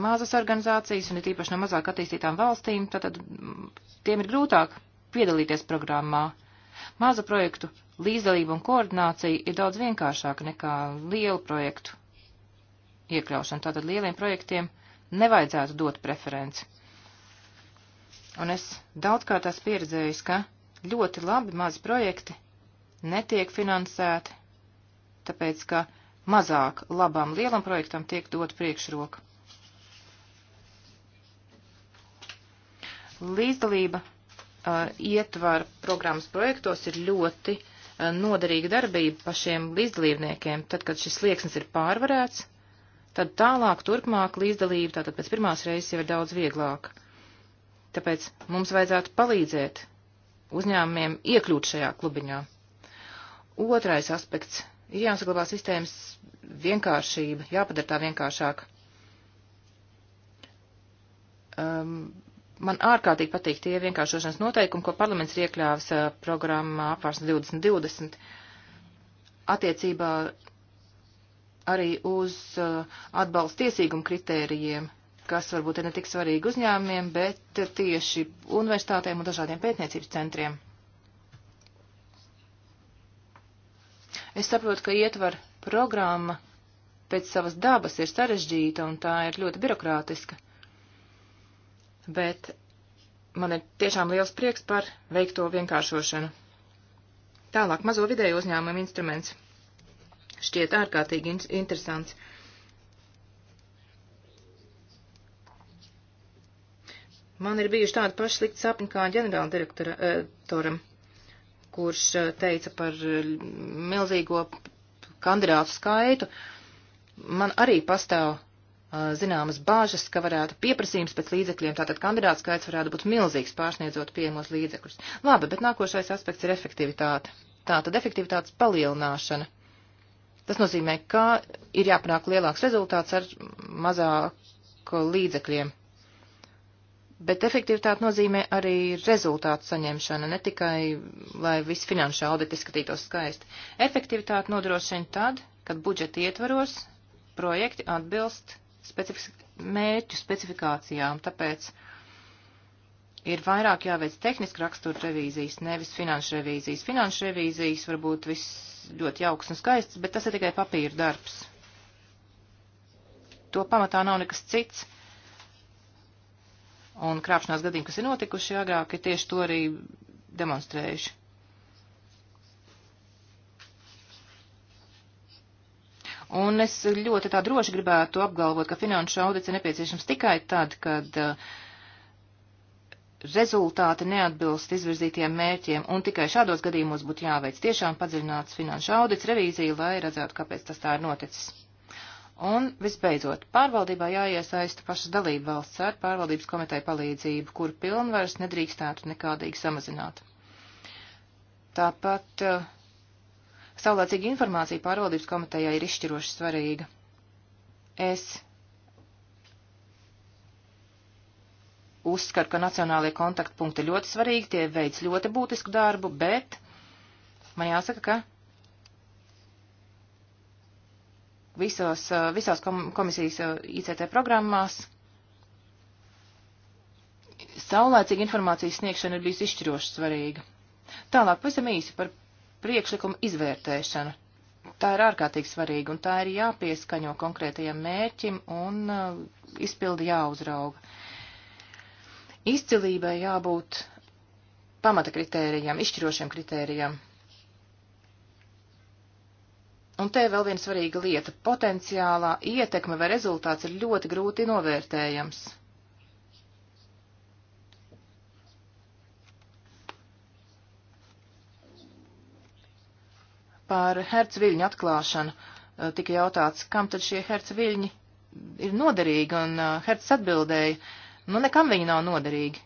Mazas organizācijas, un it īpaši no mazāk attīstītām valstīm, tad mm, tiem ir grūtāk piedalīties programmā. Maza projektu līdzdalība un koordinācija ir daudz vienkāršāka nekā lielu projektu iekļaušana. Tātad lieliem projektiem nevajadzētu dot preferenci. Un es daudzkārt esmu pieredzējis, ka ļoti labi mazi projekti netiek finansēti, tāpēc ka mazāk labam lielam projektam tiek dot priekšroka. Līdzdalība uh, ietvar programmas projektos ir ļoti uh, noderīga darbība pašiem līdzdalībniekiem. Tad, kad šis slieksnis ir pārvarēts, tad tālāk turpmāk līdzdalība, tātad pēc pirmās reizes jau ir daudz vieglāka. Tāpēc mums vajadzētu palīdzēt uzņēmumiem iekļūt šajā klubiņā. Otrais aspekts - ir jāsaglabā sistēmas vienkāršība, jāpadara tā vienkāršāk. Um, man ārkārtīgi patīk tie vienkāršošanas noteikumi, ko parlaments ir iekļāvis uh, programmā apvārs 2020 attiecībā arī uz uh, atbalsta tiesīgumu kritērijiem kas varbūt ir ne tik svarīgi uzņēmumiem, bet tieši universitātēm un dažādiem pētniecības centriem. Es saprotu, ka ietver programma pēc savas dabas ir sarežģīta un tā ir ļoti birokrātiska. Bet man ir tiešām liels prieks par veikto vienkāršošanu. Tālāk mazo vidēju uzņēmumu instruments šķiet ārkārtīgi interesants. Man ir bijuši tādi paši slikti sapņi kā ģenerāla direktoram, eh, kurš eh, teica par eh, milzīgo kandidātu skaitu. Man arī pastāv zināmas bāžas, ka varētu pieprasījums pēc līdzekļiem, tātad kandidāts skaits varētu būt milzīgs, pārsniedzot pieejamos līdzekļus. Labi, bet nākošais aspekts ir efektivitāte. Tātad efektivitātes palielināšana. Tas nozīmē, ka ir jāpanāk lielāks rezultāts ar mazāku līdzekļiem. Bet efektivitāte nozīmē arī rezultātu saņemšana, ne tikai, lai viss finanšu auditi skatītos skaisti. Efektivitāte nodrošina tad, kad budžeta ietvaros projekti atbilst specifis, mērķu specifikācijām, tāpēc ir vairāk jāveic tehniski rakstura revīzijas, nevis finanšu revīzijas. Finanšu revīzijas varbūt viss ļoti jauks un skaists, bet tas ir tikai papīra darbs. To pamatā nav nekas cits un krāpšanās gadījumi, kas ir notikuši agrāk, ir tieši to arī demonstrējuši. Un es ļoti tā droši gribētu apgalvot, ka finanšu audits ir nepieciešams tikai tad, kad uh, rezultāti neatbilst izvirzītiem mērķiem, un tikai šādos gadījumos būtu jāveic tiešām padziļināts finanšu audits revīzija, lai redzētu, kāpēc tas tā ir noticis. Un, visbeidzot, pārvaldībā jāiesaista pašas dalība valsts ar pārvaldības komiteju palīdzību, kur pilnvaras nedrīkstētu nekādīgi samazināt. Tāpat uh, saulēcīga informācija pārvaldības komitejai ir izšķiroši svarīga. Es uzskatu, ka nacionālajie kontaktpunkti ļoti svarīgi, tie veids ļoti būtisku darbu, bet man jāsaka, ka visos, eh, visās komisijas eh, ICT programmās. Saulēcīga informācijas sniegšana ir bijusi izšķiroši svarīga. Tālāk pavisam īsi par priekšlikumu izvērtēšanu. Tā ir ārkārtīgi svarīga un tā ir jāpieskaņo konkrētajam mērķim un uh, izpildi jāuzrauga. Izcilībai jābūt pamata kritērijam, izšķirošiem kritērijam. Un te vēl viena svarīga lieta - potenciālā ietekme vai rezultāts ir ļoti grūti novērtējams. Par hercviļņu atklāšanu eh, tika jautāts, kam tad šie hercviļņi ir noderīgi, un eh, hercs atbildēja, nu nekam viņi nav noderīgi.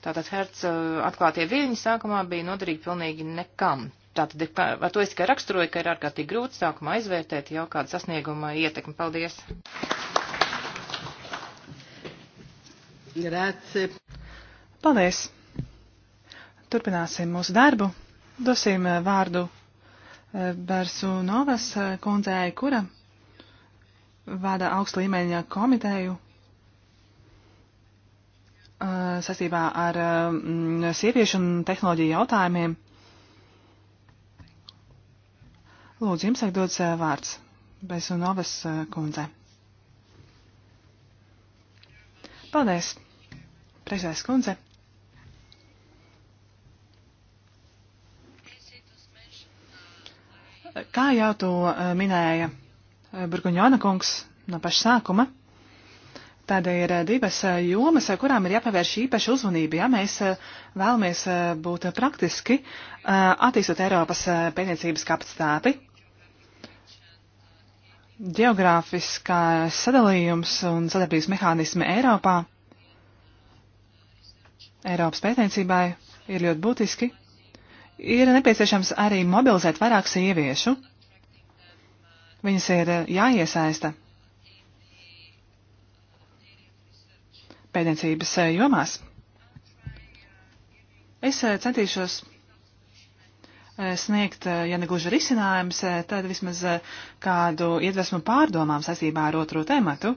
Tātad Herca uh, atklātie viļņi sākumā bija noderīgi pilnīgi nekam. Tātad ar to es tikai raksturoju, ka ir ārkārtīgi grūti sākumā izvērtēt jau kādu sasniegumu ietekmi. Paldies! Grāci. Paldies! Turpināsim mūsu darbu. Dosim uh, vārdu uh, Bersu Novas kundzei, kura vada augstu līmeņa komiteju Eh, saistībā ar mm, sieviešu un tehnoloģiju jautājumiem. Lūdzu, jums tiek dots eh, vārds Besunovas eh, kundze. Paldies, prezidents kundze. Kā jau to minēja Burguņona kungs no paša sākuma? Tāda ir eh, divas eh, jomas, eh, kurām ir jāpievērš īpaša uzmanība, ja mēs vēlamies būt praktiski attīstot Eiropas pētniecības kapacitāti. Geogrāfiskā sadalījums un sadarbības mehānismi Eiropā, Eiropas pētniecībai ir ļoti būtiski. Ir nepieciešams arī mobilizēt vairāk sieviešu. Viņas ir jāiesaista pēdniecības eh, jomās. Es eh, centīšos eh, sniegt, ja negluži risinājums, tad vismaz kādu iedvesmu pārdomām saistībā ar otro tematu.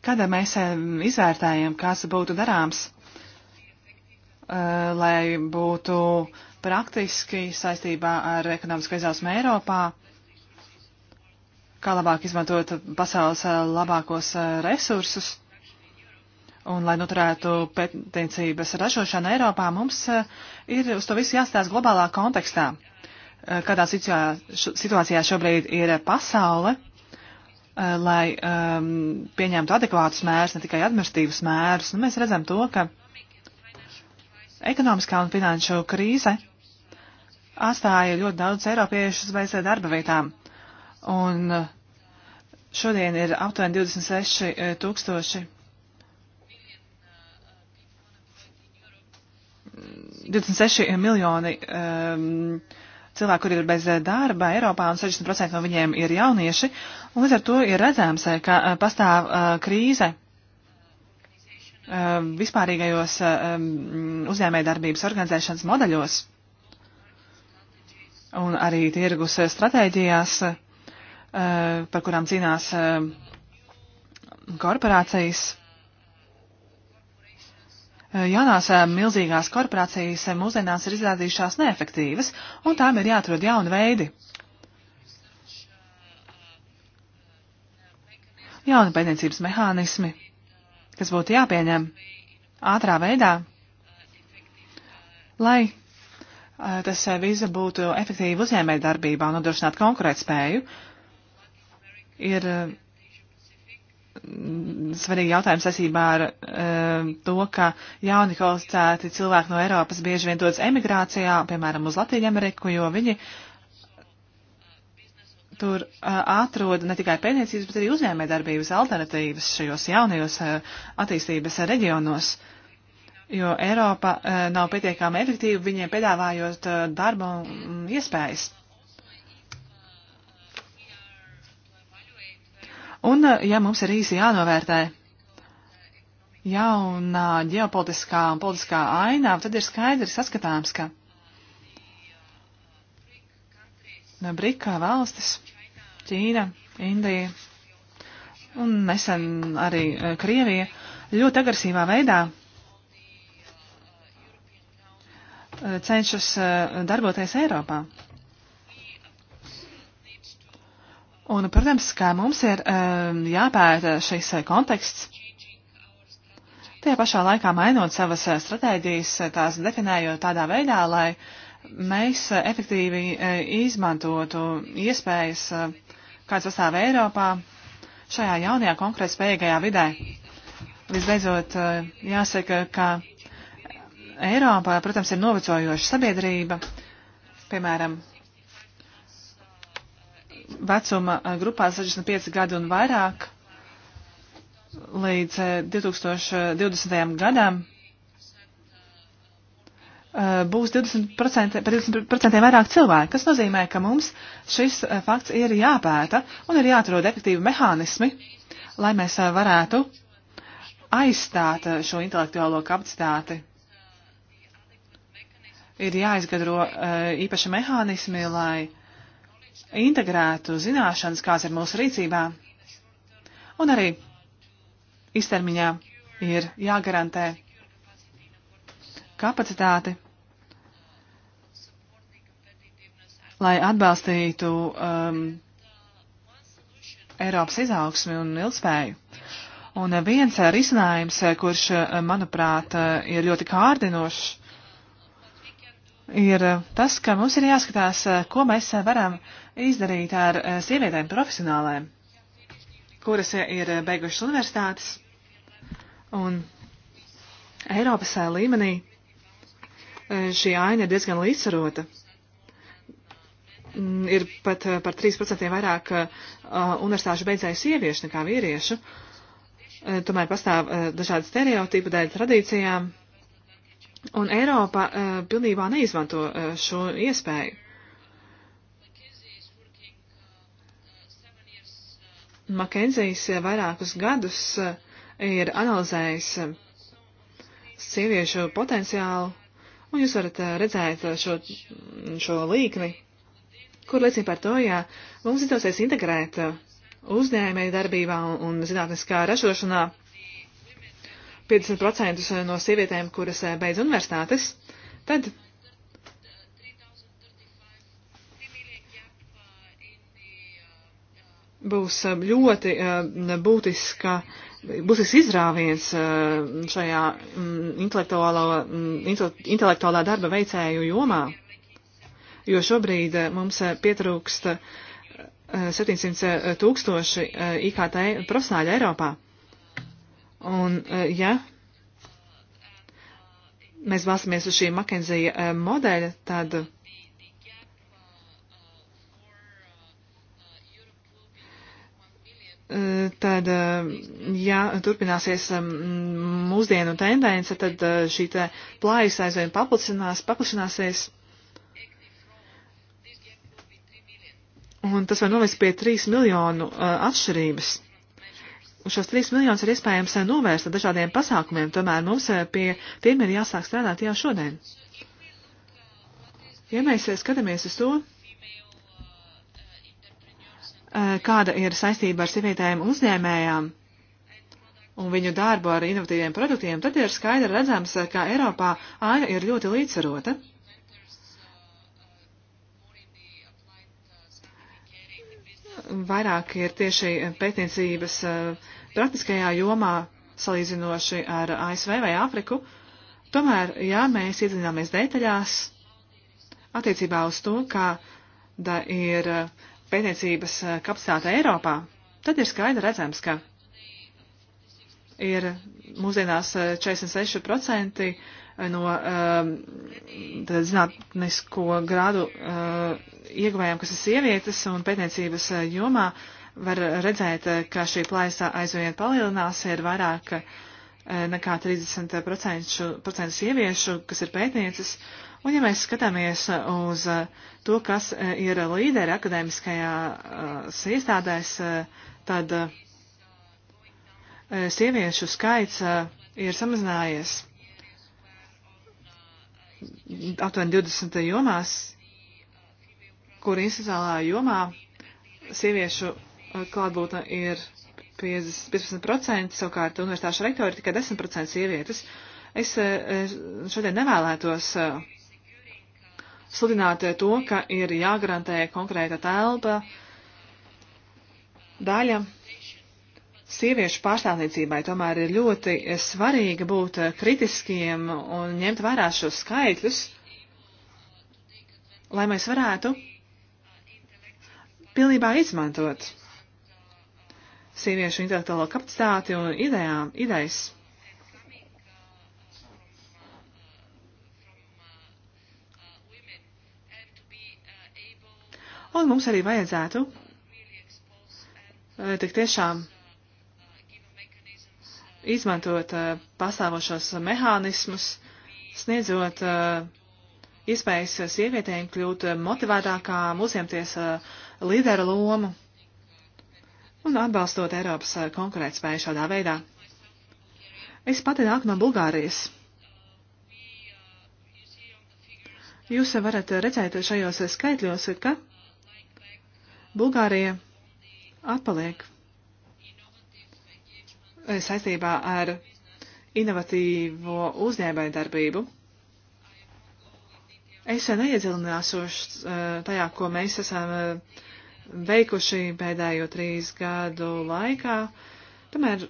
Kādā mēs izvērtējam, kas būtu darāms, lai būtu praktiski saistībā ar ekonomisko izausmu Eiropā, kā labāk izmantot pasaules eh, labākos eh, resursus. Un, lai noturētu pētniecības ražošanu Eiropā, mums eh, ir uz to visu jāstāsta globālā kontekstā, kādā situācijā šobrīd ir pasaule, lai um, pieņemtu adekvātus mērus, ne tikai administratīvus mērus. Nu, mēs redzam to, ka ekonomiskā un finanšu krīze atstāja ļoti daudz eiropiešus bez darba vietām. Un eh, šodien ir aptuveni 26 eh, tūkstoši. 26 miljoni um, cilvēku, kur ir bez eh, darba Eiropā, un 60% no viņiem ir jaunieši. Un līdz ar to ir redzams, ka pastāv uh, krīze vispārīgajos ehm, uzņēmējdarbības organizēšanas modeļos un arī tirgus stratēģijās, Eh, par kurām cīnās eh, korporācijas. Eh, jaunās milzīgās korporācijas mūsdienās ir izrādījušās neefektīvas, un tām ir jāatrod jauni veidi. Jauni pētniecības mehānismi, kas būtu jāpieņem ātrā veidā, lai tas viss būtu efektīvi uzņēmējdarbībā un nodrošinātu konkurētspēju, spēju ir eh, svarīgi jautājums saistībā ar uh, to, ka jauni kvalificēti cilvēki no Eiropas bieži vien dodas emigrācijā, piemēram, uz Latviju Ameriku, jo viņi tur uh, atrod ne tikai pētniecības, bet arī uzņēmē darbības alternatīvas šajos jaunajos uh, attīstības reģionos, jo Eiropa uh, nav pietiekami efektīva viņiem piedāvājot uh, darba um, iespējas. Un, eh, ja mums ir īsi jānovērtē jaunā ģeopolitiskā un politiskā ainā, tad ir skaidrs saskatāms, ka no brikā valstis Ķīna, Indija un nesen arī eh, Krievija ļoti agresīvā veidā eh, cenšas darboties Eiropā. Un, protams, kā mums ir ehm, jāpēta šis eh, konteksts, tajā pašā laikā mainot savas eh, stratēģijas, eh, tās definējot tādā veidā, lai mēs efektīvi izmantotu iespējas, kāds pastāv Eiropā, šajā jaunajā konkrēt spējīgajā vidē. Visbeidzot, jāsaka, ka Eiropā, protams, ir novecojoša sabiedrība, piemēram, vecuma eh, grupā 65 gadi un vairāk līdz 2020. Eh, gadam eh, būs 20%, par 20% vairāk cilvēku, kas nozīmē, ka mums šis fakts ir jāpēta un ir jāatrod efektīvi mehānismi, lai mēs varētu aizstāt šo intelektuālo kapacitāti. Ir jāizgadro īpaši mehānismi, lai integrētu zināšanas, kāds ir mūsu rīcībā. Un arī iztermiņā ir jāgarantē kapacitāti, lai atbalstītu um, Eiropas izaugsmi un ilgspēju. Un viens risinājums, kurš, manuprāt, ir ļoti kārdinošs, ir tas, ka mums ir jāskatās, ko mēs varam izdarīt ar eh, sievietēm profesionālēm, kuras eh, ir eh, beigušas universitātes un Eiropas līmenī šī aina ir diezgan līdzsvarota. Mm, ir pat par 3% vairāk universitāšu beidzēju sieviešu nekā vīriešu. Tomēr pastāv dažādi stereotipi dēļ tradīcijām. Un Eiropa pilnībā neizmanto šo iespēju. Makenzijas eh, vairākus gadus eh, ir analizējis eh, sieviešu potenciālu, un jūs varat redzēt šo, šo līkni, kur liecina par to, ja mums izdosies integrēt uzņēmēju darbībā un, un zinātniskā ražošanā 50% no sievietēm, kuras beidz universitātes, tad būs eh, ļoti eh, būtiska, būtisks izrāviens eh, šajā mm, mm, intelektuālā darba veicēju jomā, jo šobrīd mums pietrūkst 700 tūkstoši IKT profesionāļu Eiropā. Un, ja mēs balstamies uz šī McKenzie modeļa, tad tad, ja turpināsies mm, mūsdienu tendence, tad eh, šī te plājas aizvien paplašinās, paplašināsies. Un tas var novest pie 3 miljonu eh, atšķirības. Un šos 3 miljonus ir iespējams eh, novērst ar dažādiem pasākumiem, tomēr mums pie tiem ir jāsāk strādāt jau šodien. Ja mēs skatāmies uz to, Eh, kāda ir saistība ar sievietēm uzņēmējām un viņu darbu ar inovatīviem produktiem, tad ir skaidri redzams, eh, ka Eiropā aina ir ļoti līdzsvarota. Vairāk ir tieši pētniecības eh, praktiskajā jomā salīdzinoši ar ASV vai Āfriku. Tomēr, ja mēs iedzināmies detaļās attiecībā uz to, kāda ir uh, pētniecības eh, kapacitāte Eiropā, tad ir skaidri redzams, ka ir mūsdienās 46% eh, eh, no uh, zinātnisko grādu uh, ieguvējām, kas ir sievietes un pētniecības jomā, var redzēt, ka šī plaisa aizvien palielinās, ir vairāk nekā 30% sieviešu, kas ir pētnieces, Un ja mēs skatāmies uh, uz uh, to, kas uh, ir līderi akadēmiskajās iestādēs, tad sieviešu skaits ir samazinājies aptuveni 20 jomās, kur institucionālā jomā sieviešu klātbūtne ir 15%, savukārt universitāšu rektori tikai 10% sievietes. Es šodien nevēlētos sludināt to, ka ir jāgarantē konkrēta telpa, daļa. Sieviešu pārstāvniecībai tomēr ir ļoti svarīgi būt kritiskiem un ņemt vērā šos skaitļus, lai mēs varētu pilnībā izmantot sieviešu intelektuālo kapacitāti un idejām, idejas. un mums arī vajadzētu eh, tik tiešām izmantot eh, pastāvošos mehānismus, sniedzot eh, iespējas sievietēm kļūt motivētākām, uzņemties līderu lomu un atbalstot Eiropas konkurētspēju šādā veidā. Es pati nāku no Bulgārijas. Jūs varat redzēt šajos skaitļos, ka Bulgārija atpaliek eh, saistībā ar inovatīvo uzņēmēju darbību. Es neiedziļināšos eh, tajā, ko mēs esam eh, veikuši pēdējo trīs gadu laikā. Tomēr,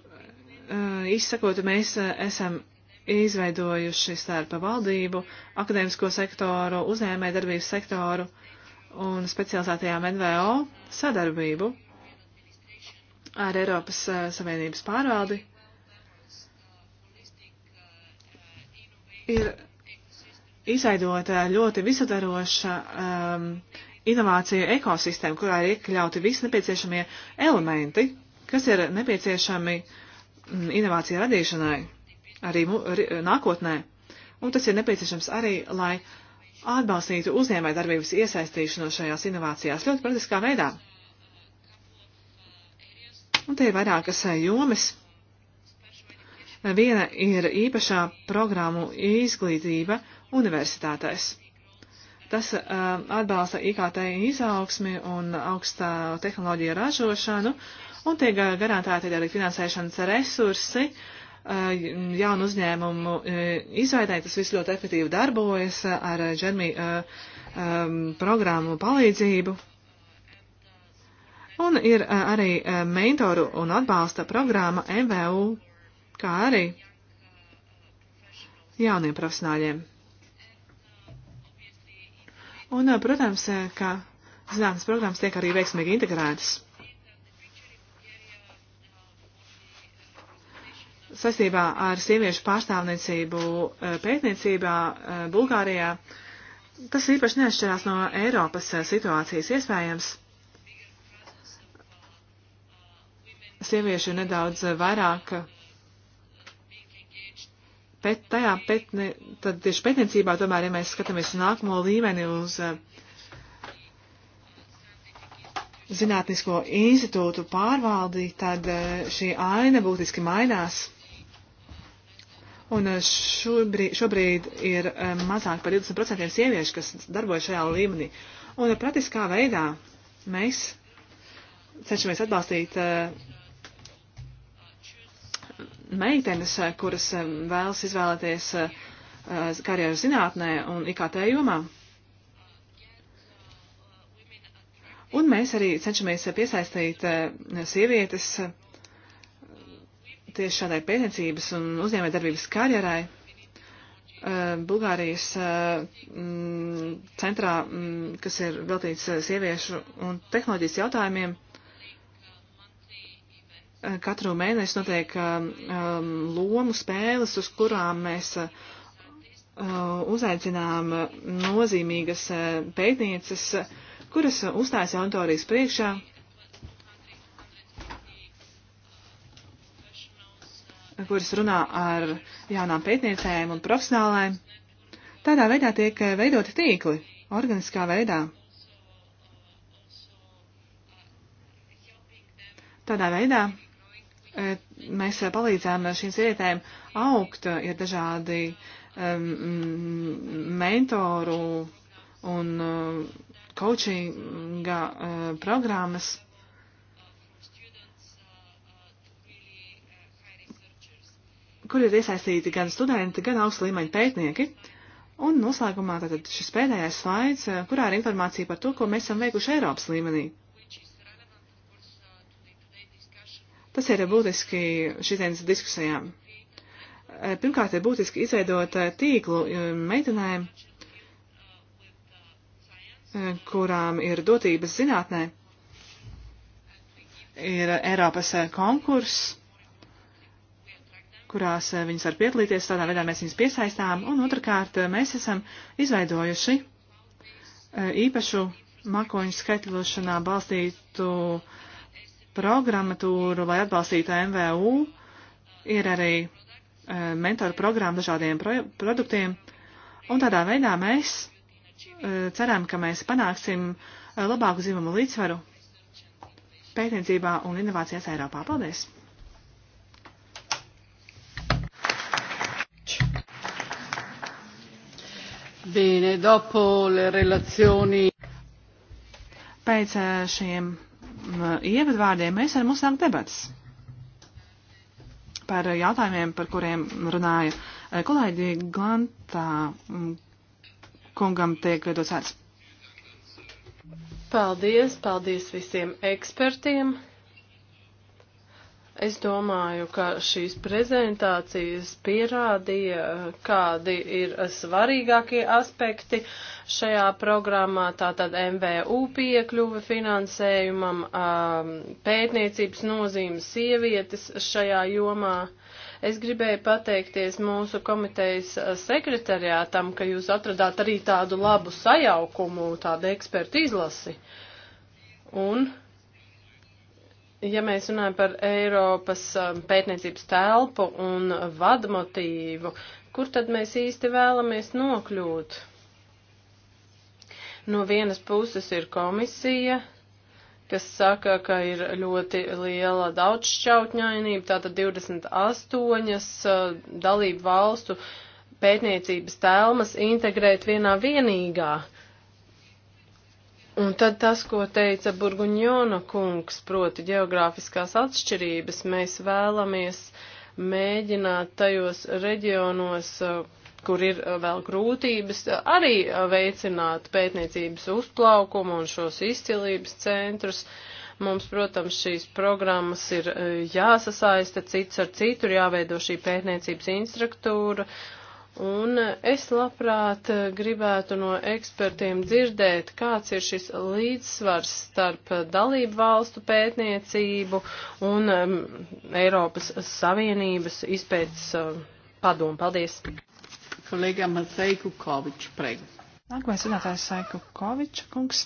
izsakot, mēs esam izveidojuši starp valdību, akadēmisko sektoru, uzņēmē darbības sektoru, uh, un specializētajām NVO sadarbību ar Eiropas eh, Savienības pārvaldi ir izveidot ļoti visadaroša um, ehm, inovāciju ekosistēma, kurā ir iekļauti visi nepieciešamie elementi, kas ir nepieciešami mm, inovāciju radīšanai arī nākotnē. Un tas ir nepieciešams arī, lai atbalstītu uzņēmē darbības iesaistīšanos šajās inovācijās ļoti praktiskā veidā. Un te ir vairākas eh, jomas. Viena ir īpašā programmu izglītība universitātēs. Tas uh, atbalsta IKT izaugsmi un augstā tehnoloģija ražošanu, un tiek garantēti arī finansēšanas resursi uh, Eh, jaunu uzņēmumu eh, izveidai. Tas viss ļoti efektīvi darbojas eh, ar Džermī programmu palīdzību. Un ir arī mentoru un atbalsta programma MVU, kā arī jauniem profesionāļiem. Un, protams, ka zinātnes programmas tiek arī veiksmīgi integrētas. saistībā ar sieviešu pārstāvniecību eh, pētniecībā eh, Bulgārijā. Tas īpaši neatšķirās no Eiropas eh, situācijas iespējams. Sieviešu nedaudz vairāk, bet tajā pētne, tad tieši pētniecībā tomēr, ja mēs skatāmies uz nākamo līmeni, uz zinātnisko institūtu pārvaldi, tad šī aina būtiski mainās. Un eh, šobrīd, šobrīd ir eh, mazāk par 20% sieviešu, kas darbojas šajā līmenī. Un eh, praktiskā veidā mēs cenšamies atbalstīt meitenes, kuras vēlas izvēlēties karjeru zinātnē un IKT jomā. Un mēs arī cenšamies piesaistīt sievietes tieši šādai pētniecības un uzņēmējdarbības karjerai eh, Bulgārijas eh, mm, centrā, mm, kas ir veltīts eh, sieviešu un tehnoloģijas jautājumiem, katru mēnesi notiek lomu spēles, uz kurām mēs uzaicinām nozīmīgas pētnieces, kuras uzstājas auditorijas priekšā kuras runā ar jaunām pētniecējiem un profesionālēm. Tādā veidā tiek veidoti tīkli, organiskā veidā. Tādā veidā e, mēs palīdzām šīm sievietēm augt, ir dažādi um, mentoru un um, coachinga uh, programmas. kur ir iesaistīti gan studenti, gan augsta līmeņa pētnieki. Un noslēgumā tātad šis pēdējais slaids, eh, kurā ir informācija par to, ko mēs esam veikuši Eiropas līmenī. Tas ir būtiski šīsdienas diskusijām. Eh, pirmkārt, ir būtiski izveidot eh, tīklu meitenēm, kurām ir dotības zinātnē. Ir Eiropas konkurss, kurās eh, viņas var piedalīties, tādā veidā mēs viņas piesaistām, un otrkārt eh, mēs esam izveidojuši eh, īpašu makoņu skaitļošanā balstītu programmatūru, lai atbalstītu MVU. Ir arī mentoru programma dažādiem pro produktiem, un tādā veidā mēs ceram, ka mēs panāksim labāku zimumu līdzsvaru pētniecībā un inovācijās Eiropā. Paldies! Bene, dopo le relazioni. Pēc eh, šiem ievadvārdiem mēs varam uzsākt debats par jautājumiem, par kuriem runāja eh, kolēģi Glantā kungam tiek dots vārds. Paldies, paldies visiem ekspertiem. Es domāju, ka šīs prezentācijas pierādīja, kādi ir svarīgākie aspekti šajā programmā, tātad MVU piekļuve finansējumam, um, pētniecības nozīme sievietes šajā jomā. Es gribēju pateikties mūsu komitejas sekretariātam, ka jūs atradāt arī tādu labu sajaukumu, tādu ekspertu izlasi. Un Ja mēs runājam par Eiropas um, pētniecības telpu un vadmotīvu, kur tad mēs īsti vēlamies nokļūt? No vienas puses ir komisija, kas saka, ka ir ļoti liela daudzšķautņainība, tātad 28 uh, dalību valstu pētniecības telmas integrēt vienā vienīgā. Uh, Un tad tas, ko teica Burguņona kungs, proti geogrāfiskās atšķirības, mēs vēlamies mēģināt tajos reģionos, uh, kur ir uh, vēl grūtības, uh, arī veicināt pētniecības uzplaukumu un šos izcilības centrus. Mums, protams, šīs programmas ir jāsasaista cits ar citu, ir jāveido šī pētniecības instruktūra, Un es labprāt gribētu no ekspertiem dzirdēt, kāds ir šis līdzsvars starp dalību valstu pētniecību un um, Eiropas Savienības izpētes um, padomu. Paldies! Kolēģa Matei Kukovič, preg. Nākamais runātājs Saiku Kovič, kungs,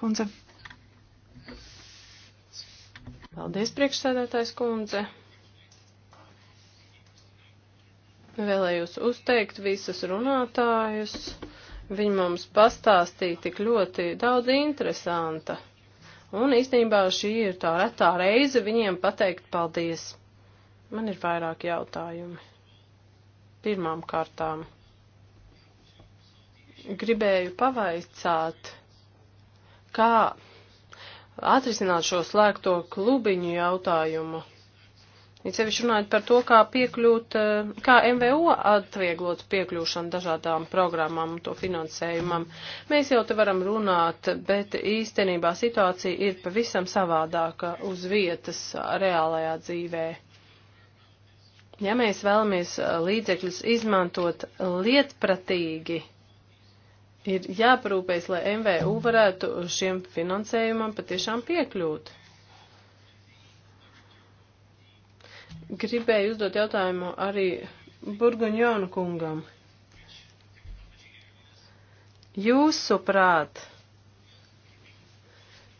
kundze. Paldies, priekšsēdētājs kundze. Vēlējos uzteikt visus runātājus. Viņi mums pastāstīja tik ļoti daudz interesanta. Un īstenībā šī ir tā retā reize viņiem pateikt paldies. Man ir vairāk jautājumi. Pirmām kārtām gribēju pavaicāt, kā atrisināt šo slēgto klubiņu jautājumu. It sevišķi runājot par to, kā piekļūt, eh, kā MVO atvieglot piekļūšanu dažādām programmām un to finansējumam. Mēs jau te varam runāt, bet īstenībā situācija ir pavisam savādāka uz vietas reālajā dzīvē. Ja mēs vēlamies eh, līdzekļus izmantot lietpratīgi, ir jāparūpēs, lai MVU varētu šiem finansējumam patiešām piekļūt. Gribēju uzdot jautājumu arī Burguņonu kungam. Jūsuprāt,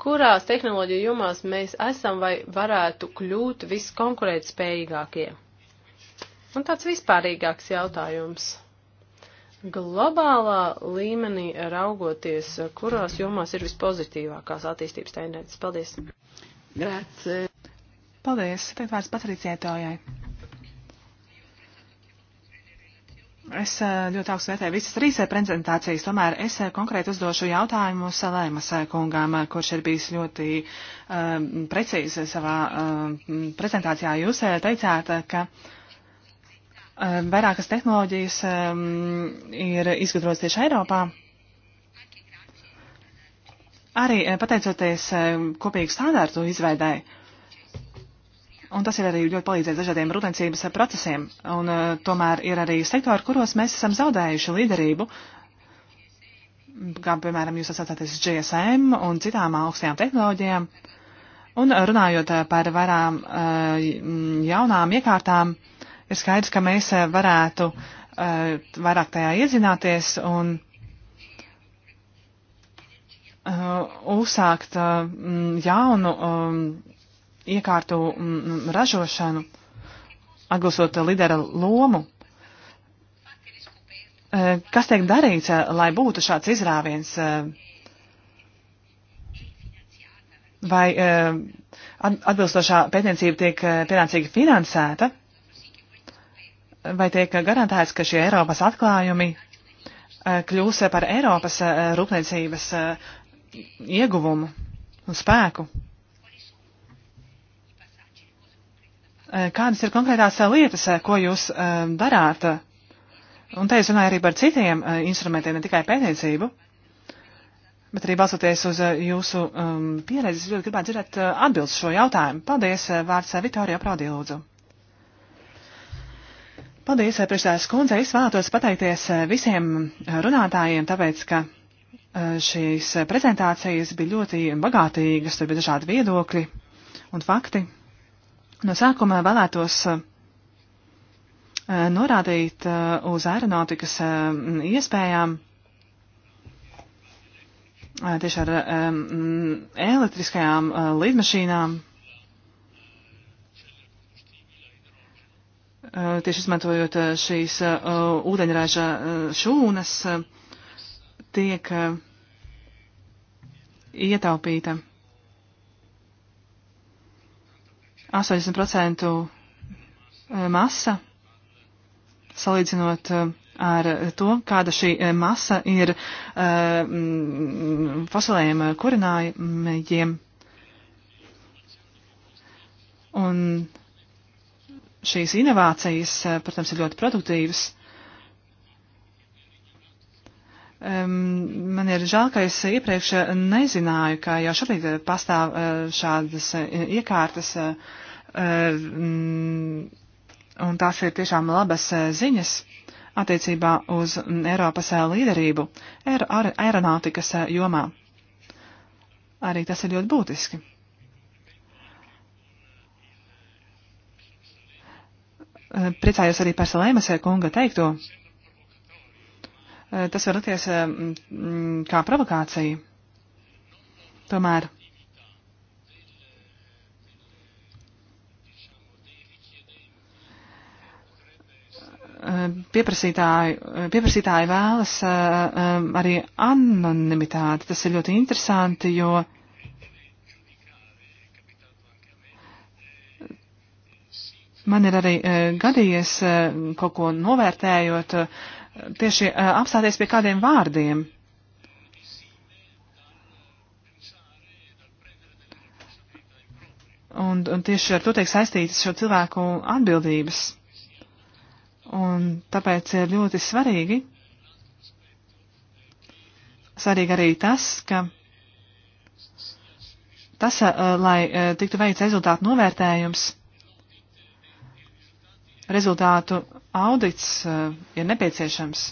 kurās tehnoloģija jomās mēs esam vai varētu kļūt viskonkurētspējīgākie? Un tāds vispārīgāks jautājums. Globālā līmenī raugoties, kurās jomās ir vispozitīvākās attīstības tendences. Paldies! Grāce! Paldies. Tagad vārds Patricijai Tājai. Es eh, ļoti augstu vērtēju visas trīs eh, prezentācijas, tomēr es eh, konkrēti uzdošu jautājumu Salēmas kungām, kurš ir bijis ļoti um, precīzi savā um, prezentācijā. Jūs teicāt, ka um, vairākas tehnoloģijas um, ir izgudrotas tieši Eiropā. Arī pateicoties um, kopīgu standārtu izveidai. Uh, un tas ir arī ļoti palīdzējis dažādiem rūpniecības procesiem. Un eh, tomēr ir arī sektori, kuros mēs esam zaudējuši līderību, kā piemēram jūs atsācāties GSM un citām augstajām tehnoloģijām. Un eh, runājot eh, par vairām jaunām iekārtām, ir skaidrs, ka mēs varētu vairāk tajā iezināties un uzsākt jaunu iekārtu m, ražošanu, atgūstot lidera lomu. E, kas tiek darīts, e, lai būtu šāds izrāviens? E, vai atbilstošā pētniecība tiek pienācīgi finansēta? Vai tiek garantēts, ka šie Eiropas atklājumi kļūs par Eiropas rūpniecības ieguvumu un spēku? Eh, kādas ir konkrētās eh, lietas, eh, ko jūs darāt? Un te es runāju arī par citiem instrumentiem, ne tikai pētniecību, bet arī balsoties uz jūsu um, pieredzi, es ļoti gribētu dzirdēt atbildes šo jautājumu. Paldies, vārds Vitorija Prodī, lūdzu. Paldies, priekšstājas kundze. Es vēlētos pateikties visiem runātājiem, tāpēc, ka šīs prezentācijas bija ļoti bagātīgas, tur bija dažādi viedokļi un fakti. No sākumā vēlētos uh, norādīt uh, uz aeronautikas um, iespējām uh, tieši ar um, elektriskajām lidmašīnām. Tieši izmantojot šīs ūdeņraža šūnas, tiek ietaupīta 80% e, masa, salīdzinot e, ar to, kāda šī e, masa ir fosilējiem kurinājumiem. Un šīs inovācijas, protams, ir ļoti produktīvas. Man ir žēl, ka es iepriekš nezināju, ka jau šobrīd pastāv šādas iekārtas, uh, Eh, mm, un tās ir tiešām labas eh, ziņas attiecībā uz mm, Eiropas eh, līderību aer aer aeronautikas jomā. Arī tas ir ļoti būtiski. Priecājos arī par Salēmas kunga teikto. Tas var likties mm, kā provokācija. Tomēr pieprasītāji, pieprasītāji vēlas eh, eh, arī anonimitāti. Tas ir ļoti interesanti, jo man ir arī eh, gadījies kaut ko novērtējot, tieši apstāties pie kādiem vārdiem. Un, un tieši ar to tiek saistītas šo cilvēku atbildības. Un tāpēc ir ļoti svarīgi, svarīgi arī tas, ka tas, eh, lai eh, tiktu veikts rezultātu novērtējums, rezultātu audits eh, ir nepieciešams.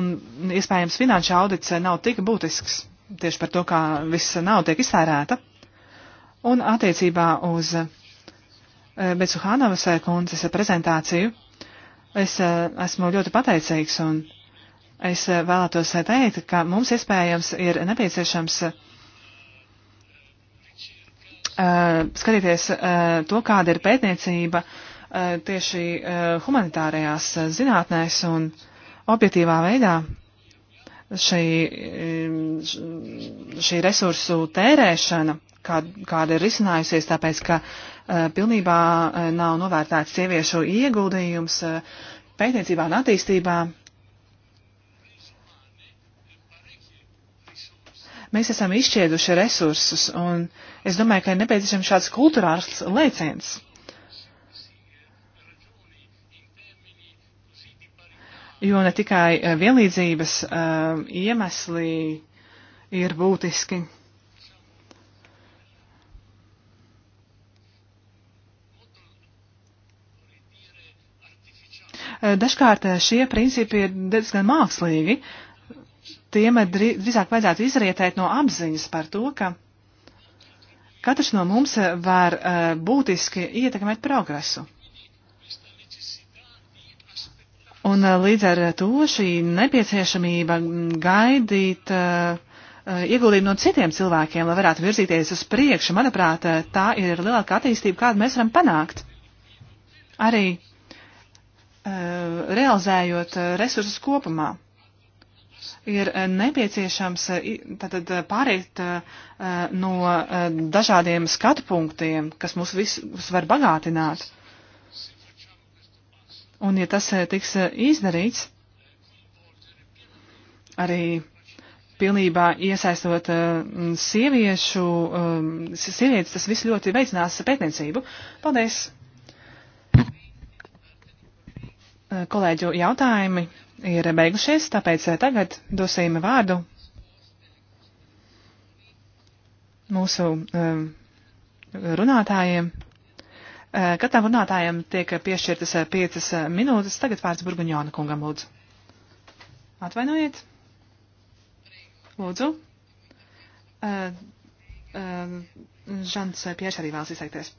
Un iespējams finanšu audits nav tik būtisks tieši par to, kā viss nav tiek iztērēta. Un attiecībā uz Eh, bet Suhānavas eh, kundzes eh, prezentāciju. Es esmu ļoti pateicīgs un es vēlētos teikt, ka mums iespējams ir nepieciešams skatīties to, kāda ir pētniecība tieši humanitārajās zinātnēs un objektīvā veidā šī, šī resursu tērēšana, kā, kāda ir risinājusies, tāpēc, ka Eh, pilnībā eh, nav novērtēts sieviešu ieguldījums eh, pētniecībā un attīstībā. Mēs esam izšķieduši resursus, un es domāju, ka ir nepieciešams šāds kulturāls lēciens. jo ne tikai vienlīdzības uh, iemesli ir būtiski. Eh, dažkārt eh, šie principi ir diezgan mākslīgi. Tiem eh, drīzāk vajadzētu izrietēt no apziņas par to, ka katrs no mums var būtiski ietekmēt progresu. Un līdz ar to šī nepieciešamība gaidīt uh, ieguldījumu no citiem cilvēkiem, lai varētu virzīties uz priekšu, manuprāt, tā ir lielāka attīstība, kādu mēs varam panākt. Arī realizējot resursus kopumā. Ir nepieciešams tātad pāriet no dažādiem skatu punktiem, kas mūs visus var bagātināt. Un ja tas tiks izdarīts, arī pilnībā iesaistot sieviešu, sievietes, tas viss ļoti veicinās pētniecību. Paldies! Eh, kolēģu jautājumi ir beigušies, tāpēc eh, tagad dosim vārdu mūsu eh, runātājiem. Katram runātājam tiek piešķirtas piecas minūtes. Tagad vārds Burguņona kungam lūdzu. Atvainojiet. Lūdzu. Žants Pieš arī vēlas izteikties.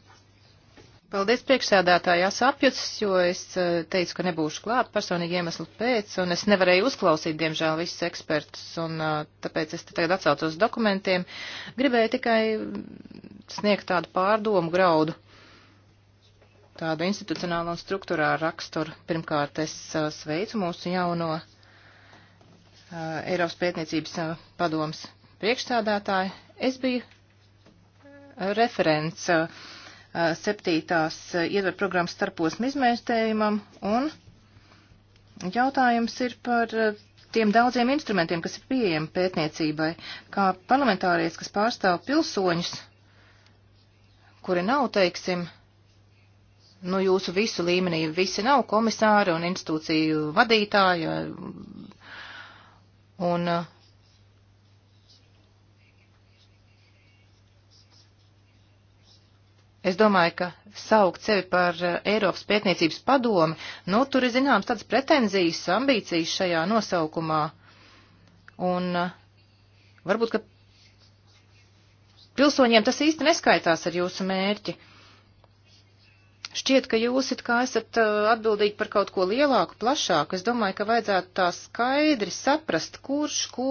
Paldies priekšsēdētāji, es apjucis, jo es eh, teicu, ka nebūšu klāt personīgi iemeslu pēc, un es nevarēju uzklausīt, diemžēl, visus ekspertus, un eh, tāpēc es te tagad atsaucos uz dokumentiem. Gribēju tikai sniegt tādu pārdomu graudu, tādu institucionālu un struktūrālu raksturu. Pirmkārt, es eh, sveicu mūsu jauno Eiropas pētniecības padomas priekšsēdētāju. Es biju referents. Uh, Eh, septītās eh, iedver programmas starposmu izmērstējumam, un jautājums ir par eh, tiem daudziem instrumentiem, kas ir pieejami pētniecībai. Kā parlamentārietis, kas pārstāv pilsoņus, kuri nav, teiksim, nu jūsu visu līmenī, visi nav komisāri un institūciju vadītāji, un uh, Es domāju, ka saukt sevi par eh, Eiropas pētniecības padomi, nu, tur ir zināms tādas pretenzijas, ambīcijas šajā nosaukumā. Un eh, varbūt, ka pilsoņiem tas īsti neskaitās ar jūsu mērķi. Uh, Šķiet, ka jūs it kā esat uh, atbildīgi par kaut ko lielāku, plašāku. Es domāju, ka vajadzētu tā skaidri saprast, kurš ko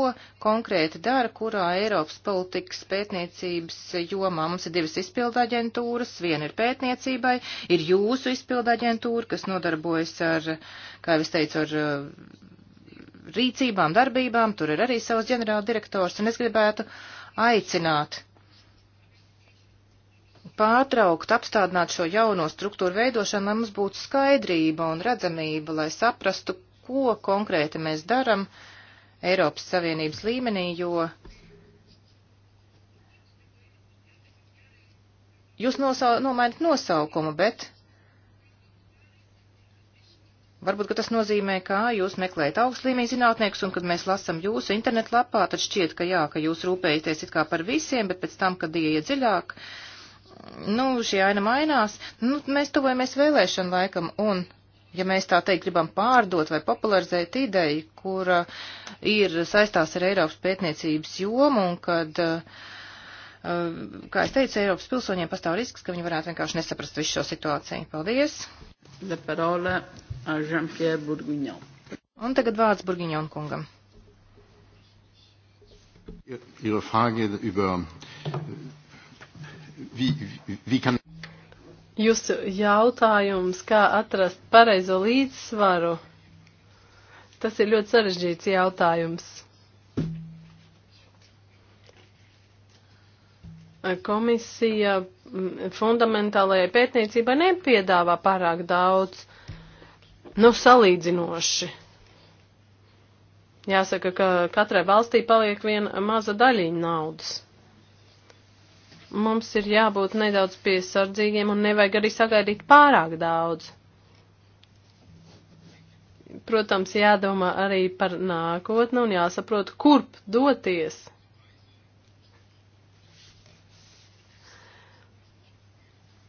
konkrēti dara, kurā Eiropas politikas pētniecības jomā. Mums ir divas izpilda aģentūras, viena ir pētniecībai, ir jūsu izpilda aģentūra, kas nodarbojas ar, kā jau es teicu, ar uh, rīcībām, darbībām, tur ir arī savs ģenerāldirektors, un es gribētu aicināt pārtraukt, apstādināt šo jauno struktūru veidošanu, lai mums būtu skaidrība un redzamība, lai saprastu, ko konkrēti mēs daram Eiropas Savienības līmenī, jo jūs nosau, nomainat nosaukumu, bet Varbūt, ka tas nozīmē, ka jūs meklējat augstlīmeņa zinātniekus, un kad mēs lasam jūsu internetlapā, tad šķiet, ka jā, ka jūs rūpējaties it kā par visiem, bet pēc tam, kad ieja dziļāk, uh, nu, šī aina mainās, nu, mēs tuvojamies vēlēšanu laikam un ja mēs tā teikt gribam pārdot vai popularizēt ideju, kura ir saistās ar Eiropas pētniecības jomu un kad, eh, kā es teicu, Eiropas pilsoņiem pastāv risks, ka viņi varētu vienkārši nesaprast visu šo situāciju. Paldies! La parole à Jean-Pierre Bourguignon. Un tagad vārds Bourguignon kungam. Ihre Frage über we, we can... Jūsu jautājums, kā atrast pareizo līdzsvaru, tas ir ļoti sarežģīts jautājums. Komisija mm, fundamentālajai pētniecībai nepiedāvā pārāk daudz, nu, salīdzinoši. Jāsaka, ka katrai valstī paliek viena maza daļiņa naudas mums ir jābūt nedaudz piesardzīgiem un nevajag arī sagaidīt pārāk daudz. Protams, jādomā arī par nākotni un jāsaprot, kurp doties.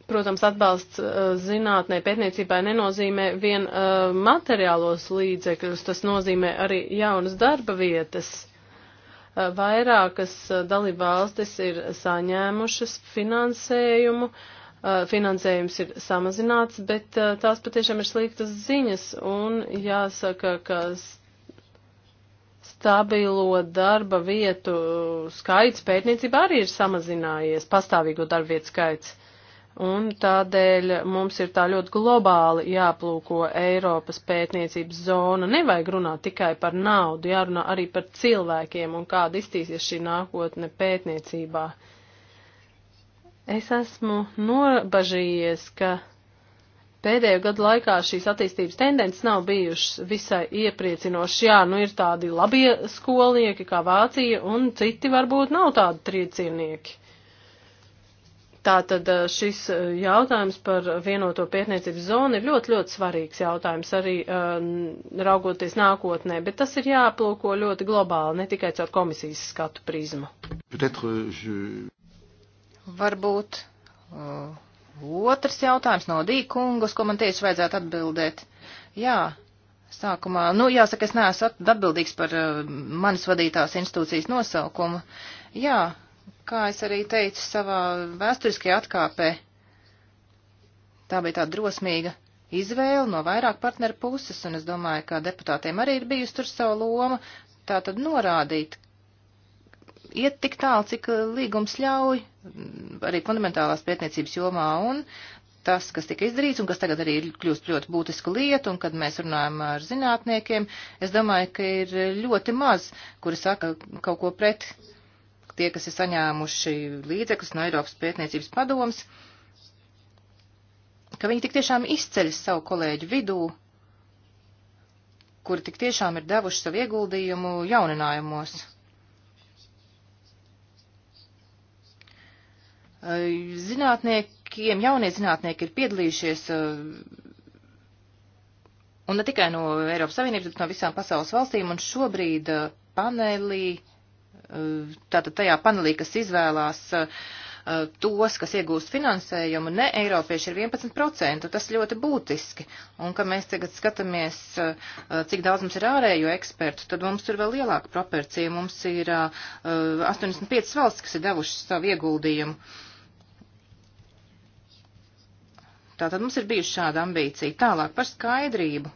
Protams, atbalsts uh, zinātnē pētniecībai nenozīmē vien uh, materiālos līdzekļus, tas nozīmē arī jaunas darba vietas Eh, vairākas eh, dalībvalstis ir saņēmušas finansējumu, eh, finansējums ir samazināts, bet tās patiešām ir sliktas ziņas un jāsaka, ka stabilo darba vietu skaits pētniecībā arī ir samazinājies, pastāvīgo darba vietu skaits. Un tādēļ mums ir tā ļoti globāli jāplūko Eiropas pētniecības zona. Nevajag runāt tikai par naudu, jārunā arī par cilvēkiem un kāda iztīsies šī nākotne pētniecībā. Es esmu nobažījies, ka pēdējo gadu laikā šīs attīstības tendences nav bijušas visai iepriecinošas. Jā, nu ir tādi labie skolnieki kā Vācija, un citi varbūt nav tādi triecienieki. Tātad šis jautājums par vienoto pētniecības zonu ir ļoti, ļoti svarīgs jautājums arī um, raugoties nākotnē, bet tas ir jāplūko ļoti globāli, ne tikai caur komisijas skatu prizmu. Varbūt uh, otrs jautājums no Dīkungas, ko man tieši vajadzētu atbildēt. Jā, Sākumā, nu, jāsaka, es neesmu atbildīgs par uh, manis vadītās institūcijas nosaukumu. Jā, kā es arī teicu savā vēsturiskajā atkāpē, tā bija tāda drosmīga izvēle no vairāk partneru puses, un es domāju, ka deputātiem arī ir bijusi tur savu loma, tā tad norādīt, iet tik tālu, cik līgums ļauj, mm, arī fundamentālās pētniecības jomā, un tas, kas tika izdarīts, un kas tagad arī kļūst ļoti būtisku lietu, un kad mēs runājam ar zinātniekiem, es domāju, ka ir ļoti maz, kuri saka kaut ko pret tie, kas ir saņēmuši līdzekļus no Eiropas pētniecības padomas, ka viņi tik tiešām izceļas savu kolēģu vidū, kuri tik tiešām ir devuši savu ieguldījumu jauninājumos. Zinātniekiem, jaunie zinātnieki ir piedalījušies un ne tikai no Eiropas Savienības, bet no visām pasaules valstīm, un šobrīd panelī tātad tajā panelī, kas izvēlās uh, tos, kas iegūst finansējumu, ne Eiropieši ir 11%, tas ļoti būtiski. Un, ka mēs tagad skatāmies, uh, cik daudz mums ir ārējo ekspertu, tad mums ir vēl lielāka proporcija. Mums ir 85 uh, valsts, kas ir devušas savu ieguldījumu. Tātad mums ir bijusi šāda ambīcija. Tālāk par skaidrību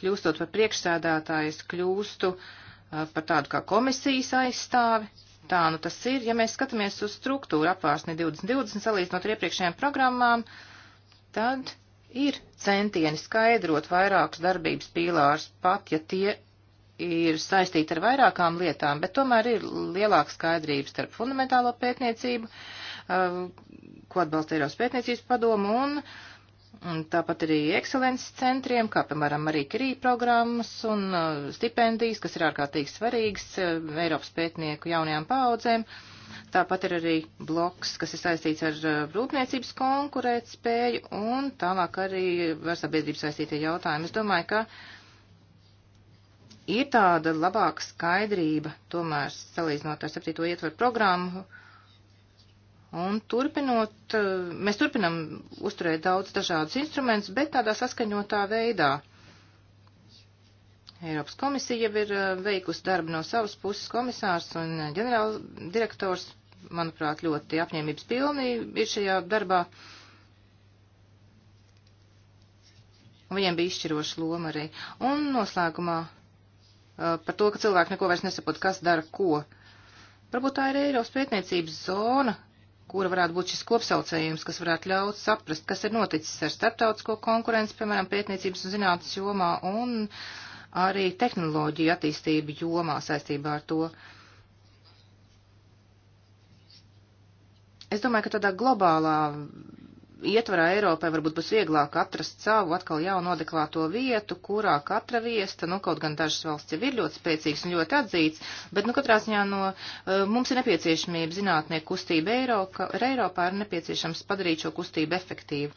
kļūstot par priekšsēdētāju, es kļūstu uh, par tādu kā komisijas aizstāvi. Tā nu tas ir, ja mēs skatāmies uz struktūru apvārsni 2020 salīdzinot ar iepriekšējām programmām, tad ir centieni skaidrot vairākus darbības pīlārus, pat ja tie ir saistīti ar vairākām lietām, bet tomēr ir lielāka skaidrība starp fundamentālo pētniecību, uh, ko atbalsta Eiropas pētniecības padomu un uh, Un tāpat arī ekscelences centriem, kā piemēram arī Kirī programmas un uh, stipendijas, kas ir ārkārtīgi svarīgas uh, Eiropas pētnieku jaunajām paaudzēm. Tāpat ir arī bloks, kas ir saistīts ar uh, rūpniecības konkurētspēju un tālāk arī ar sabiedrību saistītie jautājumi. Es domāju, ka ir tāda labāka skaidrība tomēr salīdzinot ar 7. ietvaru programmu Un turpinot, eh, mēs turpinam uzturēt daudz dažādus instrumentus, bet tādā saskaņotā veidā. Eiropas komisija jau ir eh, veikusi darbu no savas puses komisārs un eh, ģenerāldirektors, manuprāt, ļoti apņēmības pilni ir šajā darbā. Un viņiem bija izšķiroša loma arī. Un noslēgumā par to, ka cilvēki neko vairs nesaprot, kas dara ko. Varbūt tā ir Eiropas pētniecības zona, kura varētu būt šis kopsaucējums, kas varētu ļaut saprast, kas ir noticis ar starptautisko konkurenci, piemēram, pētniecības un zinātnes jomā un arī tehnoloģiju attīstību jomā saistībā ar to. Es domāju, ka tādā globālā ietvarā Eiropai varbūt būs vieglāk atrast savu atkal jaunu adekvāto vietu, kurā katra viesta, nu kaut gan dažas valsts jau ir ļoti spēcīgas un ļoti atzīts, bet nu katrā ziņā no e, mums ir nepieciešamība zinātnieku kustība Eiropa, ar Eiropā ir nepieciešams padarīt šo kustību efektīvu.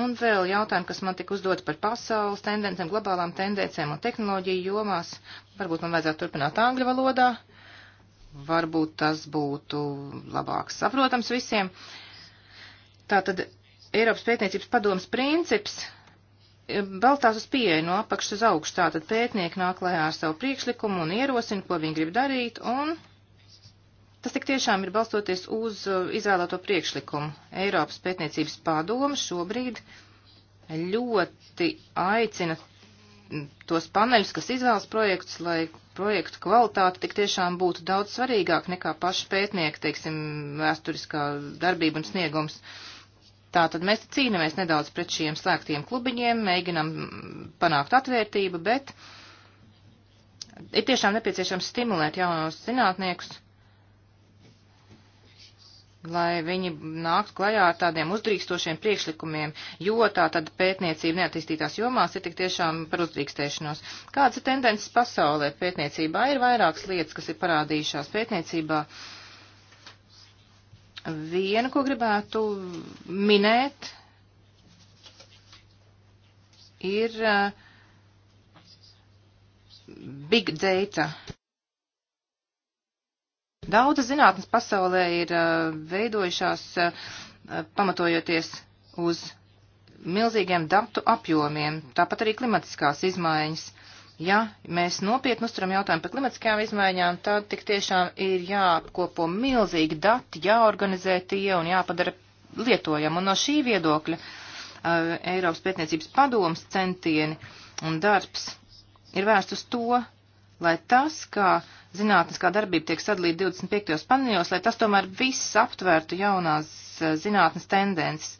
Un vēl jautājumi, kas man tika uzdot par pasaules tendencēm, globālām tendencēm un tehnoloģiju jomās. Varbūt man vajadzētu turpināt angļu valodā. Varbūt tas būtu labāk saprotams visiem. Uh, Tātad Eiropas pētniecības padomas princips e, balstās uz pieeju no apakšas uz augšu. Tātad pētnieki nāk lejā ar savu priekšlikumu un ierosina, ko viņi grib darīt, un Tas tik tiešām ir balstoties uz e, izvēlēto priekšlikumu. Eiropas pētniecības padoma šobrīd ļoti aicina tos paneļus, kas izvēlas projektus, lai projektu kvalitāte tik tiešām būtu daudz svarīgāk nekā paši pētnieki, teiksim, vēsturiskā darbība un sniegums. Uh, Tātad mēs cīnāmies nedaudz pret šiem slēgtiem klubiņiem, mēģinam panākt atvērtību, bet ir tiešām nepieciešams stimulēt jaunos zinātniekus, lai viņi nāktu klajā ar tādiem uzdrīkstošiem priekšlikumiem, jo tā tad pētniecība neattīstītās jomās ir tik tiešām par uzdrīkstēšanos. Kādas ir tendences pasaulē pētniecībā? Ir vairākas lietas, kas ir parādījušās pētniecībā. Uh, Viena, ko gribētu minēt, ir uh, big data. Daudz zinātnes pasaulē ir uh, veidojušās uh, pamatojoties uz milzīgiem datu apjomiem, tāpat arī klimatiskās izmaiņas. Ja mēs nopietni uzturam jautājumu par klimatiskajām izmaiņām, tad tik tiešām ir jāapkopo milzīgi dati, jāorganizē tie un jāpadara lietojam. Un no šī viedokļa uh, Eiropas pētniecības padomas centieni un darbs ir vērsts uz to, lai tas, kā zinātniskā darbība tiek sadalīta 25. paneļos, lai tas tomēr viss aptvērtu jaunās uh, zinātnes tendences.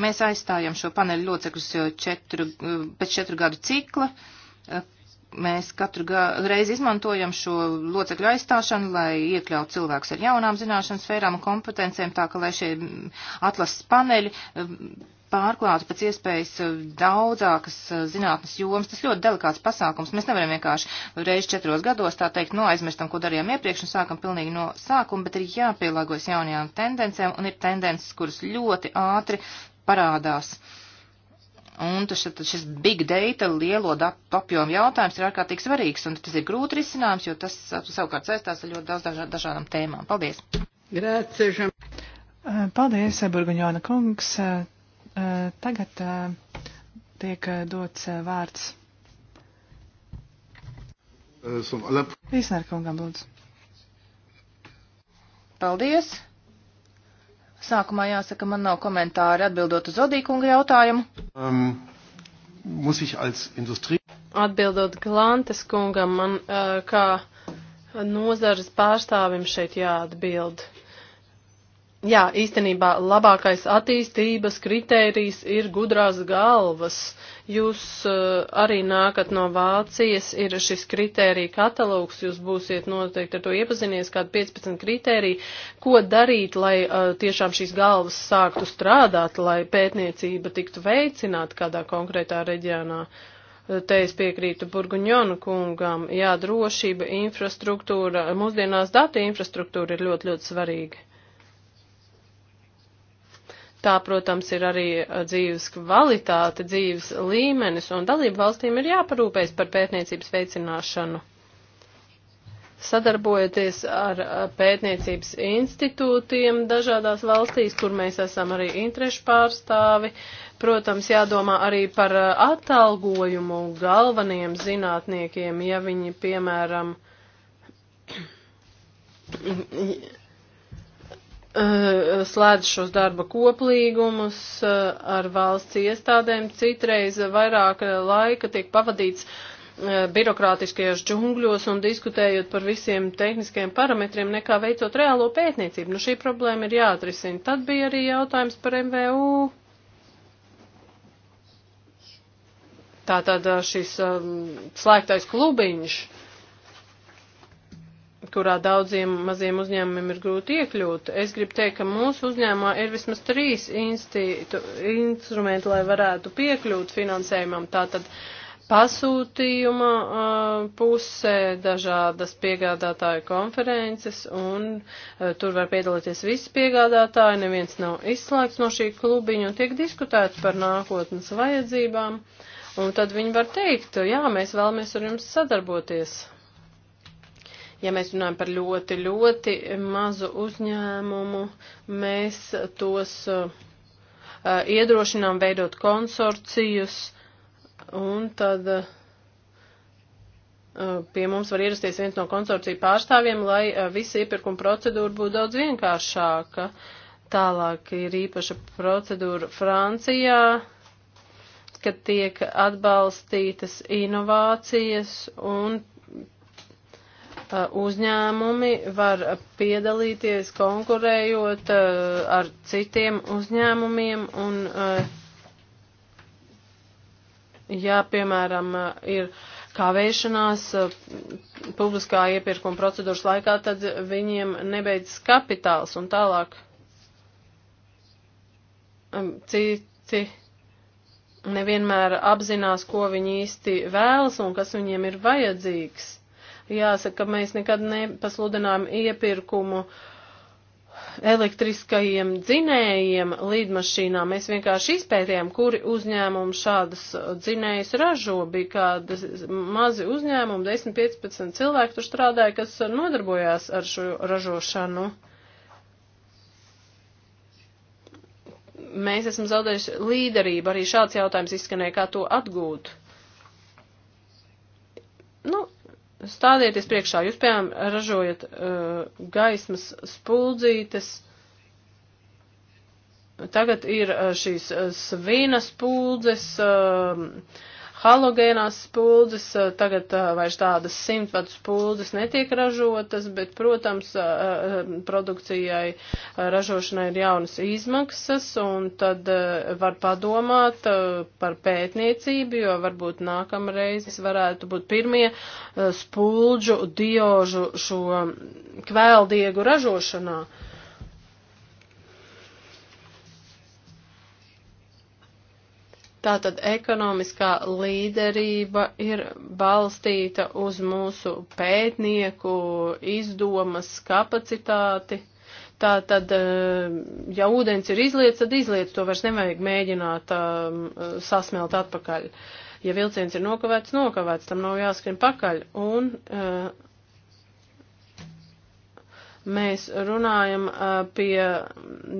Mēs aizstājam šo paneļu locekļus četru, uh, pēc četru gadu cikla, uh, Mēs katru reizi izmantojam šo locekļu aizstāšanu, lai iekļautu cilvēkus ar jaunām zināšanu sfērām un kompetencijām, tā ka lai šie atlases paneļi pārklātu pēc iespējas daudzākas zinātnes jomas. Tas ļoti delikāts pasākums. Mēs nevaram vienkārši reiz četros gados tā teikt, no aizmirstam, ko darījām iepriekš un sākam pilnīgi no sākuma, bet ir jāpielāgojas jaunajām tendencēm un ir tendences, kuras ļoti ātri parādās. Uh, Un šis big data, lielo datu apjomu jautājums ir ārkārtīgi svarīgs, un tas ir grūti risinājums, jo tas savukārt saistās ar ļoti daudz dažā, dažādām tēmām. Paldies! Grāciešam! Eh, paldies, Burguņona kungs! Eh, eh, tagad tiek dots vārds. Visnēr kungam lūdzu. Paldies! Sākumā jāsaka, man nav komentāri atbildot uz Odīkunga jautājumu. Um, industrie... Atbildot Glantes kungam, man uh, kā nozares pārstāvim šeit jāatbild. Jā, īstenībā labākais attīstības kritērijs ir gudrās galvas. Jūs uh, arī nākat no Vācijas, ir šis kritērija katalogs, jūs būsiet noteikti ar to iepazinies, kāda 15 kritērija, ko darīt, lai uh, tiešām šīs galvas sāktu strādāt, lai pētniecība tiktu veicināta kādā konkrētā reģionā. Uh, te es piekrītu Burguņonu kungam, jā, drošība, infrastruktūra, mūsdienās datu infrastruktūra ir ļoti, ļoti svarīga. Tā, protams, ir arī uh, dzīves kvalitāte, dzīves līmenis, un dalību valstīm ir jāparūpējas par pētniecības veicināšanu. Sadarbojoties ar uh, pētniecības institūtiem dažādās valstīs, kur mēs esam arī interešu pārstāvi, protams, jādomā arī par uh, atalgojumu galvenajiem zinātniekiem, ja viņi, piemēram, Eh, slēdz šos darba koplīgumus eh, ar valsts iestādēm, citreiz vairāk laika tiek pavadīts eh, birokrātiskajos džungļos un diskutējot par visiem tehniskajiem parametriem, nekā veicot reālo pētniecību. Nu, šī problēma ir jāatrisina. Tad bija arī jautājums par MVU. Tātad šis um, slēgtais klubiņš. Uh, kurā daudziem maziem uzņēmumiem ir grūti iekļūt. Es gribu teikt, ka mūsu uzņēmumā ir vismaz trīs institu, instrumenti, lai varētu piekļūt finansējumam. Tātad pasūtījuma uh, pusē dažādas piegādātāju konferences, un uh, tur var piedalīties visi piegādātāji, neviens nav izslēgts no šī klubiņa, un tiek diskutēts par nākotnes vajadzībām. Un tad viņi var teikt, jā, mēs vēlamies ar jums sadarboties, ja mēs runājam par ļoti, ļoti mazu uzņēmumu, mēs tos uh, iedrošinām veidot konsorcijus un tad uh, pie mums var ierasties viens no konsorciju pārstāvjiem, lai uh, visa iepirkuma procedūra būtu daudz vienkāršāka. Tālāk ir īpaša procedūra Francijā, kad tiek atbalstītas inovācijas un uzņēmumi var piedalīties konkurējot ar citiem uzņēmumiem un, ja, piemēram, ir kavēšanās publiskā iepirkuma procedūras laikā, tad viņiem nebeidzas kapitāls un tālāk citi nevienmēr apzinās, ko viņi īsti vēlas un kas viņiem ir vajadzīgs. Jāsaka, mēs nekad nepasludinām iepirkumu elektriskajiem dzinējiem līdmašīnām. Mēs vienkārši izpētījām, kuri uzņēmumi šādas dzinējas ražo. Bija kādi mazi uzņēmumi, 10-15 cilvēki tur strādāja, kas nodarbojās ar šo ražošanu. Mēs esam zaudējuši līderību. Arī šāds jautājums izskanēja, kā to atgūt. Nu, Stādieties priekšā, jūs, piemēram, ražojat uh, gaismas spuldzītes, tagad ir uh, šīs uh, svīna spuldzes, uh, um, halogēnās spuldzes, eh, tagad eh, vairs tādas simtvadu spuldzes netiek ražotas, bet, protams, eh, produkcijai ražošanai ir jaunas izmaksas, un tad var padomāt par pētniecību, jo varbūt nākamreiz varētu būt pirmie spuldžu diožu šo kvēldiegu ražošanā. Tātad ekonomiskā līderība ir balstīta uz mūsu pētnieku izdomas kapacitāti. Tātad, eh, ja ūdens ir izlietas, tad izlietas to vairs nevajag mēģināt um, sasmelt atpakaļ. Ja vilciens ir nokavēts, nokavēts, tam nav jāskrien pakaļ. Un, uh, mēs runājam pie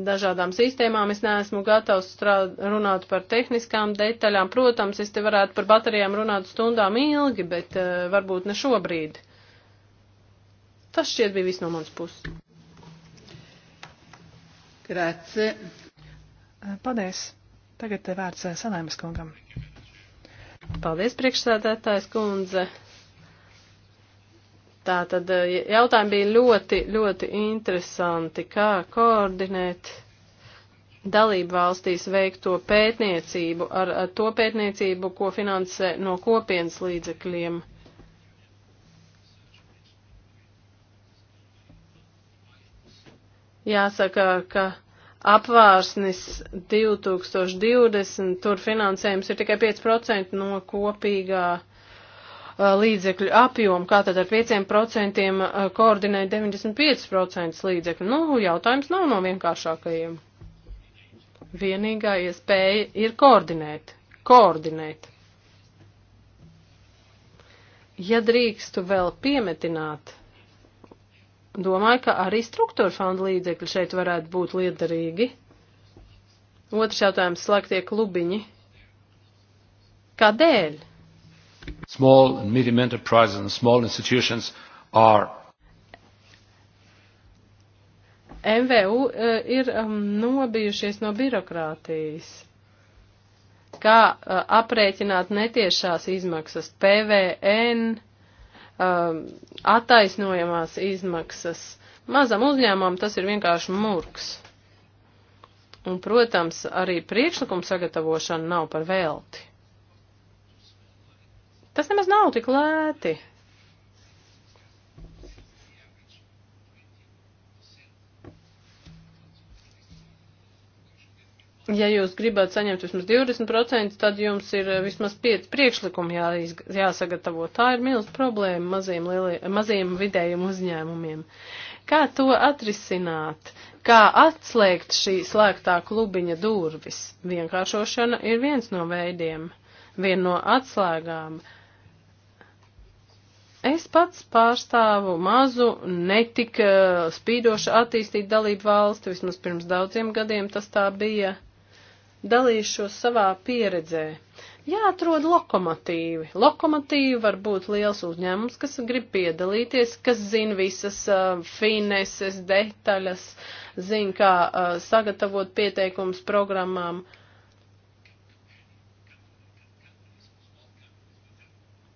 dažādām sistēmām. Es neesmu gatavs strād, runāt par tehniskām detaļām. Protams, es te varētu par baterijām runāt stundām ilgi, bet varbūt ne šobrīd. Tas šķiet bija viss no manas puses. Grāci. Paldies. Tagad vērts Sanaimas kungam. Paldies, priekšsēdētājs kundze. Tā tad eh, jautājumi bija ļoti, ļoti interesanti, kā koordinēt dalību valstīs veikto pētniecību ar, ar to pētniecību, ko finansē no kopienas līdzekļiem. Jāsaka, ka apvārsnis 2020, tur finansējums ir tikai 5% no kopīgā uh, Uh, līdzekļu apjomu, kā tad ar 5% koordinēt 95% līdzekļu. Nu, jautājums nav no vienkāršākajiem. Vienīgā iespēja ir koordinēt. Koordinēt. Ja drīkstu vēl piemetināt, domāju, ka arī struktūra fonda līdzekļi šeit varētu būt liederīgi. Otrs jautājums - slēgtie klubiņi. Kādēļ? Small and medium enterprises and small institutions are MVU e, ir um, nobijušies no birokrātijas. Kā e, aprēķināt netiešās izmaksas, PVN, e, attaisnojamās izmaksas. Mazam uzņēmumam tas ir vienkārši murgs. Un, protams, arī priekšlikumu sagatavošana nav par velti. Tas nemaz nav tik lēti. Ja jūs gribat saņemt vismaz 20%, tad jums ir eh, vismaz 5 priekšlikumi jā, jāsagatavo. Tā ir milz problēma maziem, lielie, maziem vidējiem uzņēmumiem. Kā to atrisināt? Kā atslēgt šī slēgtā klubiņa durvis? Vienkāršošana ir viens no veidiem, viena no atslēgām. Uh, Es pats pārstāvu mazu, netik eh, spīdoši attīstīt dalību valsti, vismaz pirms daudziem gadiem tas tā bija. Dalīšos savā pieredzē. Jāatrod lokomotīvi. Lokomotīvi var būt liels uzņēmums, kas grib piedalīties, kas zina visas uh, fineses, detaļas, zina, kā uh, sagatavot pieteikums programmām. Uh,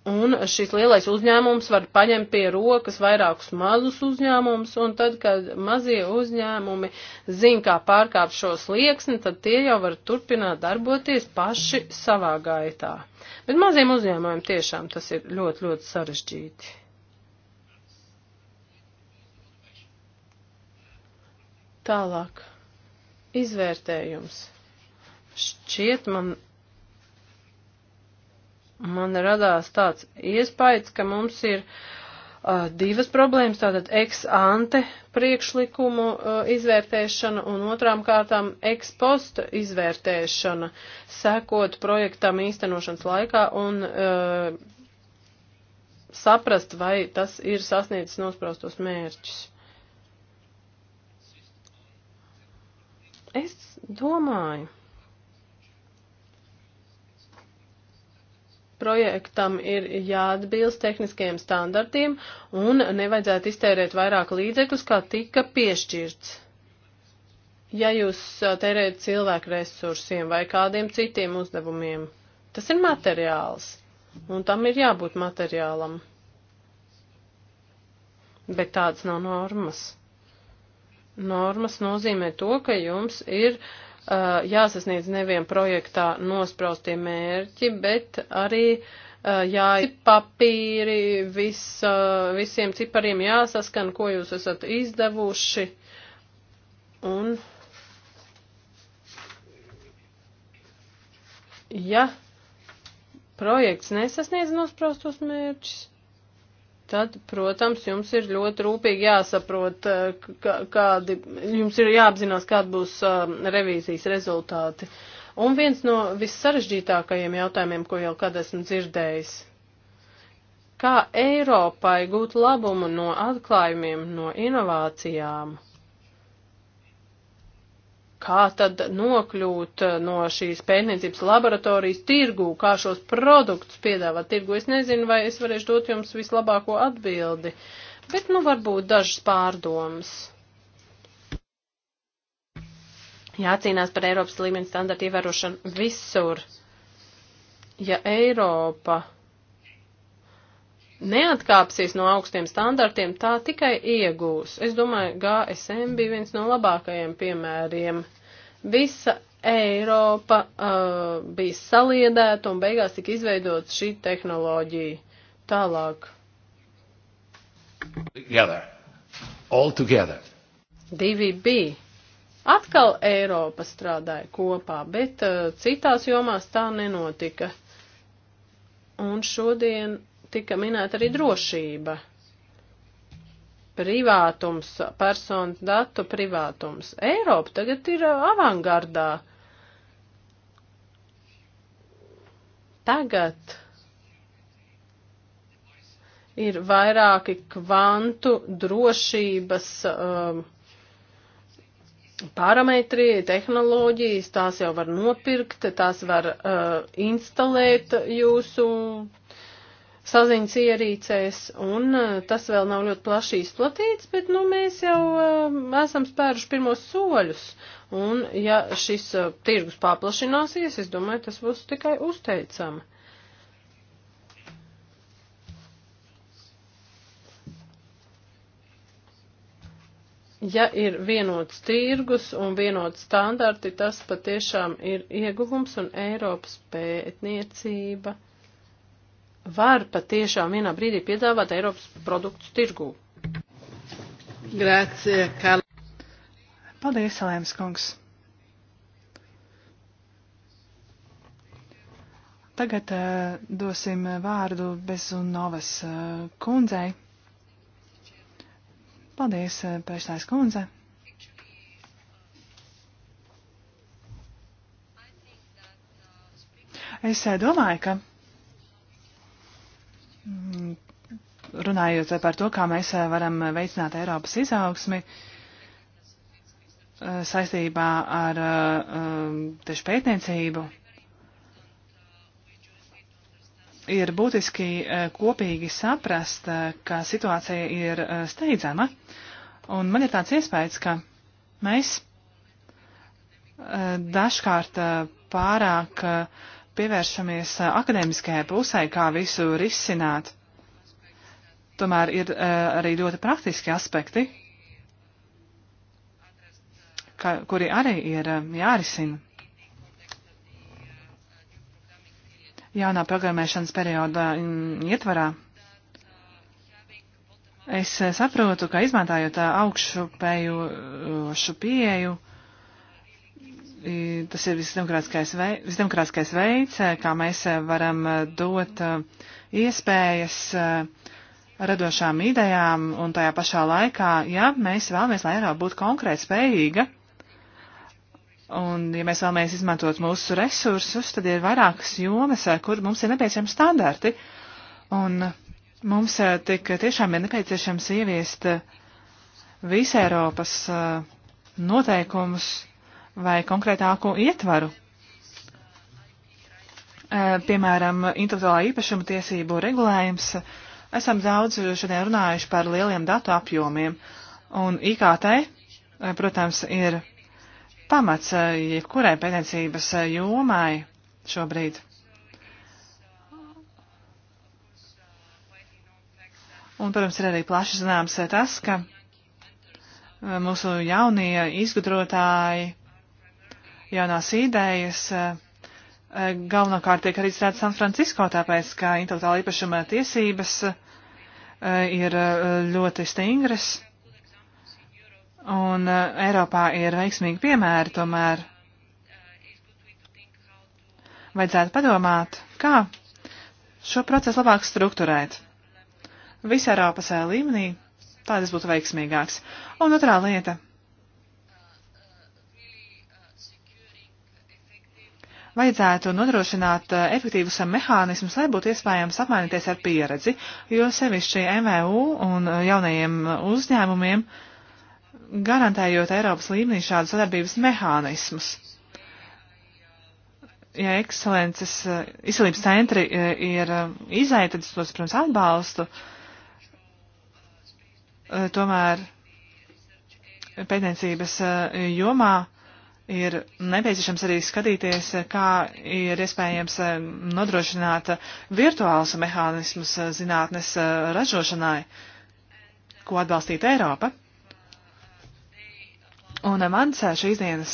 Un šis lielais uzņēmums var paņemt pie rokas vairākus mazus uzņēmumus, un tad, kad mazie uzņēmumi zina, kā pārkāpt šo slieksni, tad tie jau var turpināt darboties paši savā gaitā. Bet maziem uzņēmumiem tiešām tas ir ļoti, ļoti sarežģīti. Tālāk. Izvērtējums. Šķiet man man radās tāds iespējas, ka mums ir uh, divas problēmas, tātad ex ante priekšlikumu uh, izvērtēšana un otrām kārtām ex post izvērtēšana, sekot projektam īstenošanas laikā un uh, saprast, vai tas ir sasniedzis nospraustos mērķus. Es domāju. projektam ir jāatbilst tehniskajiem standartiem un nevajadzētu iztērēt vairāk līdzekļus, kā tika piešķirts. Ja jūs tērējat cilvēku resursiem vai kādiem citiem uzdevumiem, tas ir materiāls, un tam ir jābūt materiālam. Bet tāds nav normas. Normas nozīmē to, ka jums ir uh, Uh, jāsasniedz nevien projektā nospraustie mērķi, bet arī uh, jā, papīri, vis, uh, visiem cipariem jāsaskan, ko jūs esat izdevuši. Un, ja projekts nesasniedz nospraustos mērķus, tad, protams, jums ir ļoti rūpīgi jāsaprot, eh, kādi, jums ir jāapzinās, kādi būs eh, revīzijas rezultāti. Un viens no vissarežģītākajiem jautājumiem, ko jau kad esmu dzirdējis, kā Eiropai gūt labumu no atklājumiem, no inovācijām? kā tad nokļūt eh, no šīs pētniecības laboratorijas tirgū, kā šos produktus piedāvāt tirgū. Es nezinu, vai es varēšu dot jums vislabāko atbildi, bet nu varbūt dažas pārdomas. Jācīnās par Eiropas līmeni standartu ievērošanu visur. Ja Eiropa neatkāpsies no augstiem standartiem, tā tikai iegūs. Es domāju, GSM bija viens no labākajiem piemēriem. Visa Eiropa uh, bija saliedēta un beigās tika izveidot šī tehnoloģija. Tālāk. Together. All together. 2B. Atkal Eiropa strādāja kopā, bet uh, citās jomās tā nenotika. Un šodien tika minēta arī drošība, privātums, personu datu privātums. Eiropa tagad ir avangardā. Tagad ir vairāki kvantu drošības. Um, parametri, tehnoloģijas, tās jau var nopirkt, tās var uh, instalēt jūsu saziņas ierīcēs, un eh, tas vēl nav ļoti plaši izplatīts, bet nu, mēs jau uh, esam spēruši pirmos soļus. Un ja šis uh, tirgus paplašināsies, es domāju, tas būs tikai uzteicami. Ja ir vienots tirgus un vienots standarti, tas patiešām ir ieguvums un Eiropas pētniecība var patiešām vienā brīdī piedāvāt Eiropas produktus tirgū. Grācie, Kal. Paldies, Alēms kungs. Tagad uh, dosim vārdu Bezunovas uh, kundzei. Paldies, uh, eh, priekšstājas kundze. Es uh, domāju, ka runājot par to, kā mēs eh, varam veicināt Eiropas izaugsmi eh, saistībā ar eh, tieši pētniecību, ir būtiski kopīgi saprast, ka situācija ir steidzama. Un man ir tāds iespējas, ka mēs dažkārt pārāk uh, pievēršamies akadēmiskajai pusē, kā visu risināt, tomēr ir arī ļoti praktiski aspekti, ka, kuri arī ir jārisina. Jaunā programmēšanas perioda ietvarā. Es saprotu, ka izmantojot augšupējošu pieeju, tas ir visdemokrātiskais veids, veids, kā mēs e, varam e, dot e, iespējas radošām idejām un tajā pašā laikā, ja mēs vēlamies, lai Eiropa būtu konkrēti spējīga, un ja mēs vēlamies izmantot mūsu resursus, tad ir vairākas jomas, kur mums ir nepieciešami standarti, un mums tik tiešām ir nepieciešams ieviest visu Eiropas noteikumus vai konkrētāku ietvaru. Piemēram, intelektuālā īpašuma tiesību regulējums. Esam daudz šodien runājuši par lieliem datu apjomiem, un IKT, protams, ir pamats jebkurai pētniecības jomai šobrīd. Un, protams, ir arī plaši zināms tas, ka mūsu jaunie izgudrotāji jaunās idejas eh, eh, galvenokārt tiek arī strādāt San Francisco, tāpēc, ka intelektuāla īpašuma tiesības eh, ir ļoti stingras. Un Eiropā ir veiksmīgi piemēri, tomēr vajadzētu padomāt, kā šo procesu labāk strukturēt. Visā Eiropas līmenī tādas būtu veiksmīgāks. Un otrā lieta vajadzētu nodrošināt eh, efektīvus mehānismus, lai būtu iespējams apmainīties ar pieredzi, jo sevišķi MVU un eh, jaunajiem uzņēmumiem garantējot Eiropas līmenī šādu sadarbības mehānismus. Ja ekscelences eh, izcelības centri ir izai, tad es tos, protams, atbalstu. Tomēr pētniecības jomā ir nepieciešams arī skatīties, kā ir iespējams eh, nodrošināt virtuālus mehānismus eh, zinātnes eh, ražošanai, ko atbalstīta Eiropa. Un mans šīs dienas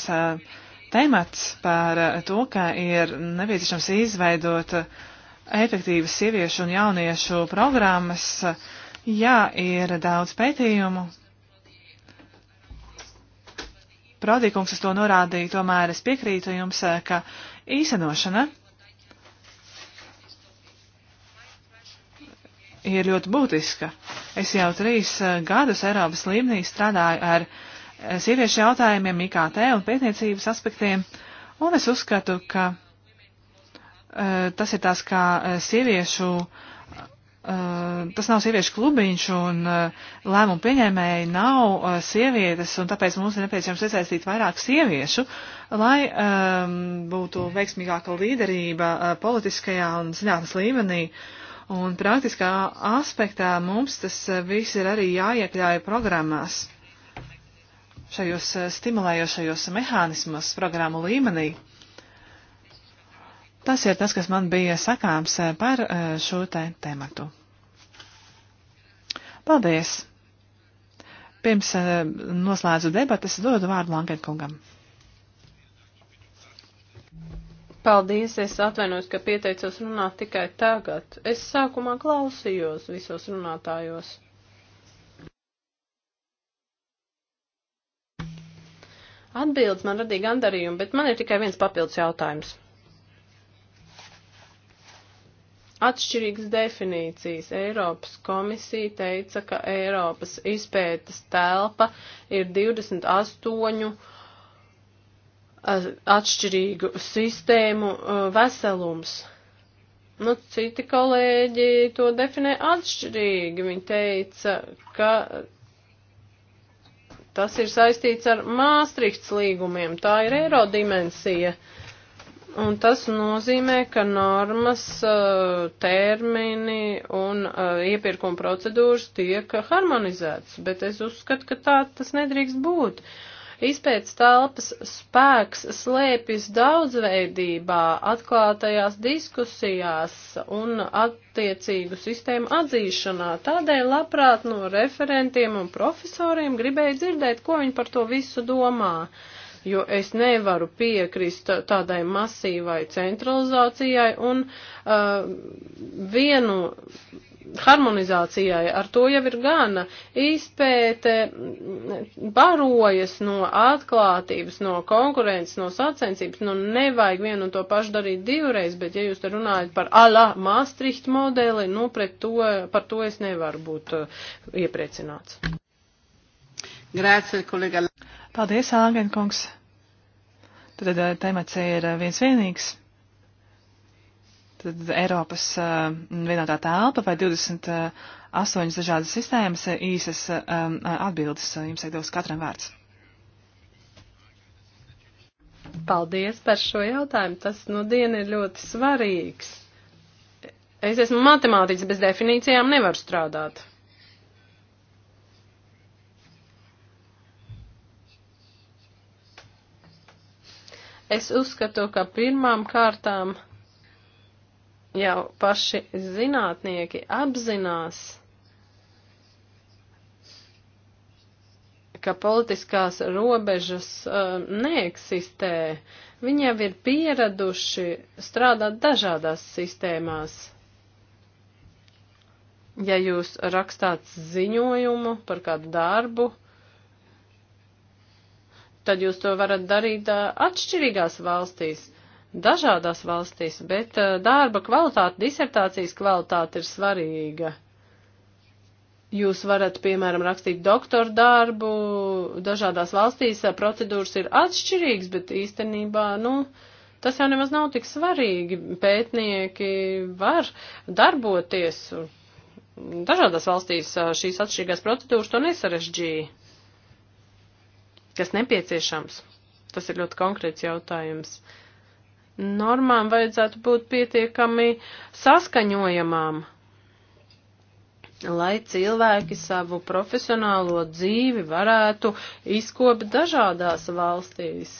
temats par to, ka ir nepieciešams izveidot efektīvas sieviešu un jauniešu programmas, jā, ir daudz pētījumu, Prodīkungs uz to norādīja, tomēr es piekrītu jums, eh, ka īsenošana ir ļoti būtiska. Es jau trīs eh, gadus Eiropas līmenī strādāju ar eh, sieviešu jautājumiem, IKT un pētniecības aspektiem, un es uzskatu, ka tas ir tās kā sieviešu uh, Uh, tas nav sieviešu klubiņš un uh, lēmumu pieņēmēji nav uh, sievietes, un tāpēc mums ir nepieciešams iesaistīt vairāk sieviešu, lai um, būtu veiksmīgāka līderība politiskajā un zinātnes līmenī. Un praktiskā aspektā mums tas viss ir arī jāiekļauj programmās, šajos stimulējošajos mehānismos programmu līmenī. Tas ir tas, kas man bija sakāms eh, par eh, šo te tēmatu. Paldies! Pirms eh, noslēdzu debatas, dodu vārdu Lanketkungam. Paldies, es atvainojos, ka pieteicos runāt tikai tagad. Es sākumā klausījos visos runātājos. Atbildes man radīja gandarījumu, bet man ir tikai viens papildus jautājums. atšķirīgas definīcijas. Eiropas komisija teica, ka Eiropas izpētes telpa ir 28 atšķirīgu sistēmu veselums. Nu, citi kolēģi to definē atšķirīgi. Viņi teica, ka tas ir saistīts ar Māstrihts līgumiem. Tā ir eiro dimensija. Uh, Un tas nozīmē, ka normas, uh, termini un uh, iepirkuma procedūras tiek harmonizētas, bet es uzskatu, ka tā tas nedrīkst būt. Izpēc telpas spēks slēpjas daudzveidībā, atklātajās diskusijās un attiecīgu sistēmu atzīšanā. Tādēļ labprāt no referentiem un profesoriem gribēju dzirdēt, ko viņi par to visu domā. Uh, jo es nevaru piekrist tādai masīvai centralizācijai un uh, vienu harmonizācijai, ar to jau ir gana. Izpēte barojas no atklātības, no konkurences, no sacensības, nu nevajag vienu un to pašu darīt divreiz, bet ja jūs te runājat par ala Maastricht modeli, nu pret to, par to es nevaru būt uh, iepriecināts. Grācija, kolega. Paldies, Āgenkungs. Tad eh, temats ir eh, viens vienīgs. Tad Eiropas eh, vienotā telpa vai 28 dažādas sistēmas īsas atbildes. Jums ir dos katram vārds. Paldies par šo jautājumu. Tas nu no diena ir ļoti svarīgs. Es esmu matemātiķis, bez definīcijām nevaru strādāt. Es uzskatu, ka pirmām kārtām jau paši zinātnieki apzinās, ka politiskās robežas uh, neeksistē. Viņi jau ir pieraduši strādāt dažādās sistēmās. Ja jūs rakstāt ziņojumu par kādu darbu, tad jūs to varat darīt atšķirīgās valstīs, dažādās valstīs, bet darba kvalitāte, disertācijas kvalitāte ir svarīga. Jūs varat, piemēram, rakstīt doktoru darbu, dažādās valstīs procedūras ir atšķirīgas, bet īstenībā, nu, tas jau nemaz nav tik svarīgi. Pētnieki var darboties. Dažādās valstīs šīs atšķirīgās procedūras to nesarežģīja kas nepieciešams? Tas ir ļoti konkrēts jautājums. Normām vajadzētu būt pietiekami saskaņojamām, lai cilvēki savu profesionālo dzīvi varētu izkopt dažādās valstīs.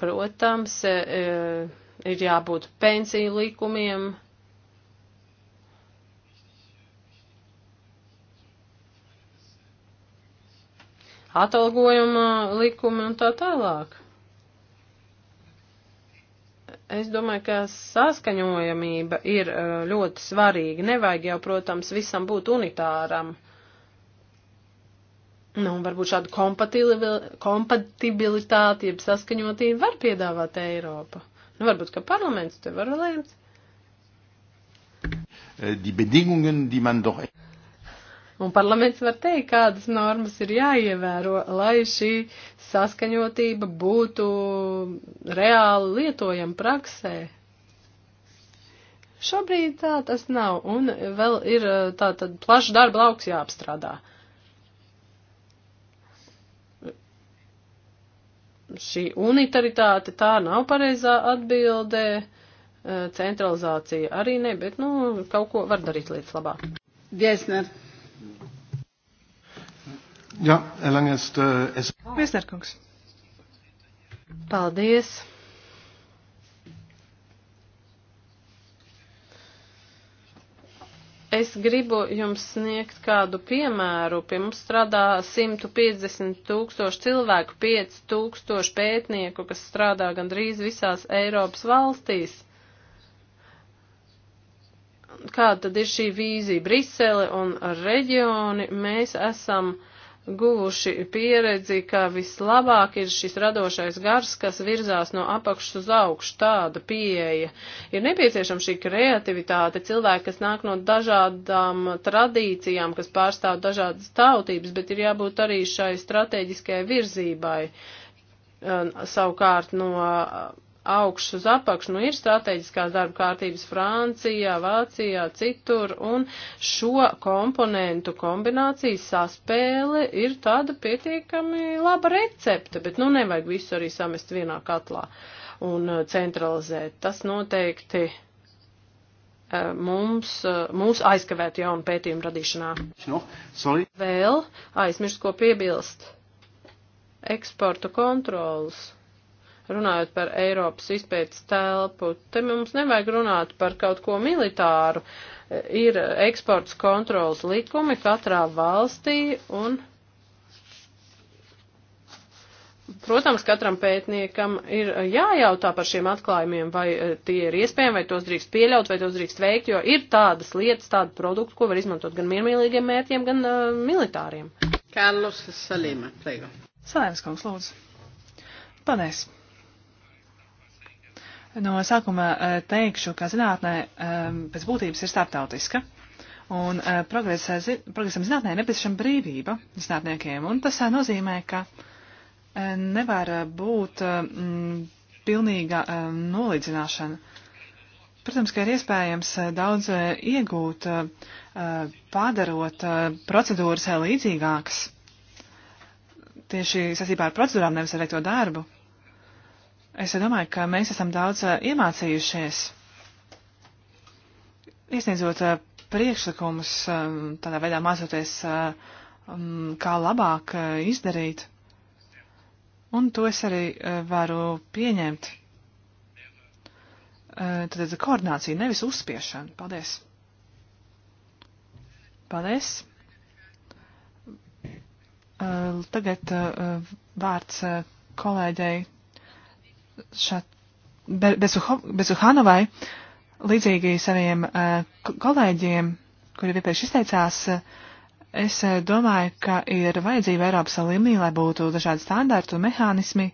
Protams, e, e, ir jābūt pensiju likumiem, atalgojuma likumi un tā tālāk. Es domāju, ka saskaņojamība ir uh, ļoti svarīga. Nevajag jau, protams, visam būt unitāram. Nu, varbūt šādu kompatibilitāti, jeb saskaņotību var piedāvāt Eiropa. Nu, varbūt, ka parlaments te var lēmt. Eh, die Bedingungen, die man doch. Un parlaments var teikt, kādas normas ir jāievēro, lai šī saskaņotība būtu reāli lietojama praksē. Šobrīd tā tas nav, un vēl ir uh, tā tad plašs darba lauks jāapstrādā. Šī unitaritāte tā nav pareizā atbildē, uh, centralizācija arī ne, bet, nu, kaut ko var darīt lietas labā. Viesner. Jā, Elangas. Äh, es... Viesnerkungs. Paldies. Es gribu jums sniegt kādu piemēru. Pie mums strādā 150 tūkstoši cilvēku, 5 tūkstoši pētnieku, kas strādā gandrīz visās Eiropas valstīs. Kāda tad ir šī vīzija? Brisele un reģioni mēs esam uh, guvuši pieredzi, ka vislabāk ir šis radošais gars, kas virzās no apakšas uz augšu. Tāda pieeja ir nepieciešama šī kreativitāte, cilvēki, kas nāk no dažādām tradīcijām, kas pārstāv dažādas tautības, bet ir jābūt arī šai strateģiskajai virzībai. Savukārt no augšu uz apakšu. Nu, ir strateģiskās darba kārtības Francijā, Vācijā, citur, un šo komponentu kombinācija saspēle ir tāda pietiekami laba recepte, bet nu nevajag visu arī samest vienā katlā un uh, centralizēt. Tas noteikti uh, mums, uh, mūs aizkavētu jaunu pētījumu radīšanā. No, sorry. Vēl aizmirst, ko piebilst. Eksporta kontrols runājot par Eiropas izpētes telpu, te mums nevajag runāt par kaut ko militāru. Ir eksports kontrols likumi katrā valstī un. Protams, katram pētniekam ir jājautā par šiem atklājumiem, vai eh, tie ir iespējami, vai tos drīkst pieļaut, vai tos drīkst veikt, jo ir tādas lietas, tādu produktu, ko var izmantot gan miermīlīgiem mērķiem, gan uh, militāriem. Kārlis Salīma, plēgo. Salēmas kungs, lūdzu. Paldies. No sākuma eh, teikšu, ka zinātnē eh, pēc būtības ir starptautiska. Un eh, progresam zinātnē ir nepieciešama brīvība zinātniekiem. Un tas nozīmē, ka nevar būt mm, pilnīga nolīdzināšana. Protams, ka ir iespējams daudz iegūt, padarot procedūras līdzīgākas. Tieši sasībā ar procedūrām nevis ar veikto darbu. Es domāju, ka mēs esam daudz eh, iemācījušies. Iesniedzot eh, priekšlikumus, eh, tādā veidā mācoties, mm, kā labāk izdarīt. Un to es arī varu pieņemt. Tad koordinācija, nevis uzspiešana. Paldies! Paldies! Tagad vārds kolēģei šā, Be, Bezuhanovai, līdzīgi saviem uh, kolēģiem, kuri iepriekš izteicās, uh, es uh, domāju, ka ir vajadzība Eiropas līmenī, lai būtu dažādi standarti un mehānismi.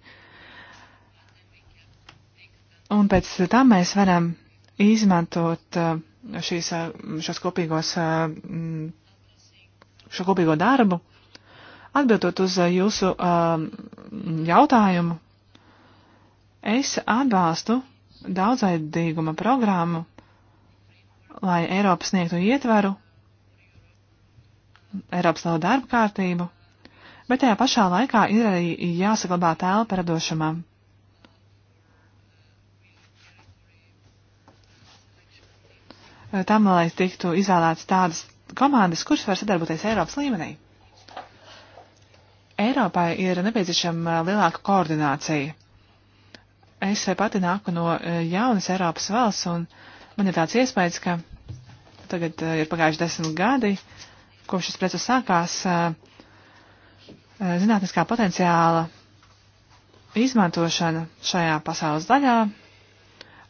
Un pēc tam mēs varam izmantot šīs, šos kopīgos, šo kopīgo darbu, atbildot uz jūsu jautājumu Es atbalstu daudzveidīguma programmu, lai Eiropa sniegtu ietveru, Eiropas savu darbu kārtību, bet tajā pašā laikā ir arī jāsaglabā telpa radošumam. Tam, lai tiktu izvēlēts tādas komandas, kuras var sadarboties Eiropas līmenī. Eiropai ir nepieciešama lielāka koordinācija es pati nāku no e, jaunas Eiropas valsts, un man ir tāds iespējas, ka tagad e, ir pagājuši desmit gadi, kopš šis process sākās, e, zinātniskā potenciāla izmantošana šajā pasaules daļā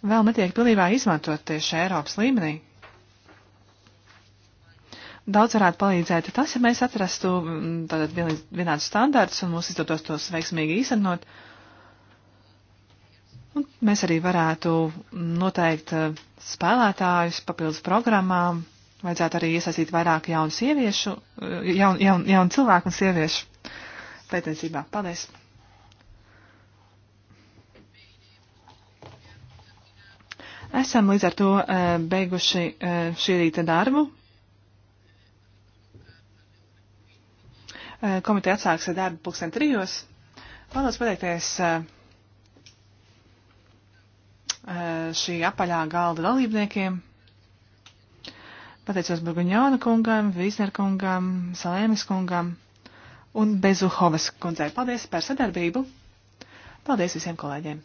vēl netiek pilnībā izmantot tieši Eiropas līmenī. Daudz varētu palīdzēt tas, ja mēs atrastu tātad vienādus standārts un mūs izdotos tos veiksmīgi īstenot. Uh, Un mēs arī varētu noteikt eh, spēlētājus papildus programmām. Vajadzētu arī iesaistīt vairāk jaunu sieviešu, eh, jaunu jaun, jaun cilvēku un sieviešu pētniecībā. Paldies! Esam līdz ar to eh, beiguši šī rīta darbu. Komiteja atsāks darbu pulksten trijos. Vēlos pateikties Eh, šī apaļā galda dalībniekiem. Pateicos Burguņona kungam, Vīsner kungam, Salēmis kungam un Bezuhovas kundzei. Paldies par sadarbību! Paldies visiem kolēģiem!